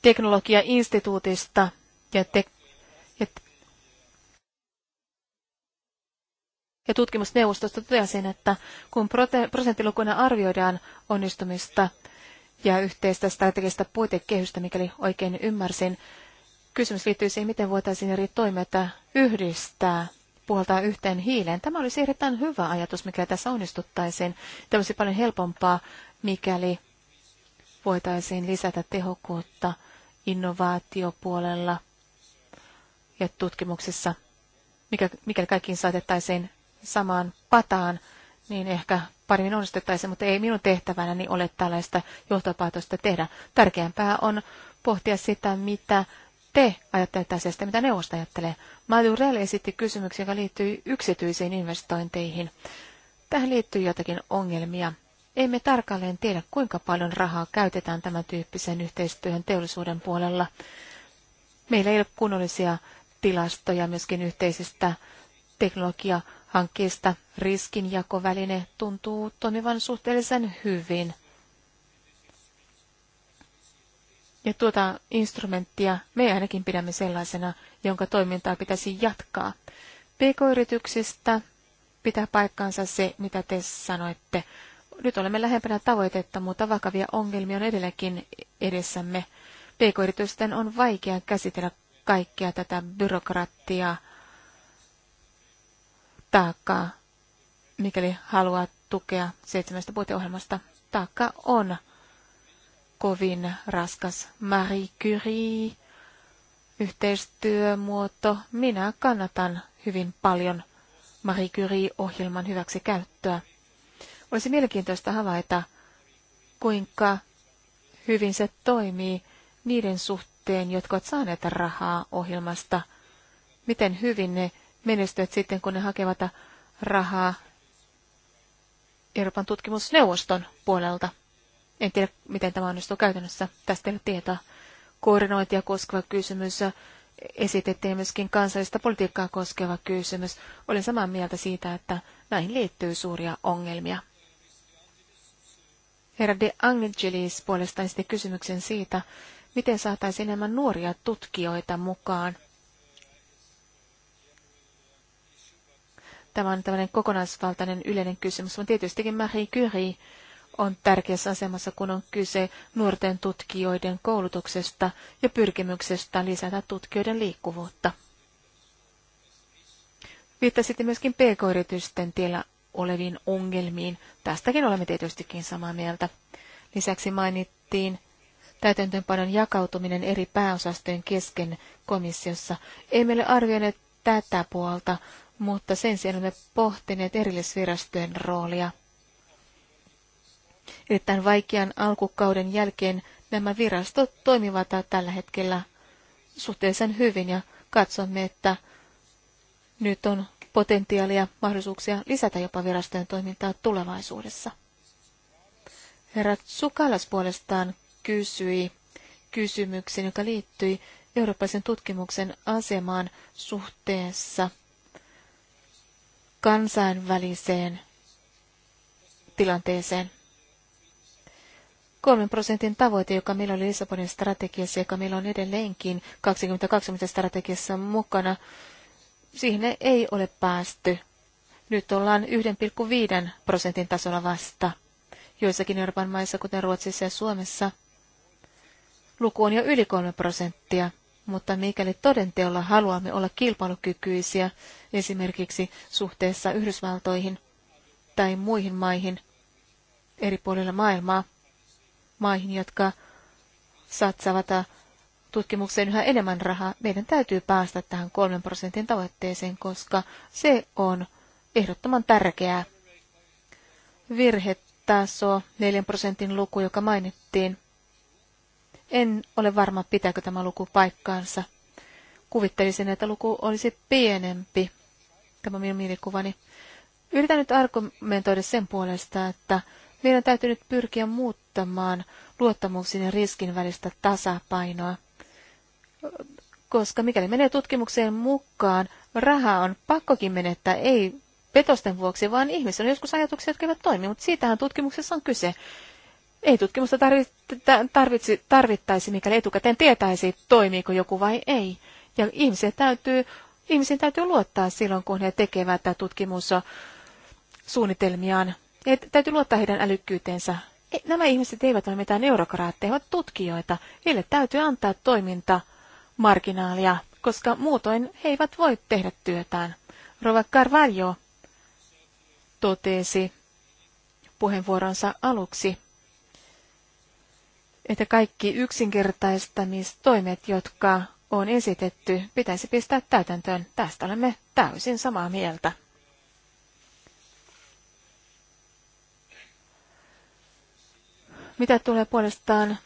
Speaker 2: teknologiainstituutista ja, te- ja, ja tutkimusneuvostosta totesin, että kun prosenttilukuna arvioidaan onnistumista ja yhteistä strategista puitekehystä, mikäli oikein ymmärsin, kysymys liittyy siihen, miten voitaisiin eri toimijoita yhdistää puhaltaa yhteen hiileen. Tämä olisi erittäin hyvä ajatus, mikä tässä onnistuttaisiin. Tämä olisi paljon helpompaa, mikäli voitaisiin lisätä tehokkuutta innovaatiopuolella ja tutkimuksessa. Mikä, mikäli kaikkiin saatettaisiin samaan pataan, niin ehkä paremmin onnistettaisiin, mutta ei minun tehtävänäni ole tällaista johtopäätöstä tehdä. Tärkeämpää on pohtia sitä, mitä te ajattelette asiasta, mitä neuvosto ajattelee. Madurell esitti kysymyksiä, joka liittyy yksityisiin investointeihin. Tähän liittyy jotakin ongelmia. Emme tarkalleen tiedä, kuinka paljon rahaa käytetään tämän tyyppiseen yhteistyöhön teollisuuden puolella. Meillä ei ole kunnollisia tilastoja myöskin yhteisistä teknologiahankkeista. Riskinjakoväline tuntuu toimivan suhteellisen hyvin. Ja tuota instrumenttia me ainakin pidämme sellaisena, jonka toimintaa pitäisi jatkaa. PK-yrityksistä pitää paikkaansa se, mitä te sanoitte. Nyt olemme lähempänä tavoitetta, mutta vakavia ongelmia on edelläkin edessämme. PK-yritysten on vaikea käsitellä kaikkea tätä byrokratiaa, taakkaa, mikäli haluaa tukea seitsemästä ohjelmasta. Taakka on kovin raskas. Marie Curie, yhteistyömuoto. Minä kannatan hyvin paljon Marie Curie-ohjelman hyväksi käyttöä. Olisi mielenkiintoista havaita, kuinka hyvin se toimii niiden suhteen, jotka ovat saaneet rahaa ohjelmasta. Miten hyvin ne menestyvät sitten, kun ne hakevat rahaa Euroopan tutkimusneuvoston puolelta. En tiedä, miten tämä onnistuu käytännössä. Tästä ei ole tietoa. Koordinointia koskeva kysymys esitettiin myöskin kansallista politiikkaa koskeva kysymys. Olen samaa mieltä siitä, että näihin liittyy suuria ongelmia. Herra De Angelis puolestaan esitti kysymyksen siitä, miten saataisiin enemmän nuoria tutkijoita mukaan. Tämä on tämmöinen kokonaisvaltainen yleinen kysymys, mutta tietystikin Marie Curie on tärkeässä asemassa, kun on kyse nuorten tutkijoiden koulutuksesta ja pyrkimyksestä lisätä tutkijoiden liikkuvuutta. Viittasitte myöskin pk-yritysten tila, oleviin ongelmiin. Tästäkin olemme tietystikin samaa mieltä. Lisäksi mainittiin täytäntöönpanon jakautuminen eri pääosastojen kesken komissiossa. Emme ole arvioineet tätä puolta, mutta sen sijaan olemme pohtineet erillisvirastojen roolia. tämän vaikean alkukauden jälkeen nämä virastot toimivat tällä hetkellä suhteellisen hyvin ja katsomme, että nyt on potentiaalia, mahdollisuuksia lisätä jopa virastojen toimintaa tulevaisuudessa. Herra Tsukalas puolestaan kysyi kysymyksen, joka liittyi eurooppalaisen tutkimuksen asemaan suhteessa kansainväliseen tilanteeseen. Kolmen prosentin tavoite, joka meillä oli Lissabonin strategiassa, joka meillä on edelleenkin 2020 strategiassa mukana, siihen ei ole päästy. Nyt ollaan 1,5 prosentin tasolla vasta. Joissakin Euroopan maissa, kuten Ruotsissa ja Suomessa, luku on jo yli 3 prosenttia. Mutta mikäli todenteolla haluamme olla kilpailukykyisiä esimerkiksi suhteessa Yhdysvaltoihin tai muihin maihin eri puolilla maailmaa, maihin, jotka satsavat tutkimukseen yhä enemmän rahaa. Meidän täytyy päästä tähän kolmen prosentin tavoitteeseen, koska se on ehdottoman tärkeää. Virhetaso, neljän prosentin luku, joka mainittiin. En ole varma, pitääkö tämä luku paikkaansa. Kuvittelisin, että luku olisi pienempi. Tämä on minun mielikuvani. Yritän nyt argumentoida sen puolesta, että meidän täytyy nyt pyrkiä muuttamaan luottamuksen ja riskin välistä tasapainoa koska mikäli menee tutkimukseen mukaan, rahaa on pakkokin menettää, ei petosten vuoksi, vaan ihmisen. on joskus ajatuksia, jotka eivät toimi, mutta siitähän tutkimuksessa on kyse. Ei tutkimusta tarvitsi, tarvittaisi, mikäli etukäteen tietäisi, toimiiko joku vai ei. Ja ihmisiä täytyy, ihmisiin täytyy luottaa silloin, kun he tekevät tutkimussuunnitelmiaan. Ja täytyy luottaa heidän älykkyytensä. Nämä ihmiset eivät ole mitään neurokraatteja, he ovat tutkijoita. Heille täytyy antaa toiminta marginaalia, koska muutoin he eivät voi tehdä työtään. Rova Carvalho totesi puheenvuoronsa aluksi, että kaikki yksinkertaistamistoimet, jotka on esitetty, pitäisi pistää täytäntöön. Tästä olemme täysin samaa mieltä. Mitä tulee puolestaan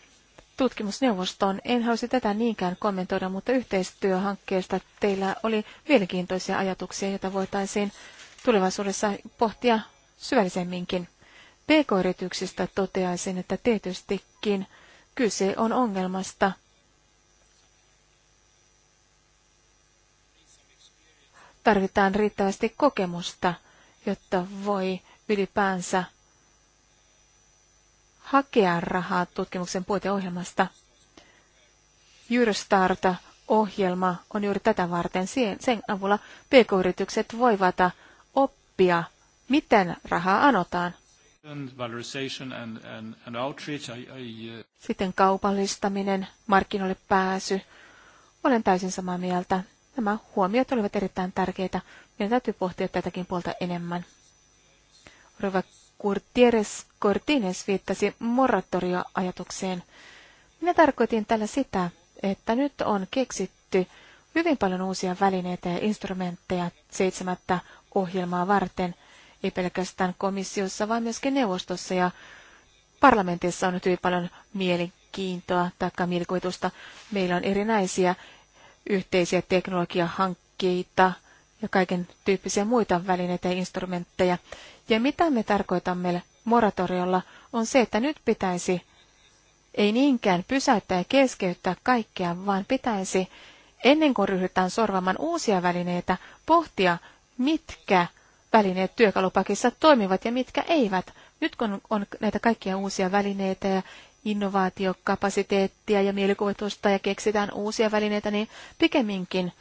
Speaker 2: tutkimusneuvostoon. En halusi tätä niinkään kommentoida, mutta yhteistyöhankkeesta teillä oli mielenkiintoisia ajatuksia, joita voitaisiin tulevaisuudessa pohtia syvällisemminkin. PK-yrityksistä toteaisin, että tietystikin kyse on ongelmasta. Tarvitaan riittävästi kokemusta, jotta voi ylipäänsä hakea rahaa tutkimuksen puiteohjelmasta. Jyrstarta-ohjelma on juuri tätä varten. Sen avulla pk-yritykset voivat oppia, miten rahaa anotaan. Uh, Sitten kaupallistaminen, markkinoille pääsy. Olen täysin samaa mieltä. Nämä huomiot olivat erittäin tärkeitä. Meidän täytyy pohtia tätäkin puolta enemmän. Rova Gutierrez Cortines viittasi moratorioajatukseen. Minä tarkoitin tällä sitä, että nyt on keksitty hyvin paljon uusia välineitä ja instrumentteja seitsemättä ohjelmaa varten, ei pelkästään komissiossa, vaan myöskin neuvostossa ja parlamentissa on nyt hyvin paljon mielenkiintoa tai mielikuvitusta. Meillä on erinäisiä yhteisiä teknologiahankkeita ja kaiken tyyppisiä muita välineitä ja instrumentteja, ja mitä me tarkoitamme moratoriolla on se, että nyt pitäisi ei niinkään pysäyttää ja keskeyttää kaikkea, vaan pitäisi ennen kuin ryhdytään sorvaamaan uusia välineitä, pohtia, mitkä välineet työkalupakissa toimivat ja mitkä eivät. Nyt kun on näitä kaikkia uusia välineitä ja innovaatiokapasiteettia ja mielikuvitusta ja keksitään uusia välineitä, niin pikemminkin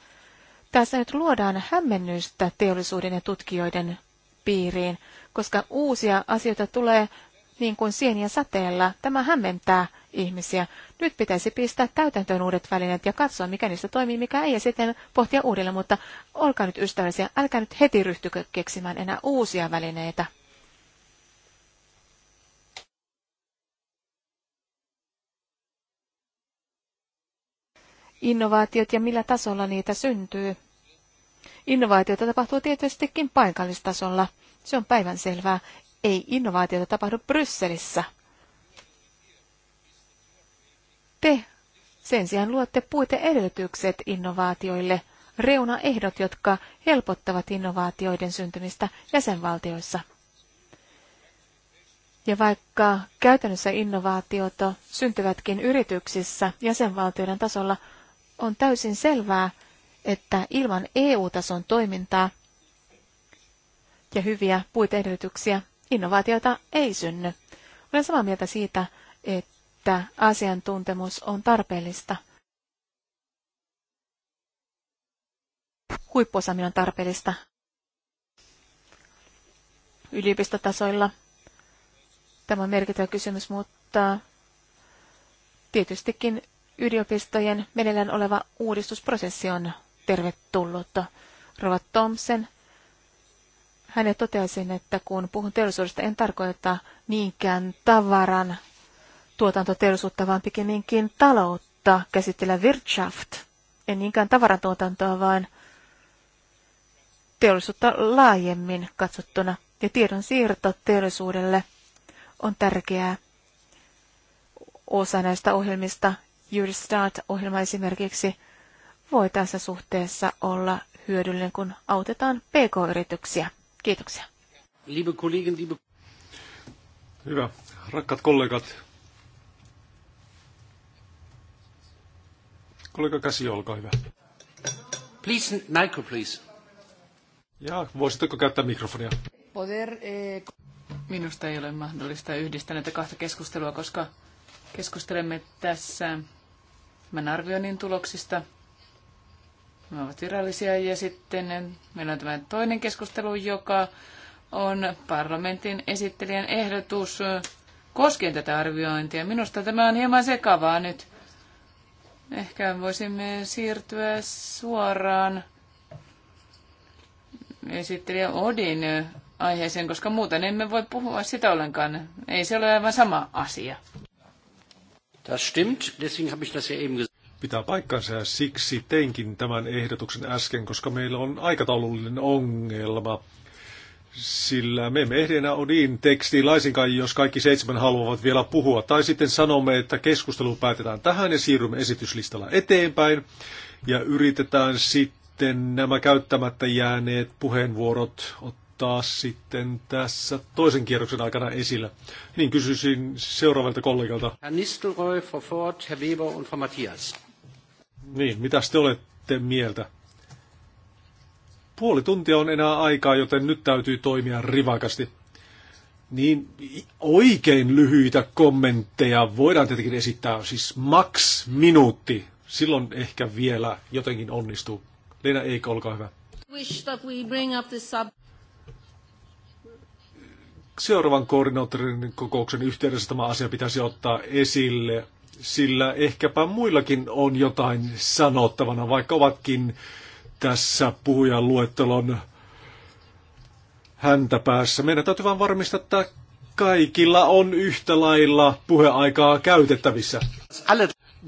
Speaker 2: tässä nyt luodaan hämmennystä teollisuuden ja tutkijoiden piiriin, koska uusia asioita tulee niin kuin sieniä sateella. Tämä hämmentää ihmisiä. Nyt pitäisi pistää täytäntöön uudet välineet ja katsoa, mikä niistä toimii, mikä ei, ja sitten pohtia uudelleen, mutta olkaa nyt ystävällisiä, älkää nyt heti ryhtykö keksimään enää uusia välineitä. Innovaatiot ja millä tasolla niitä syntyy. Innovaatiota tapahtuu tietystikin paikallistasolla. Se on päivänselvää. Ei innovaatiota tapahdu Brysselissä. Te sen sijaan luotte puiteedellytykset innovaatioille, reunaehdot, jotka helpottavat innovaatioiden syntymistä jäsenvaltioissa. Ja vaikka käytännössä innovaatiot syntyvätkin yrityksissä jäsenvaltioiden tasolla, on täysin selvää, että ilman EU-tason toimintaa ja hyviä puiteedellytyksiä innovaatioita ei synny. Olen samaa mieltä siitä, että asiantuntemus on tarpeellista. Huippuosaaminen on tarpeellista yliopistotasoilla. Tämä on merkittävä kysymys, mutta tietystikin yliopistojen meneillään oleva uudistusprosessi on tervetullut. Rova Thompson, toteaa sen, että kun puhun teollisuudesta, en tarkoita niinkään tavaran tuotantoteollisuutta, vaan pikemminkin taloutta käsitellä Wirtschaft. En niinkään tavaran tuotantoa vaan teollisuutta laajemmin katsottuna. Ja tiedon siirto teollisuudelle on tärkeää. Osa näistä ohjelmista, Your Start-ohjelma esimerkiksi, voi tässä suhteessa olla hyödyllinen, kun autetaan PK-yrityksiä. Kiitoksia.
Speaker 1: Liebe Kollegen, liebe... Hyvä. Rakkaat kollegat. Kollega Käsi, olkaa hyvä. Please, micro, please. Ja voisitteko käyttää mikrofonia?
Speaker 3: Poder, eh... Minusta ei ole mahdollista yhdistää näitä kahta keskustelua, koska keskustelemme tässä tämän arvioinnin tuloksista – me ovat virallisia. Ja sitten meillä on tämä toinen keskustelu, joka on parlamentin esittelijän ehdotus koskien tätä arviointia. Minusta tämä on hieman sekavaa nyt. Ehkä voisimme siirtyä suoraan esittelijä Odin aiheeseen, koska muuten emme voi puhua sitä ollenkaan. Ei se ole aivan sama asia.
Speaker 1: Das stimmt, deswegen habe ich das ja eben gesagt pitää paikkansa ja siksi teinkin tämän ehdotuksen äsken, koska meillä on aikataulullinen ongelma. Sillä me emme ehdi enää Odin tekstiin laisinkaan, jos kaikki seitsemän haluavat vielä puhua. Tai sitten sanomme, että keskustelu päätetään tähän ja siirrymme esityslistalla eteenpäin. Ja yritetään sitten nämä käyttämättä jääneet puheenvuorot ottaa sitten tässä toisen kierroksen aikana esillä. Niin kysyisin seuraavalta kollegalta. Herr Nistelrooy, Frau Ford, Herr Weber und Frau Matthias. Niin, mitä te olette mieltä? Puoli tuntia on enää aikaa, joten nyt täytyy toimia rivakasti. Niin oikein lyhyitä kommentteja voidaan tietenkin esittää, siis maks minuutti. Silloin ehkä vielä jotenkin onnistuu. Leena Eikö, olkaa hyvä. Seuraavan koordinaattorin kokouksen yhteydessä tämä asia pitäisi ottaa esille sillä ehkäpä muillakin on jotain sanottavana, vaikka ovatkin tässä puhujan luettelon häntä päässä. Meidän täytyy vain varmistaa, että kaikilla on yhtä lailla puheaikaa käytettävissä.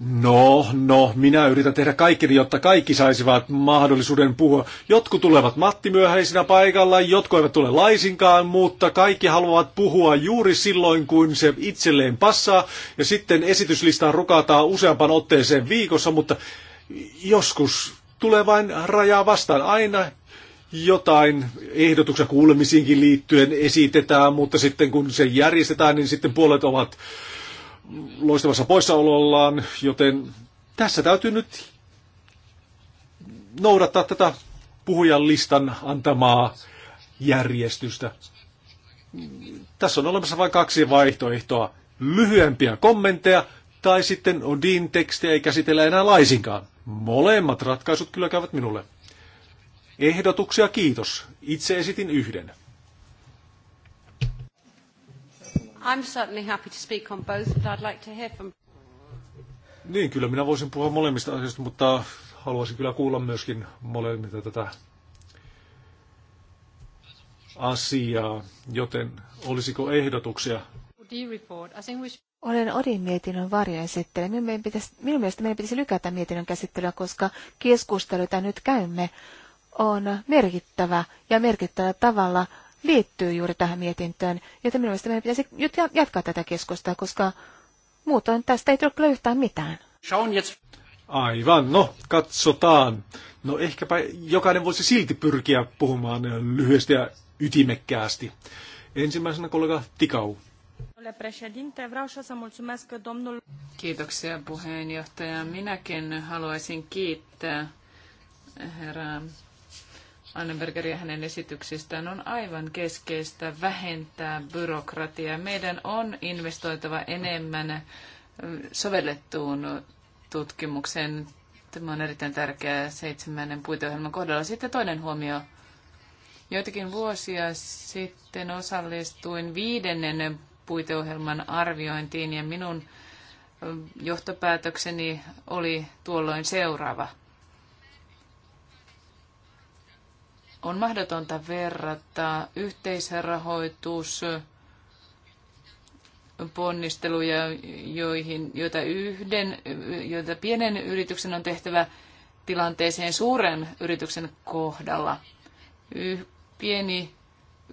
Speaker 1: No, no, minä yritän tehdä kaikkeni, jotta kaikki saisivat mahdollisuuden puhua. Jotkut tulevat Matti myöhäisinä paikalla, jotkut eivät tule laisinkaan, mutta kaikki haluavat puhua juuri silloin, kun se itselleen passaa. Ja sitten esityslistaa rukataan useampaan otteeseen viikossa, mutta joskus tulee vain rajaa vastaan. Aina jotain ehdotuksia kuulemisiinkin liittyen esitetään, mutta sitten kun se järjestetään, niin sitten puolet ovat loistavassa poissaolollaan, joten tässä täytyy nyt noudattaa tätä puhujan listan antamaa järjestystä. Tässä on olemassa vain kaksi vaihtoehtoa. Lyhyempiä kommentteja tai sitten Odin tekstiä ei käsitellä enää laisinkaan. Molemmat ratkaisut kyllä käyvät minulle. Ehdotuksia kiitos. Itse esitin yhden.
Speaker 2: I'm certainly happy to speak on both, but I'd
Speaker 1: like to hear from... Niin, kyllä minä voisin puhua molemmista asioista, mutta haluaisin kyllä kuulla myöskin molemmilta tätä asiaa, joten olisiko ehdotuksia?
Speaker 2: Olen Odin mietinnön varjoesittelijä. Minun, minun mielestä meidän pitäisi lykätä mietinnön käsittelyä, koska keskustelu, jota nyt käymme, on merkittävä ja merkittävä tavalla liittyy juuri tähän mietintöön, joten minun mielestäni meidän pitäisi jatkaa tätä keskustelua, koska muutoin tästä ei tule kyllä yhtään mitään.
Speaker 1: Aivan, no katsotaan. No ehkäpä jokainen voisi silti pyrkiä puhumaan lyhyesti ja ytimekkäästi. Ensimmäisenä kollega Tikau.
Speaker 3: Kiitoksia puheenjohtaja. Minäkin haluaisin kiittää herra ja hänen esityksistään, on aivan keskeistä vähentää byrokratiaa. Meidän on investoitava enemmän sovellettuun tutkimukseen. Tämä on erittäin tärkeää seitsemännen puiteohjelman kohdalla. Sitten toinen huomio. Joitakin vuosia sitten osallistuin viidennen puiteohjelman arviointiin ja minun johtopäätökseni oli tuolloin seuraava – On mahdotonta verrata yhteisrahoitus ponnisteluja, joihin, joita, yhden, joita pienen yrityksen on tehtävä tilanteeseen suuren yrityksen kohdalla. Yh, pieni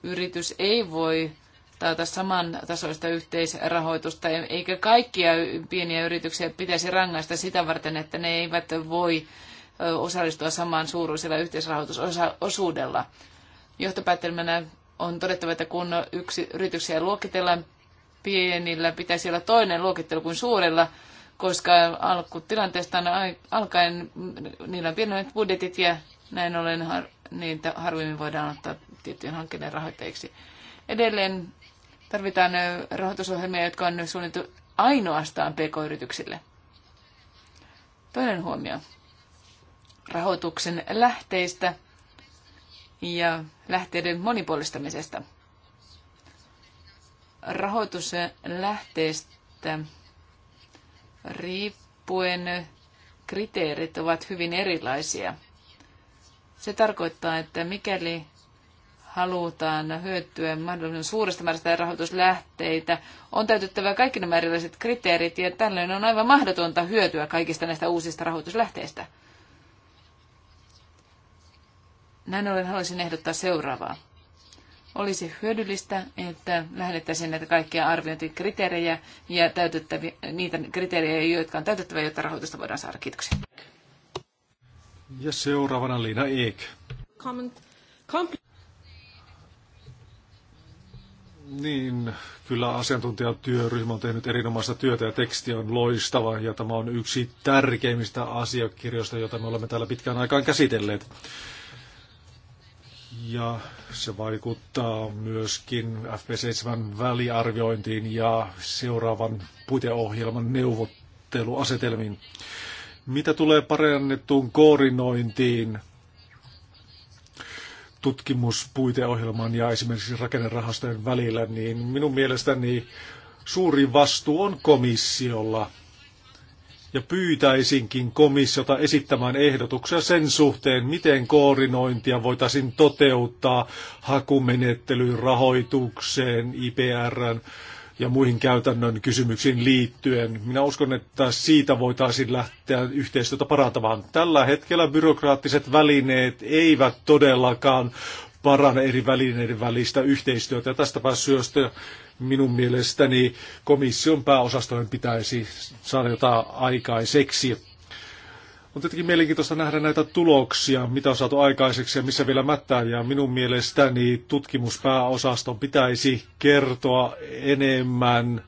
Speaker 3: yritys ei voi taata saman tasoista yhteisrahoitusta, e- eikä kaikkia pieniä yrityksiä pitäisi rangaista sitä varten, että ne eivät voi osallistua samaan suuruisella yhteisrahoitusosuudella. Johtopäätelmänä on todettava, että kun yksi yrityksiä luokitellaan pienillä, pitäisi olla toinen luokittelu kuin suurella, koska alkutilanteesta alkaen niillä on pienemmät budjetit ja näin ollen har, niitä harvemmin voidaan ottaa tiettyjen hankkeiden rahoitteiksi. Edelleen tarvitaan rahoitusohjelmia, jotka on suunniteltu ainoastaan pk-yrityksille. Toinen huomio rahoituksen lähteistä ja lähteiden monipuolistamisesta. lähteistä riippuen kriteerit ovat hyvin erilaisia. Se tarkoittaa, että mikäli halutaan hyötyä mahdollisimman suuresta määrästä rahoituslähteitä, on täytettävä kaikki nämä erilaiset kriteerit ja tällöin on aivan mahdotonta hyötyä kaikista näistä uusista rahoituslähteistä. Näin ollen haluaisin ehdottaa seuraavaa. Olisi hyödyllistä, että lähdettäisiin näitä kaikkia arviointikriteerejä ja niitä kriteerejä, jotka on täytettävä, jotta rahoitusta voidaan saada. Kiitoksia.
Speaker 1: Ja seuraavana Liina Eek. niin, kyllä asiantuntijatyöryhmä on tehnyt erinomaista työtä ja teksti on loistava ja tämä on yksi tärkeimmistä asiakirjoista, joita me olemme täällä pitkään aikaan käsitelleet. Ja se vaikuttaa myöskin FP7 väliarviointiin ja seuraavan puiteohjelman neuvotteluasetelmiin. Mitä tulee parannettuun koordinointiin tutkimuspuiteohjelman ja esimerkiksi rakennerahastojen välillä, niin minun mielestäni suuri vastuu on komissiolla – ja pyytäisinkin komissiota esittämään ehdotuksia sen suhteen, miten koordinointia voitaisiin toteuttaa hakumenettelyyn, rahoitukseen, IPRn ja muihin käytännön kysymyksiin liittyen. Minä uskon, että siitä voitaisiin lähteä yhteistyötä parantamaan. Tällä hetkellä byrokraattiset välineet eivät todellakaan Paran eri välineiden välistä yhteistyötä. Ja tästä syöstö minun mielestäni komission pääosastojen pitäisi saada jotain aikaiseksi. On tietenkin mielenkiintoista nähdä näitä tuloksia, mitä on saatu aikaiseksi ja missä vielä mättää. Ja minun mielestäni tutkimuspääosaston pitäisi kertoa enemmän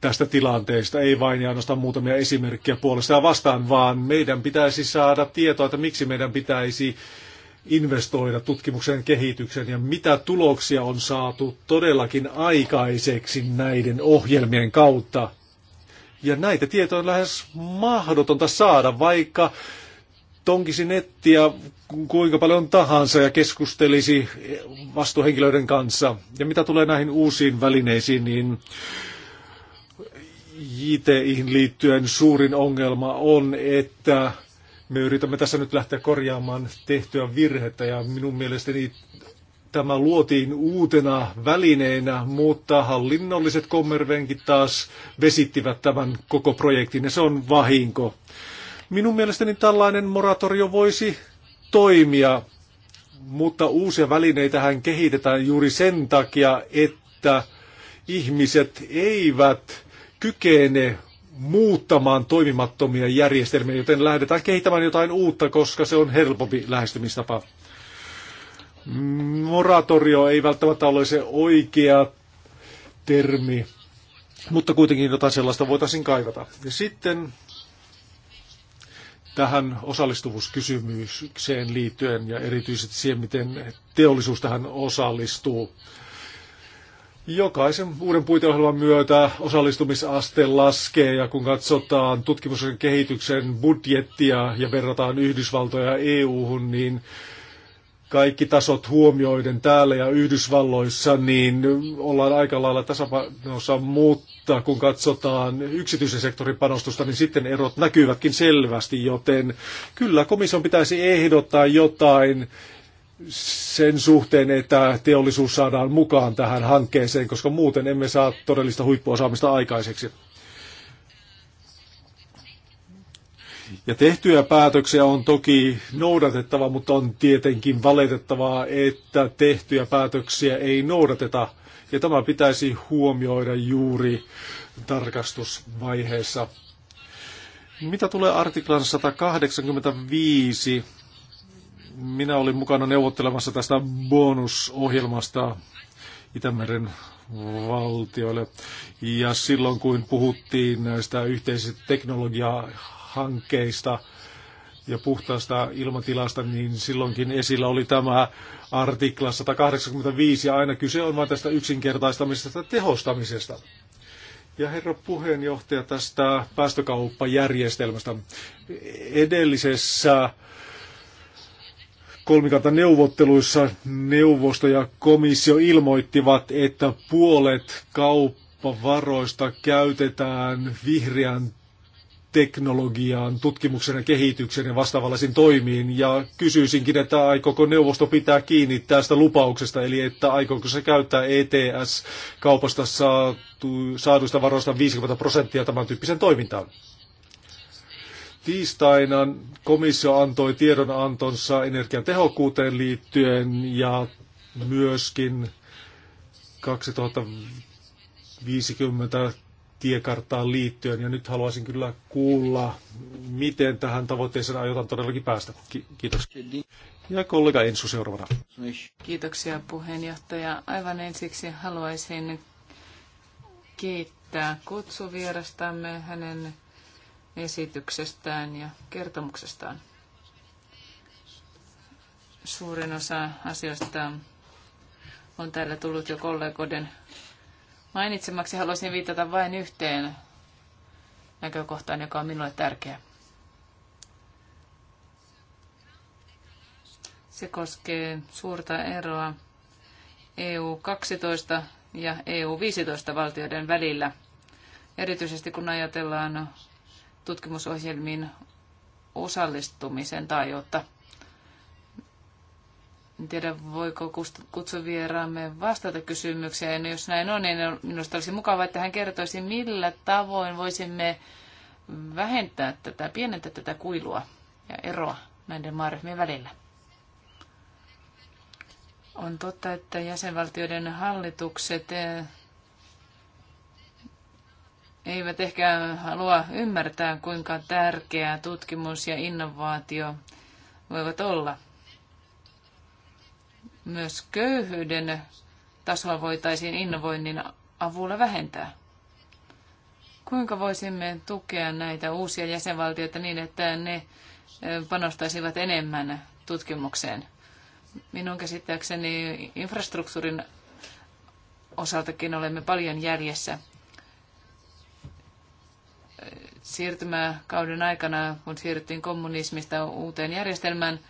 Speaker 1: tästä tilanteesta, ei vain ja ainoastaan muutamia esimerkkejä puolesta ja vastaan, vaan meidän pitäisi saada tietoa, että miksi meidän pitäisi investoida tutkimuksen kehitykseen ja mitä tuloksia on saatu todellakin aikaiseksi näiden ohjelmien kautta. Ja näitä tietoja on lähes mahdotonta saada, vaikka tonkisi nettiä kuinka paljon tahansa ja keskustelisi vastuuhenkilöiden kanssa. Ja mitä tulee näihin uusiin välineisiin, niin JTIhin liittyen suurin ongelma on, että me yritämme tässä nyt lähteä korjaamaan tehtyä virhettä ja minun mielestäni tämä luotiin uutena välineenä, mutta hallinnolliset kommervenkit taas vesittivät tämän koko projektin ja se on vahinko. Minun mielestäni tällainen moratorio voisi toimia, mutta uusia hän kehitetään juuri sen takia, että ihmiset eivät kykene muuttamaan toimimattomia järjestelmiä, joten lähdetään kehittämään jotain uutta, koska se on helpompi lähestymistapa. Moratorio ei välttämättä ole se oikea termi, mutta kuitenkin jotain sellaista voitaisiin kaivata. Ja sitten tähän osallistuvuuskysymykseen liittyen ja erityisesti siihen, miten teollisuus tähän osallistuu. Jokaisen uuden puiteohjelman myötä osallistumisaste laskee ja kun katsotaan tutkimuksen kehityksen budjettia ja verrataan Yhdysvaltoja EU-hun, niin kaikki tasot huomioiden täällä ja Yhdysvalloissa, niin ollaan aika lailla tasapainossa, mutta kun katsotaan yksityisen sektorin panostusta, niin sitten erot näkyvätkin selvästi, joten kyllä komission pitäisi ehdottaa jotain, sen suhteen, että teollisuus saadaan mukaan tähän hankkeeseen, koska muuten emme saa todellista huippuosaamista aikaiseksi. Ja tehtyjä päätöksiä on toki noudatettava, mutta on tietenkin valitettavaa, että tehtyjä päätöksiä ei noudateta. Ja tämä pitäisi huomioida juuri tarkastusvaiheessa. Mitä tulee artiklan 185 minä olin mukana neuvottelemassa tästä bonusohjelmasta Itämeren valtioille. Ja silloin kun puhuttiin näistä yhteisistä teknologiahankkeista ja puhtaasta ilmatilasta, niin silloinkin esillä oli tämä artikla 185 ja aina kyse on vain tästä yksinkertaistamisesta ja tehostamisesta. Ja herra puheenjohtaja tästä päästökauppajärjestelmästä. Edellisessä kolmikantaneuvotteluissa neuvosto ja komissio ilmoittivat, että puolet kauppavaroista käytetään vihreän teknologiaan, tutkimuksen ja kehityksen ja vastaavallisiin toimiin. Ja kysyisinkin, että aikooko neuvosto pitää kiinni tästä lupauksesta, eli että aikooko se käyttää ETS-kaupasta saatu, saaduista varoista 50 prosenttia tämän tyyppisen toimintaan. Tiistaina komissio antoi tiedonantonsa energian tehokkuuteen liittyen ja myöskin 2050 tiekarttaan liittyen. Ja nyt haluaisin kyllä kuulla, miten tähän tavoitteeseen aiotaan todellakin päästä. Kiitos. Ja kollega Ensu seuraavana.
Speaker 3: Kiitoksia puheenjohtaja. Aivan ensiksi haluaisin kiittää kutsuvierastamme hänen esityksestään ja kertomuksestaan. Suurin osa asioista on täällä tullut jo kollegoiden mainitsemaksi. Haluaisin viitata vain yhteen näkökohtaan, joka on minulle tärkeä. Se koskee suurta eroa EU 12 ja EU 15 valtioiden välillä, erityisesti kun ajatellaan tutkimusohjelmiin osallistumisen tai jotta en tiedä, voiko kutsuvieraamme vastata kysymykseen. Jos näin on, niin minusta olisi mukavaa, että hän kertoisi, millä tavoin voisimme vähentää tätä, pienentää tätä kuilua ja eroa näiden maaryhmien välillä. On totta, että jäsenvaltioiden hallitukset eh, eivät ehkä halua ymmärtää, kuinka tärkeää tutkimus ja innovaatio voivat olla. Myös köyhyyden tasoa voitaisiin innovoinnin avulla vähentää. Kuinka voisimme tukea näitä uusia jäsenvaltioita niin, että ne panostaisivat enemmän tutkimukseen? Minun käsittääkseni infrastruktuurin osaltakin olemme paljon jäljessä siirtymäkauden aikana, kun siirryttiin kommunismista uuteen järjestelmään,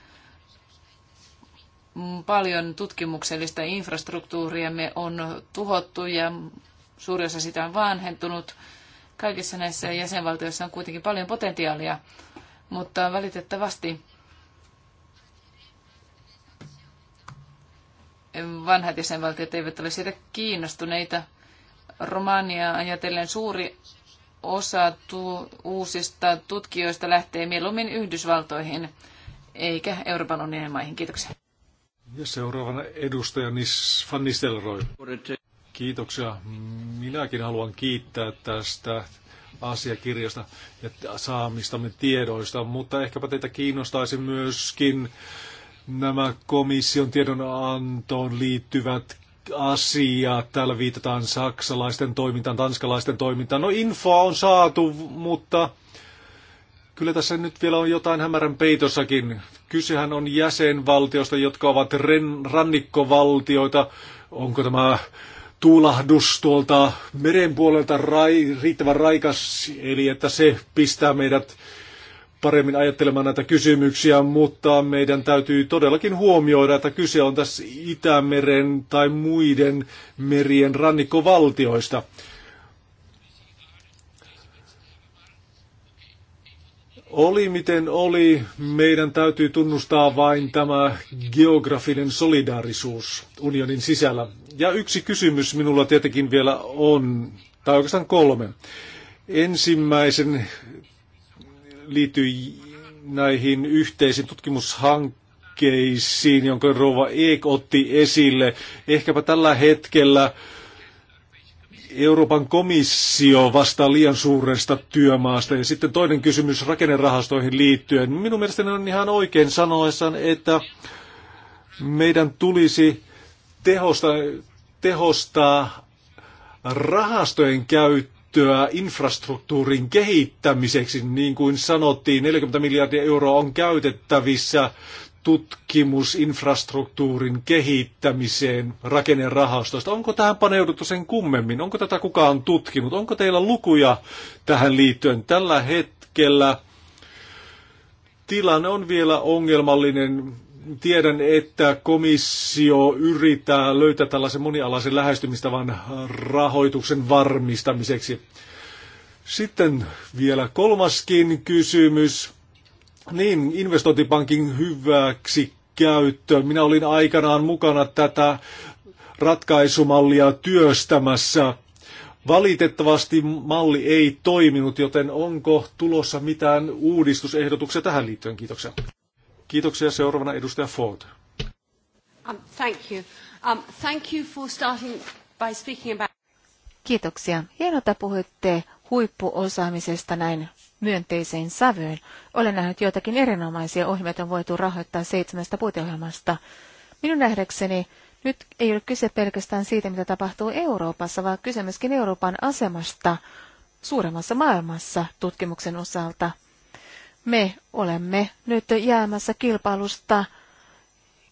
Speaker 3: paljon tutkimuksellista infrastruktuuriamme on tuhottu ja suuri osa sitä on vanhentunut. Kaikissa näissä jäsenvaltioissa on kuitenkin paljon potentiaalia, mutta valitettavasti vanhat jäsenvaltiot eivät ole siitä kiinnostuneita. Romania ajatellen suuri osa tu- uusista tutkijoista lähtee mieluummin Yhdysvaltoihin eikä Euroopan unionin maihin. Kiitoksia.
Speaker 1: Ja seuraavana edustaja Nis Van Nistelrooy. Kiitoksia. Minäkin haluan kiittää tästä asiakirjasta ja saamistamme tiedoista, mutta ehkäpä teitä kiinnostaisi myöskin nämä komission tiedonantoon liittyvät asiaa. Täällä viitataan saksalaisten toimintaan, tanskalaisten toimintaan. No infoa on saatu, mutta kyllä tässä nyt vielä on jotain hämärän peitossakin. Kysehän on jäsenvaltiosta, jotka ovat ren, rannikkovaltioita. Onko tämä tuulahdus tuolta meren puolelta rai, riittävän raikas, eli että se pistää meidät paremmin ajattelemaan näitä kysymyksiä, mutta meidän täytyy todellakin huomioida, että kyse on tässä Itämeren tai muiden merien rannikkovaltioista. Oli miten oli, meidän täytyy tunnustaa vain tämä geografinen solidaarisuus unionin sisällä. Ja yksi kysymys minulla tietenkin vielä on, tai oikeastaan kolme. Ensimmäisen liittyy näihin yhteisiin tutkimushankkeisiin, jonka Rova Eek otti esille. Ehkäpä tällä hetkellä Euroopan komissio vastaa liian suuresta työmaasta. Ja sitten toinen kysymys rakennerahastoihin liittyen. Minun mielestäni on ihan oikein sanoessaan, että meidän tulisi tehostaa, tehostaa rahastojen käyttöä käyttöä infrastruktuurin kehittämiseksi. Niin kuin sanottiin, 40 miljardia euroa on käytettävissä tutkimusinfrastruktuurin kehittämiseen rakennerahastosta. Onko tähän paneuduttu sen kummemmin? Onko tätä kukaan tutkinut? Onko teillä lukuja tähän liittyen? Tällä hetkellä tilanne on vielä ongelmallinen tiedän, että komissio yrittää löytää tällaisen monialaisen lähestymistavan rahoituksen varmistamiseksi. Sitten vielä kolmaskin kysymys. Niin, investointipankin hyväksi käyttö. Minä olin aikanaan mukana tätä ratkaisumallia työstämässä. Valitettavasti malli ei toiminut, joten onko tulossa mitään uudistusehdotuksia tähän liittyen? Kiitoksia. Kiitoksia. Seuraavana edustaja Ford.
Speaker 2: Um, thank you. Um, thank
Speaker 1: you for starting by speaking about...
Speaker 2: Kiitoksia. Hienota puhuitte huippuosaamisesta näin myönteiseen sävyyn. Olen nähnyt joitakin erinomaisia ohjelmia, on voitu rahoittaa seitsemästä puiteohjelmasta. Minun nähdäkseni nyt ei ole kyse pelkästään siitä, mitä tapahtuu Euroopassa, vaan kyse myöskin Euroopan asemasta suuremmassa maailmassa tutkimuksen osalta me olemme nyt jäämässä kilpailusta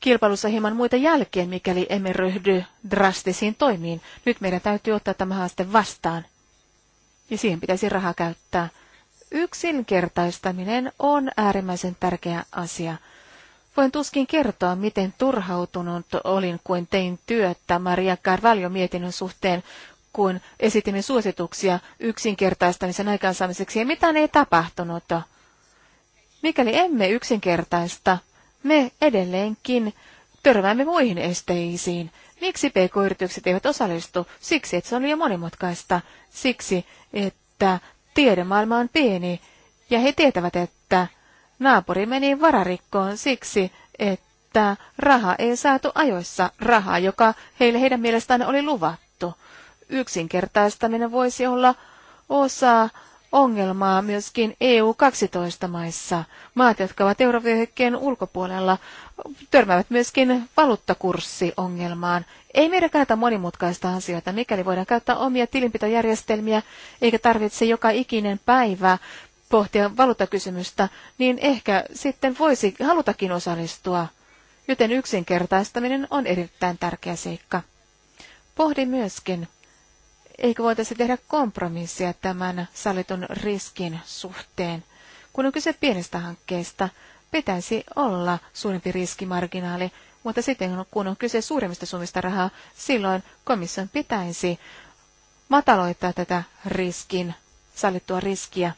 Speaker 2: kilpailussa hieman muita jälkeen, mikäli emme ryhdy drastisiin toimiin. Nyt meidän täytyy ottaa tämä haaste vastaan. Ja siihen pitäisi rahaa käyttää. Yksinkertaistaminen on äärimmäisen tärkeä asia. Voin tuskin kertoa, miten turhautunut olin, kun tein työtä Maria Carvalho mietinnön suhteen, kun esitimme suosituksia yksinkertaistamisen aikaansaamiseksi, ja mitään ei tapahtunut. Mikäli emme yksinkertaista, me edelleenkin törmäämme muihin esteisiin. Miksi pk-yritykset eivät osallistu? Siksi, että se on liian monimutkaista. Siksi, että tiedemaailma on pieni ja he tietävät, että naapuri meni vararikkoon siksi, että raha ei saatu ajoissa rahaa, joka heille heidän mielestään oli luvattu. Yksinkertaistaminen voisi olla osa ongelmaa myöskin EU-12 maissa. Maat, jotka ovat eurovyöhykkeen ulkopuolella, törmäävät myöskin valuuttakurssiongelmaan. Ei meidän kannata monimutkaista asioita, mikäli voidaan käyttää omia tilinpitojärjestelmiä, eikä tarvitse joka ikinen päivä pohtia valuuttakysymystä, niin ehkä sitten voisi halutakin osallistua. Joten yksinkertaistaminen on erittäin tärkeä seikka. Pohdin myöskin, eikö voitaisi tehdä kompromissia tämän sallitun riskin suhteen? Kun on kyse pienestä hankkeesta, pitäisi olla suurempi riskimarginaali, mutta sitten kun on kyse suuremmista summista rahaa, silloin komission pitäisi mataloittaa tätä riskin, sallittua riskiä,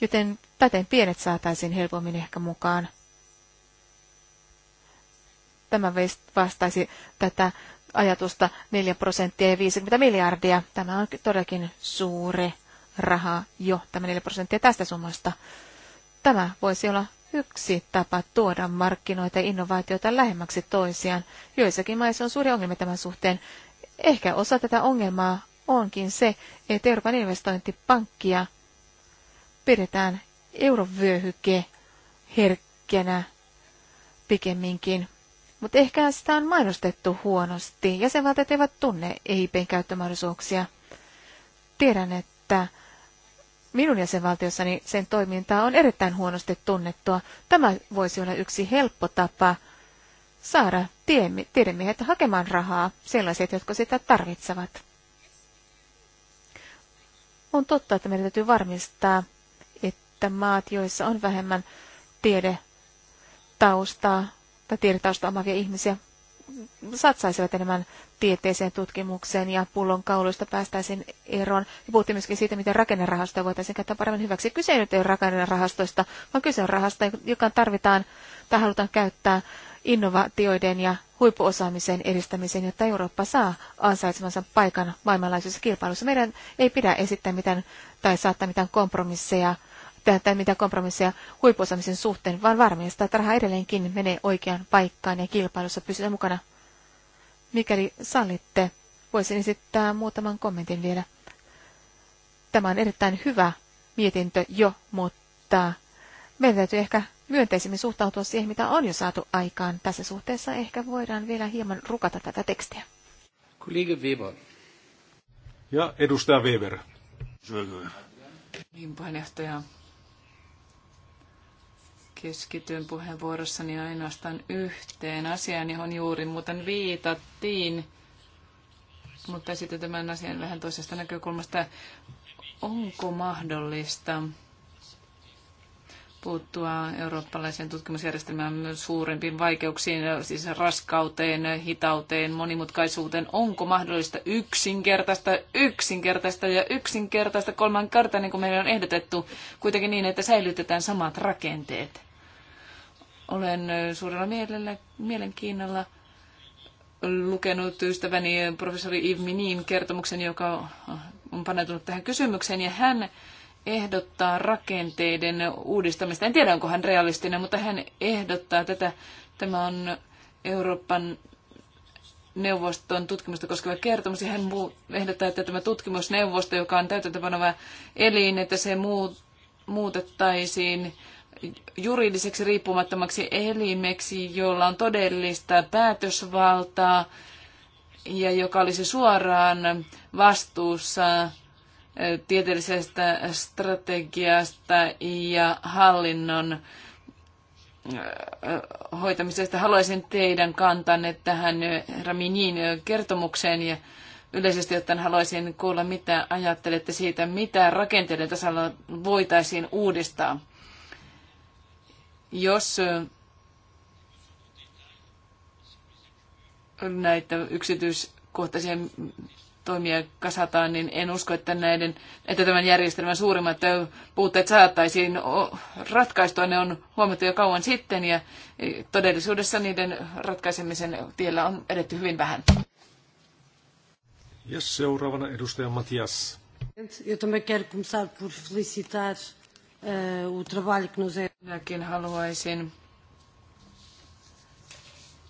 Speaker 2: joten täten pienet saataisiin helpommin ehkä mukaan. Tämä vastaisi tätä ajatusta 4 prosenttia ja 50 miljardia. Tämä on todellakin suuri raha jo, tämä 4 prosenttia tästä summasta. Tämä voisi olla yksi tapa tuoda markkinoita ja innovaatioita lähemmäksi toisiaan. Joissakin maissa on suuri ongelma tämän suhteen. Ehkä osa tätä ongelmaa onkin se, että Euroopan investointipankkia pidetään eurovyöhyke herkkänä pikemminkin mutta ehkä sitä on mainostettu huonosti. Jäsenvaltiot eivät tunne EIPn käyttömahdollisuuksia. Tiedän, että minun jäsenvaltiossani sen toimintaa on erittäin huonosti tunnettua. Tämä voisi olla yksi helppo tapa saada tiedemiehet hakemaan rahaa sellaiset, jotka sitä tarvitsevat. On totta, että meidän täytyy varmistaa, että maat, joissa on vähemmän tiede taustaa, tiedetausta omavia ihmisiä satsaisivat enemmän tieteeseen tutkimukseen ja pullonkauloista päästäisiin eroon. Ja puhuttiin myöskin siitä, miten rakennerahastoja voitaisiin käyttää paremmin hyväksi. Kyse ei nyt ole rakennerahastoista, vaan kyse on rahasta, joka tarvitaan tai halutaan käyttää innovaatioiden ja huippuosaamisen edistämiseen, jotta Eurooppa saa ansaitsemansa paikan maailmanlaajuisessa kilpailussa. Meidän ei pidä esittää mitään tai saattaa mitään kompromisseja tehdä mitä kompromisseja huippuosaamisen suhteen, vaan varmistaa, että raha edelleenkin menee oikeaan paikkaan ja kilpailussa pysytään mukana. Mikäli sallitte, voisin esittää muutaman kommentin vielä. Tämä on erittäin hyvä mietintö jo, mutta meidän täytyy ehkä myönteisemmin suhtautua siihen, mitä on jo saatu aikaan. Tässä suhteessa ehkä voidaan vielä hieman rukata tätä tekstiä.
Speaker 1: Kollega Weber. Ja edustaja Weber.
Speaker 3: Niin puheenjohtaja, keskityn puheenvuorossani ainoastaan yhteen asiaan, johon juuri muuten viitattiin, mutta sitten tämän asian vähän toisesta näkökulmasta. Onko mahdollista puuttua eurooppalaisen tutkimusjärjestelmään suurempiin vaikeuksiin, siis raskauteen, hitauteen, monimutkaisuuteen. Onko mahdollista yksinkertaista, yksinkertaista ja yksinkertaista kolman kertaa, niin kuin meillä on ehdotettu, kuitenkin niin, että säilytetään samat rakenteet? Olen suurella mielellä, mielenkiinnolla lukenut ystäväni professori Yves Minin kertomuksen, joka on paneutunut tähän kysymykseen, ja hän ehdottaa rakenteiden uudistamista. En tiedä, onko hän realistinen, mutta hän ehdottaa tätä. Tämä on Euroopan neuvoston tutkimusta koskeva kertomus, ja hän ehdottaa, että tämä tutkimusneuvosto, joka on täytäntöpanova elin, että se muutettaisiin juridiseksi riippumattomaksi elimeksi, jolla on todellista päätösvaltaa ja joka olisi suoraan vastuussa tieteellisestä strategiasta ja hallinnon hoitamisesta. Haluaisin teidän kantanne tähän Raminin kertomukseen ja yleisesti ottaen haluaisin kuulla, mitä ajattelette siitä, mitä rakenteiden tasalla voitaisiin uudistaa. Jos näitä yksityiskohtaisia toimia kasataan, niin en usko, että, näiden, että tämän järjestelmän suurimmat puutteet saataisiin ratkaistua. Ne on huomattu jo kauan sitten ja todellisuudessa niiden ratkaisemisen tiellä on edetty hyvin vähän.
Speaker 1: Ja seuraavana edustaja Matias.
Speaker 3: Eu também quero começar por felicitar Eh, o trabalho que nos é... Minäkin haluaisin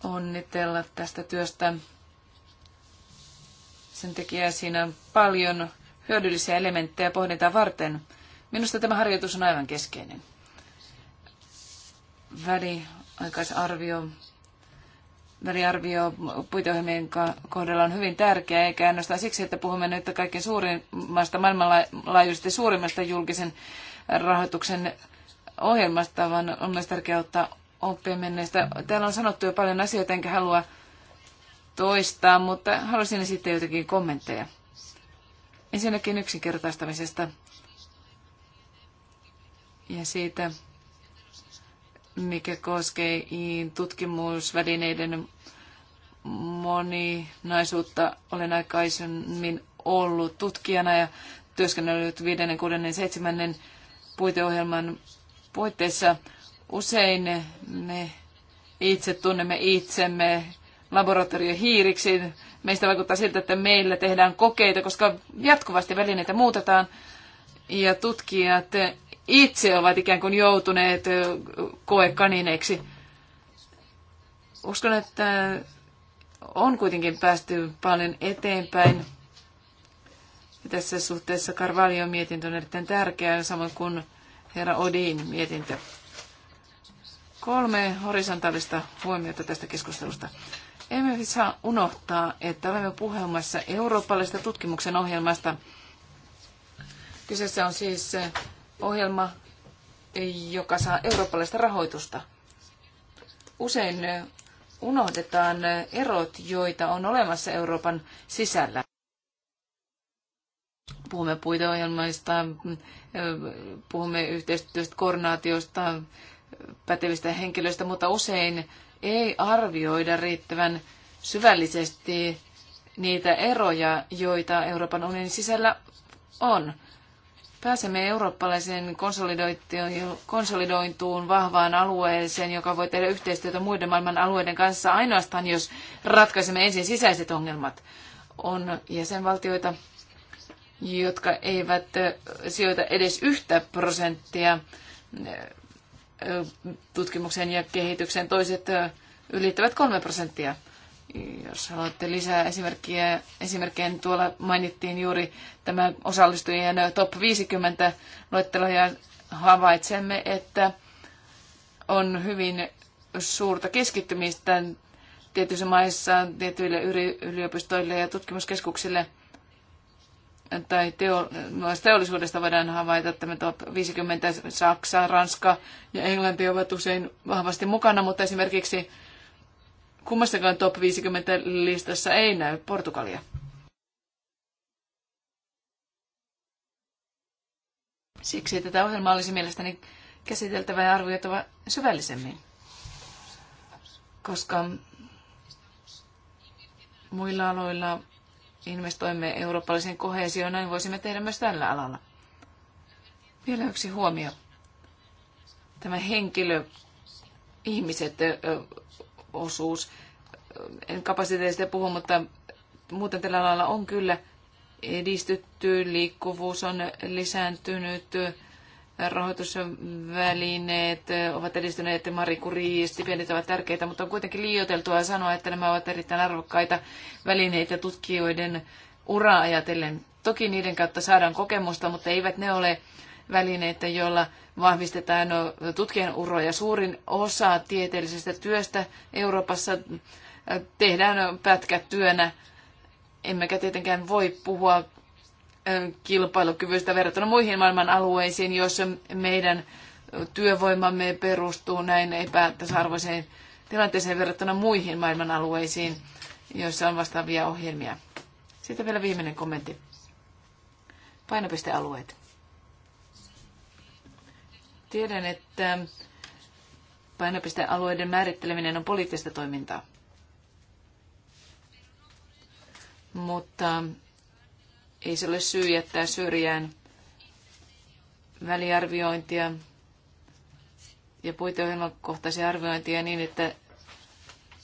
Speaker 3: onnitella tästä työstä. Sen tekijää siinä paljon hyödyllisiä elementtejä pohdintaa varten. Minusta tämä harjoitus on aivan keskeinen. Väliaikaisarvio, väliarvio puiteohjelmien kohdalla on hyvin tärkeä, eikä ainoastaan siksi, että puhumme nyt kaikkein suurimmasta, maailmanlaajuisesti suurimmasta julkisen rahoituksen ohjelmasta, vaan on myös tärkeää ottaa oppia menneistä. Täällä on sanottu jo paljon asioita, enkä halua toistaa, mutta haluaisin esittää jotakin kommentteja. Ensinnäkin yksinkertaistamisesta ja siitä, mikä koskee tutkimusvälineiden moninaisuutta. Olen aikaisemmin ollut tutkijana ja työskennellyt viidennen, kuudennen, seitsemännen puiteohjelman puitteissa usein me itse tunnemme itsemme laboratoriohiiriksi. Meistä vaikuttaa siltä, että meillä tehdään kokeita, koska jatkuvasti välineitä muutetaan ja tutkijat itse ovat ikään kuin joutuneet koekanineiksi. Uskon, että on kuitenkin päästy paljon eteenpäin tässä suhteessa Carvalion mietintö on erittäin tärkeä, samoin kuin herra Odin mietintö. Kolme horisontaalista huomiota tästä keskustelusta. Emme saa unohtaa, että olemme puhelmassa eurooppalaisesta tutkimuksen ohjelmasta. Kyseessä on siis ohjelma, joka saa eurooppalaista rahoitusta. Usein unohdetaan erot, joita on olemassa Euroopan sisällä. Puhumme puiteohjelmaista, puhumme yhteistyöstä, koordinaatiosta, pätevistä henkilöistä, mutta usein ei arvioida riittävän syvällisesti niitä eroja, joita Euroopan unionin sisällä on. Pääsemme eurooppalaisen konsolidointuun vahvaan alueeseen, joka voi tehdä yhteistyötä muiden maailman alueiden kanssa ainoastaan, jos ratkaisemme ensin sisäiset ongelmat. On jäsenvaltioita, jotka eivät sijoita edes yhtä prosenttia tutkimuksen ja kehityksen Toiset ylittävät kolme prosenttia. Jos haluatte lisää esimerkkiä, esimerkkejä, niin tuolla mainittiin juuri tämä osallistujien top 50 luettelo ja havaitsemme, että on hyvin suurta keskittymistä tietyissä maissa tietyille yliopistoille ja tutkimuskeskuksille – tai teo, teollisuudesta voidaan havaita, että me 50 Saksa, Ranska ja Englanti ovat usein vahvasti mukana, mutta esimerkiksi kummassakaan top 50 listassa ei näy Portugalia. Siksi tätä ohjelmaa olisi mielestäni käsiteltävä ja arvioitava syvällisemmin, koska muilla aloilla investoimme eurooppalaisen kohesioon, näin voisimme tehdä myös tällä alalla. Vielä yksi huomio. Tämä henkilö, ihmiset, osuus. En kapasiteetista puhu, mutta muuten tällä alalla on kyllä edistytty, liikkuvuus on lisääntynyt, rahoitusvälineet ovat edistyneet, Marie Curie-stipendit ovat tärkeitä, mutta on kuitenkin liioiteltua sanoa, että nämä ovat erittäin arvokkaita välineitä tutkijoiden uraa ajatellen. Toki niiden kautta saadaan kokemusta, mutta eivät ne ole välineitä, joilla vahvistetaan tutkijan uroja. Suurin osa tieteellisestä työstä Euroopassa tehdään pätkätyönä, emmekä tietenkään voi puhua kilpailukyvystä verrattuna muihin maailman alueisiin, joissa meidän työvoimamme perustuu näin epätasa-arvoiseen tilanteeseen verrattuna muihin maailman alueisiin, joissa on vastaavia ohjelmia. Sitten vielä viimeinen kommentti. Painopistealueet. Tiedän, että painopistealueiden määritteleminen on poliittista toimintaa. Mutta ei se ole syy jättää syrjään väliarviointia ja puiteohjelmakohtaisia arviointia niin, että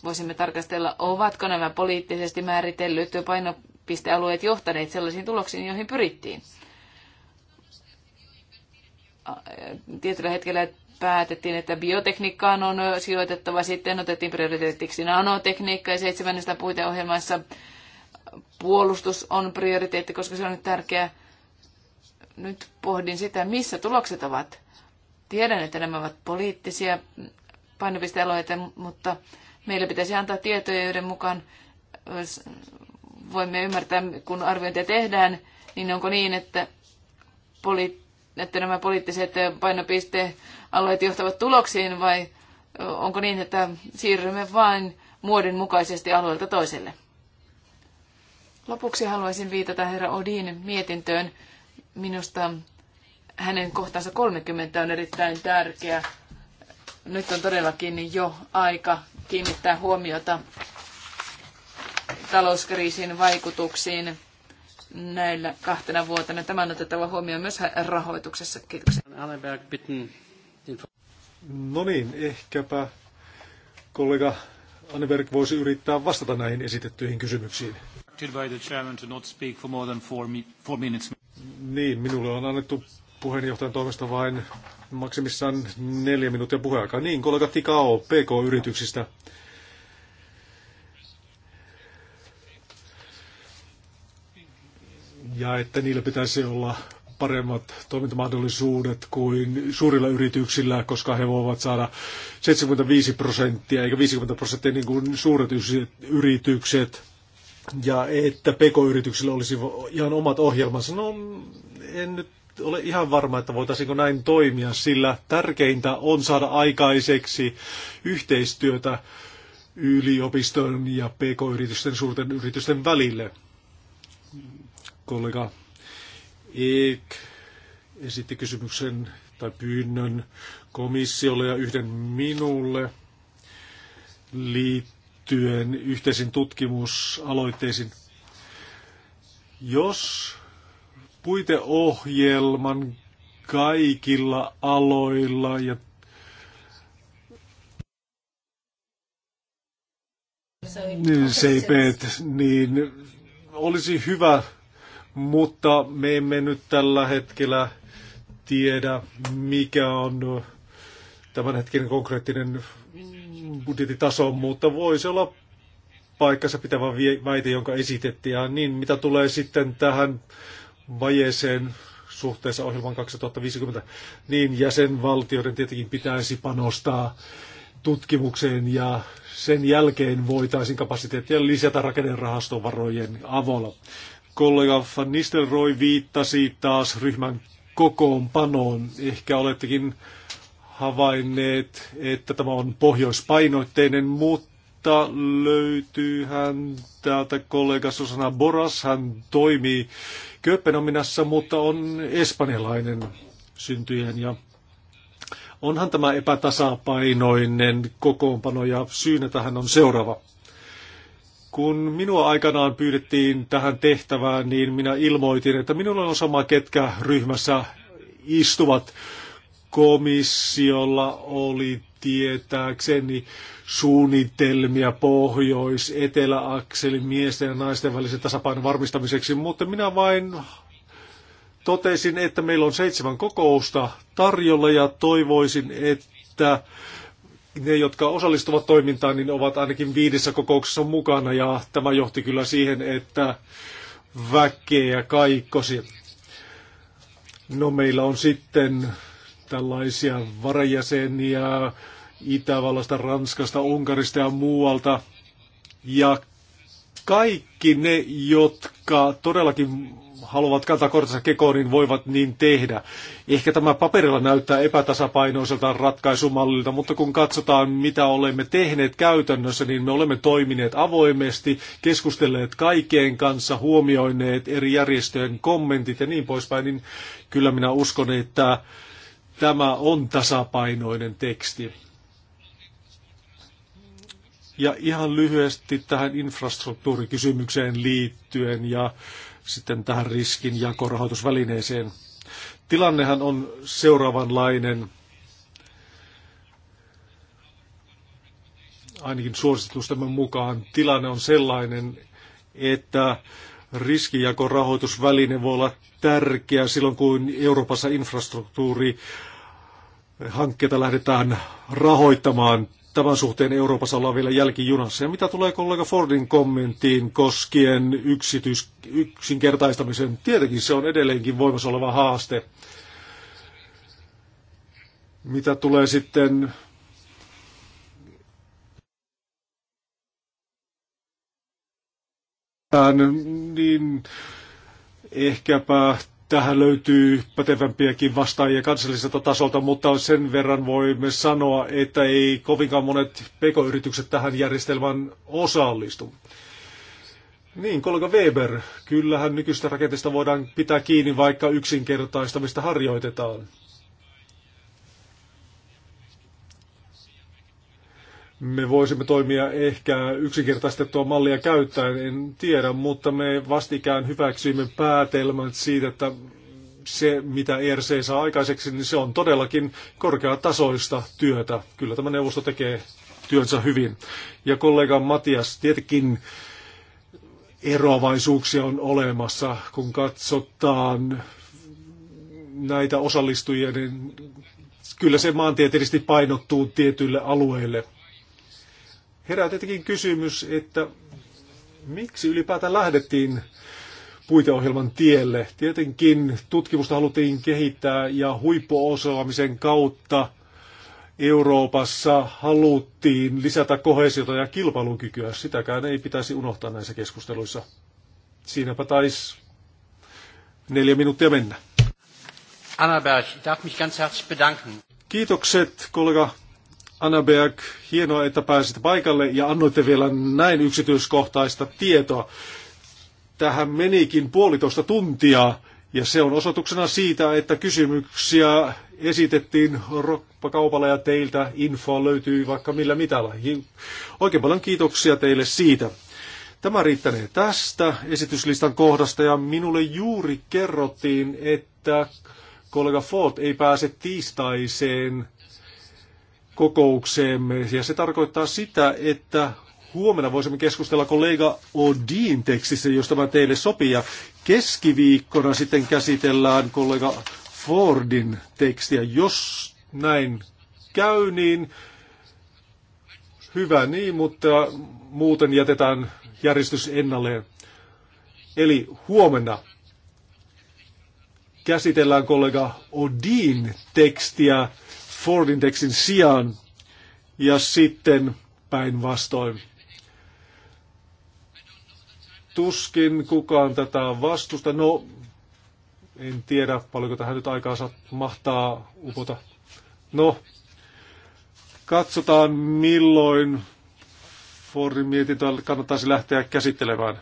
Speaker 3: voisimme tarkastella, ovatko nämä poliittisesti määritellyt painopistealueet johtaneet sellaisiin tuloksiin, joihin pyrittiin. Tietyllä hetkellä päätettiin, että biotekniikkaan on sijoitettava, sitten otettiin prioriteettiksi nanotekniikka ja seitsemännestä puiteohjelmassa puolustus on prioriteetti, koska se on nyt tärkeä. Nyt pohdin sitä, missä tulokset ovat. Tiedän, että nämä ovat poliittisia painopistealueita, mutta meillä pitäisi antaa tietoja, joiden mukaan voimme ymmärtää, kun arviointia tehdään, niin onko niin, että, poli- että nämä poliittiset painopistealueet johtavat tuloksiin vai onko niin, että siirrymme vain muodin mukaisesti alueelta toiselle? Lopuksi haluaisin viitata herra Odin mietintöön. Minusta hänen kohtansa 30 on erittäin tärkeä. Nyt on todellakin jo aika kiinnittää huomiota talouskriisin vaikutuksiin näillä kahtena vuotena. Tämä on otettava huomioon myös
Speaker 1: rahoituksessa. Kiitoksia. No niin, ehkäpä kollega Anneberg voisi yrittää vastata näihin esitettyihin kysymyksiin by the chairman to not speak for more than four minutes. Niin, minulle on annettu puheenjohtajan toimesta vain maksimissaan neljä minuuttia puheaikaa. Niin, kollega Tikao PK-yrityksistä. Ja että niillä pitäisi olla paremmat toimintamahdollisuudet kuin suurilla yrityksillä, koska he voivat saada 75 prosenttia eikä 50 prosenttia niin kuin suuret yritykset ja että PK-yrityksillä olisi ihan omat ohjelmansa. No, en nyt ole ihan varma, että voitaisiinko näin toimia, sillä tärkeintä on saada aikaiseksi yhteistyötä yliopiston ja PK-yritysten suurten yritysten välille. Kollega Eek esitti kysymyksen tai pyynnön komissiolle ja yhden minulle liittyen liittyen yhteisiin tutkimusaloitteisiin. Jos puiteohjelman kaikilla aloilla ja niin, CP, niin olisi hyvä, mutta me emme nyt tällä hetkellä tiedä, mikä on tämän hetken konkreettinen budjettitason, mutta voisi olla paikkansa pitävä väite, jonka esitettiin. Ja niin, mitä tulee sitten tähän vajeeseen suhteessa ohjelman 2050, niin jäsenvaltioiden tietenkin pitäisi panostaa tutkimukseen ja sen jälkeen voitaisiin kapasiteettia lisätä rakennerahastovarojen avulla. Kollega Van Nistelrooy viittasi taas ryhmän kokoonpanoon. Ehkä olettekin havainneet, että tämä on pohjoispainoitteinen, mutta löytyyhän täältä kollega Susana Boras, hän toimii Kööpenhaminassa, mutta on espanjalainen syntyjen ja onhan tämä epätasapainoinen kokoonpano ja syynä tähän on seuraava. Kun minua aikanaan pyydettiin tähän tehtävään, niin minä ilmoitin, että minulla on sama ketkä ryhmässä istuvat komissiolla oli tietääkseni suunnitelmia pohjois eteläakselin miesten ja naisten välisen tasapainon varmistamiseksi, mutta minä vain totesin, että meillä on seitsemän kokousta tarjolla ja toivoisin, että ne, jotka osallistuvat toimintaan, niin ovat ainakin viidessä kokouksessa mukana ja tämä johti kyllä siihen, että väkeä kaikkosi. No meillä on sitten tällaisia varajäseniä Itävallasta, Ranskasta, Unkarista ja muualta. Ja kaikki ne, jotka todellakin haluavat kantaa kortensa kekoon, niin voivat niin tehdä. Ehkä tämä paperilla näyttää epätasapainoiselta ratkaisumallilta, mutta kun katsotaan, mitä olemme tehneet käytännössä, niin me olemme toimineet avoimesti, keskustelleet kaikkien kanssa, huomioineet eri järjestöjen kommentit ja niin poispäin, niin kyllä minä uskon, että Tämä on tasapainoinen teksti. Ja ihan lyhyesti tähän infrastruktuurikysymykseen liittyen ja sitten tähän riskin jakorahoitusvälineeseen. Tilannehan on seuraavanlainen. Ainakin suositustemme mukaan tilanne on sellainen, että riskijakorahoitusväline voi olla tärkeä silloin, kun Euroopassa infrastruktuuri hankkeita lähdetään rahoittamaan. Tämän suhteen Euroopassa ollaan vielä jälkijunassa. Ja mitä tulee kollega Fordin kommenttiin koskien yksitys, yksinkertaistamisen, tietenkin se on edelleenkin voimassa oleva haaste. Mitä tulee sitten niin ehkäpä Tähän löytyy pätevämpiäkin vastaajia kansalliselta tasolta, mutta sen verran voimme sanoa, että ei kovinkaan monet pk-yritykset tähän järjestelmään osallistu. Niin, kollega Weber, kyllähän nykyistä rakenteesta voidaan pitää kiinni, vaikka yksinkertaistamista harjoitetaan. me voisimme toimia ehkä yksinkertaistettua mallia käyttäen, en tiedä, mutta me vastikään hyväksyimme päätelmät siitä, että se, mitä ERC saa aikaiseksi, niin se on todellakin korkeatasoista työtä. Kyllä tämä neuvosto tekee työnsä hyvin. Ja kollega Matias, tietenkin eroavaisuuksia on olemassa, kun katsotaan näitä osallistujia, niin kyllä se maantieteellisesti painottuu tietyille alueille – Herää tietenkin kysymys, että miksi ylipäätään lähdettiin puiteohjelman tielle. Tietenkin tutkimusta haluttiin kehittää ja huippuosaamisen kautta Euroopassa haluttiin lisätä kohesiota ja kilpailukykyä. Sitäkään ei pitäisi unohtaa näissä keskusteluissa. Siinäpä taisi neljä minuuttia mennä. Anna Berg, darf mich ganz herzlich bedanken. Kiitokset kollega Anna Berg, hienoa, että pääsitte paikalle ja annoitte vielä näin yksityiskohtaista tietoa. Tähän menikin puolitoista tuntia ja se on osoituksena siitä, että kysymyksiä esitettiin roppakaupalla ja teiltä infoa löytyy vaikka millä mitalla. Oikein paljon kiitoksia teille siitä. Tämä riittänee tästä esityslistan kohdasta ja minulle juuri kerrottiin, että kollega Ford ei pääse tiistaiseen kokoukseemme. Ja se tarkoittaa sitä, että huomenna voisimme keskustella kollega Odin tekstissä, jos tämä teille sopii. Ja keskiviikkona sitten käsitellään kollega Fordin tekstiä. Jos näin käy, niin hyvä niin, mutta muuten jätetään järjestys ennalleen. Eli huomenna käsitellään kollega Odin tekstiä Ford indeksin sijaan ja sitten päinvastoin. Tuskin kukaan tätä vastusta. No, en tiedä, paljonko tähän nyt aikaansa mahtaa upota. No, katsotaan milloin Fordin mietintöä kannattaisi lähteä käsittelemään.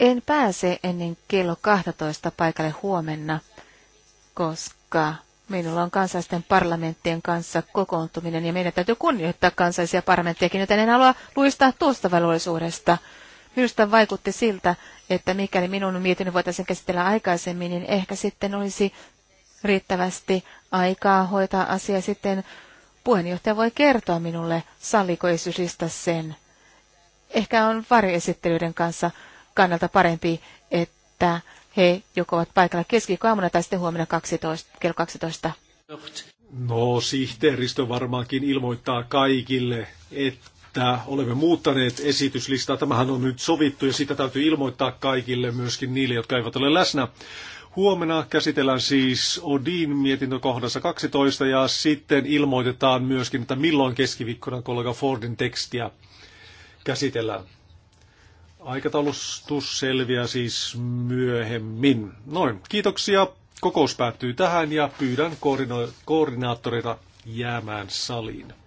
Speaker 2: En pääse ennen kello 12 paikalle huomenna, koska Minulla on kansallisten parlamenttien kanssa kokoontuminen ja meidän täytyy kunnioittaa kansallisia parlamenttejakin, joten en halua luistaa tuosta velvollisuudesta. Minusta vaikutti siltä, että mikäli minun mietinnön voitaisiin käsitellä aikaisemmin, niin ehkä sitten olisi riittävästi aikaa hoitaa asia sitten. Puheenjohtaja voi kertoa minulle, salliko esitystä sen. Ehkä on variesittelyiden kanssa kannalta parempi, että he joko ovat paikalla keskiaamuna tai sitten huomenna 12, kello 12.
Speaker 1: No, sihteeristö varmaankin ilmoittaa kaikille, että olemme muuttaneet esityslistaa. Tämähän on nyt sovittu ja sitä täytyy ilmoittaa kaikille, myöskin niille, jotka eivät ole läsnä. Huomenna käsitellään siis Odin mietintökohdassa 12 ja sitten ilmoitetaan myöskin, että milloin keskiviikkona kollega Fordin tekstiä käsitellään. Aikataulustus selviää siis myöhemmin. Noin, kiitoksia. Kokous päättyy tähän ja pyydän koordinaattorita jäämään saliin.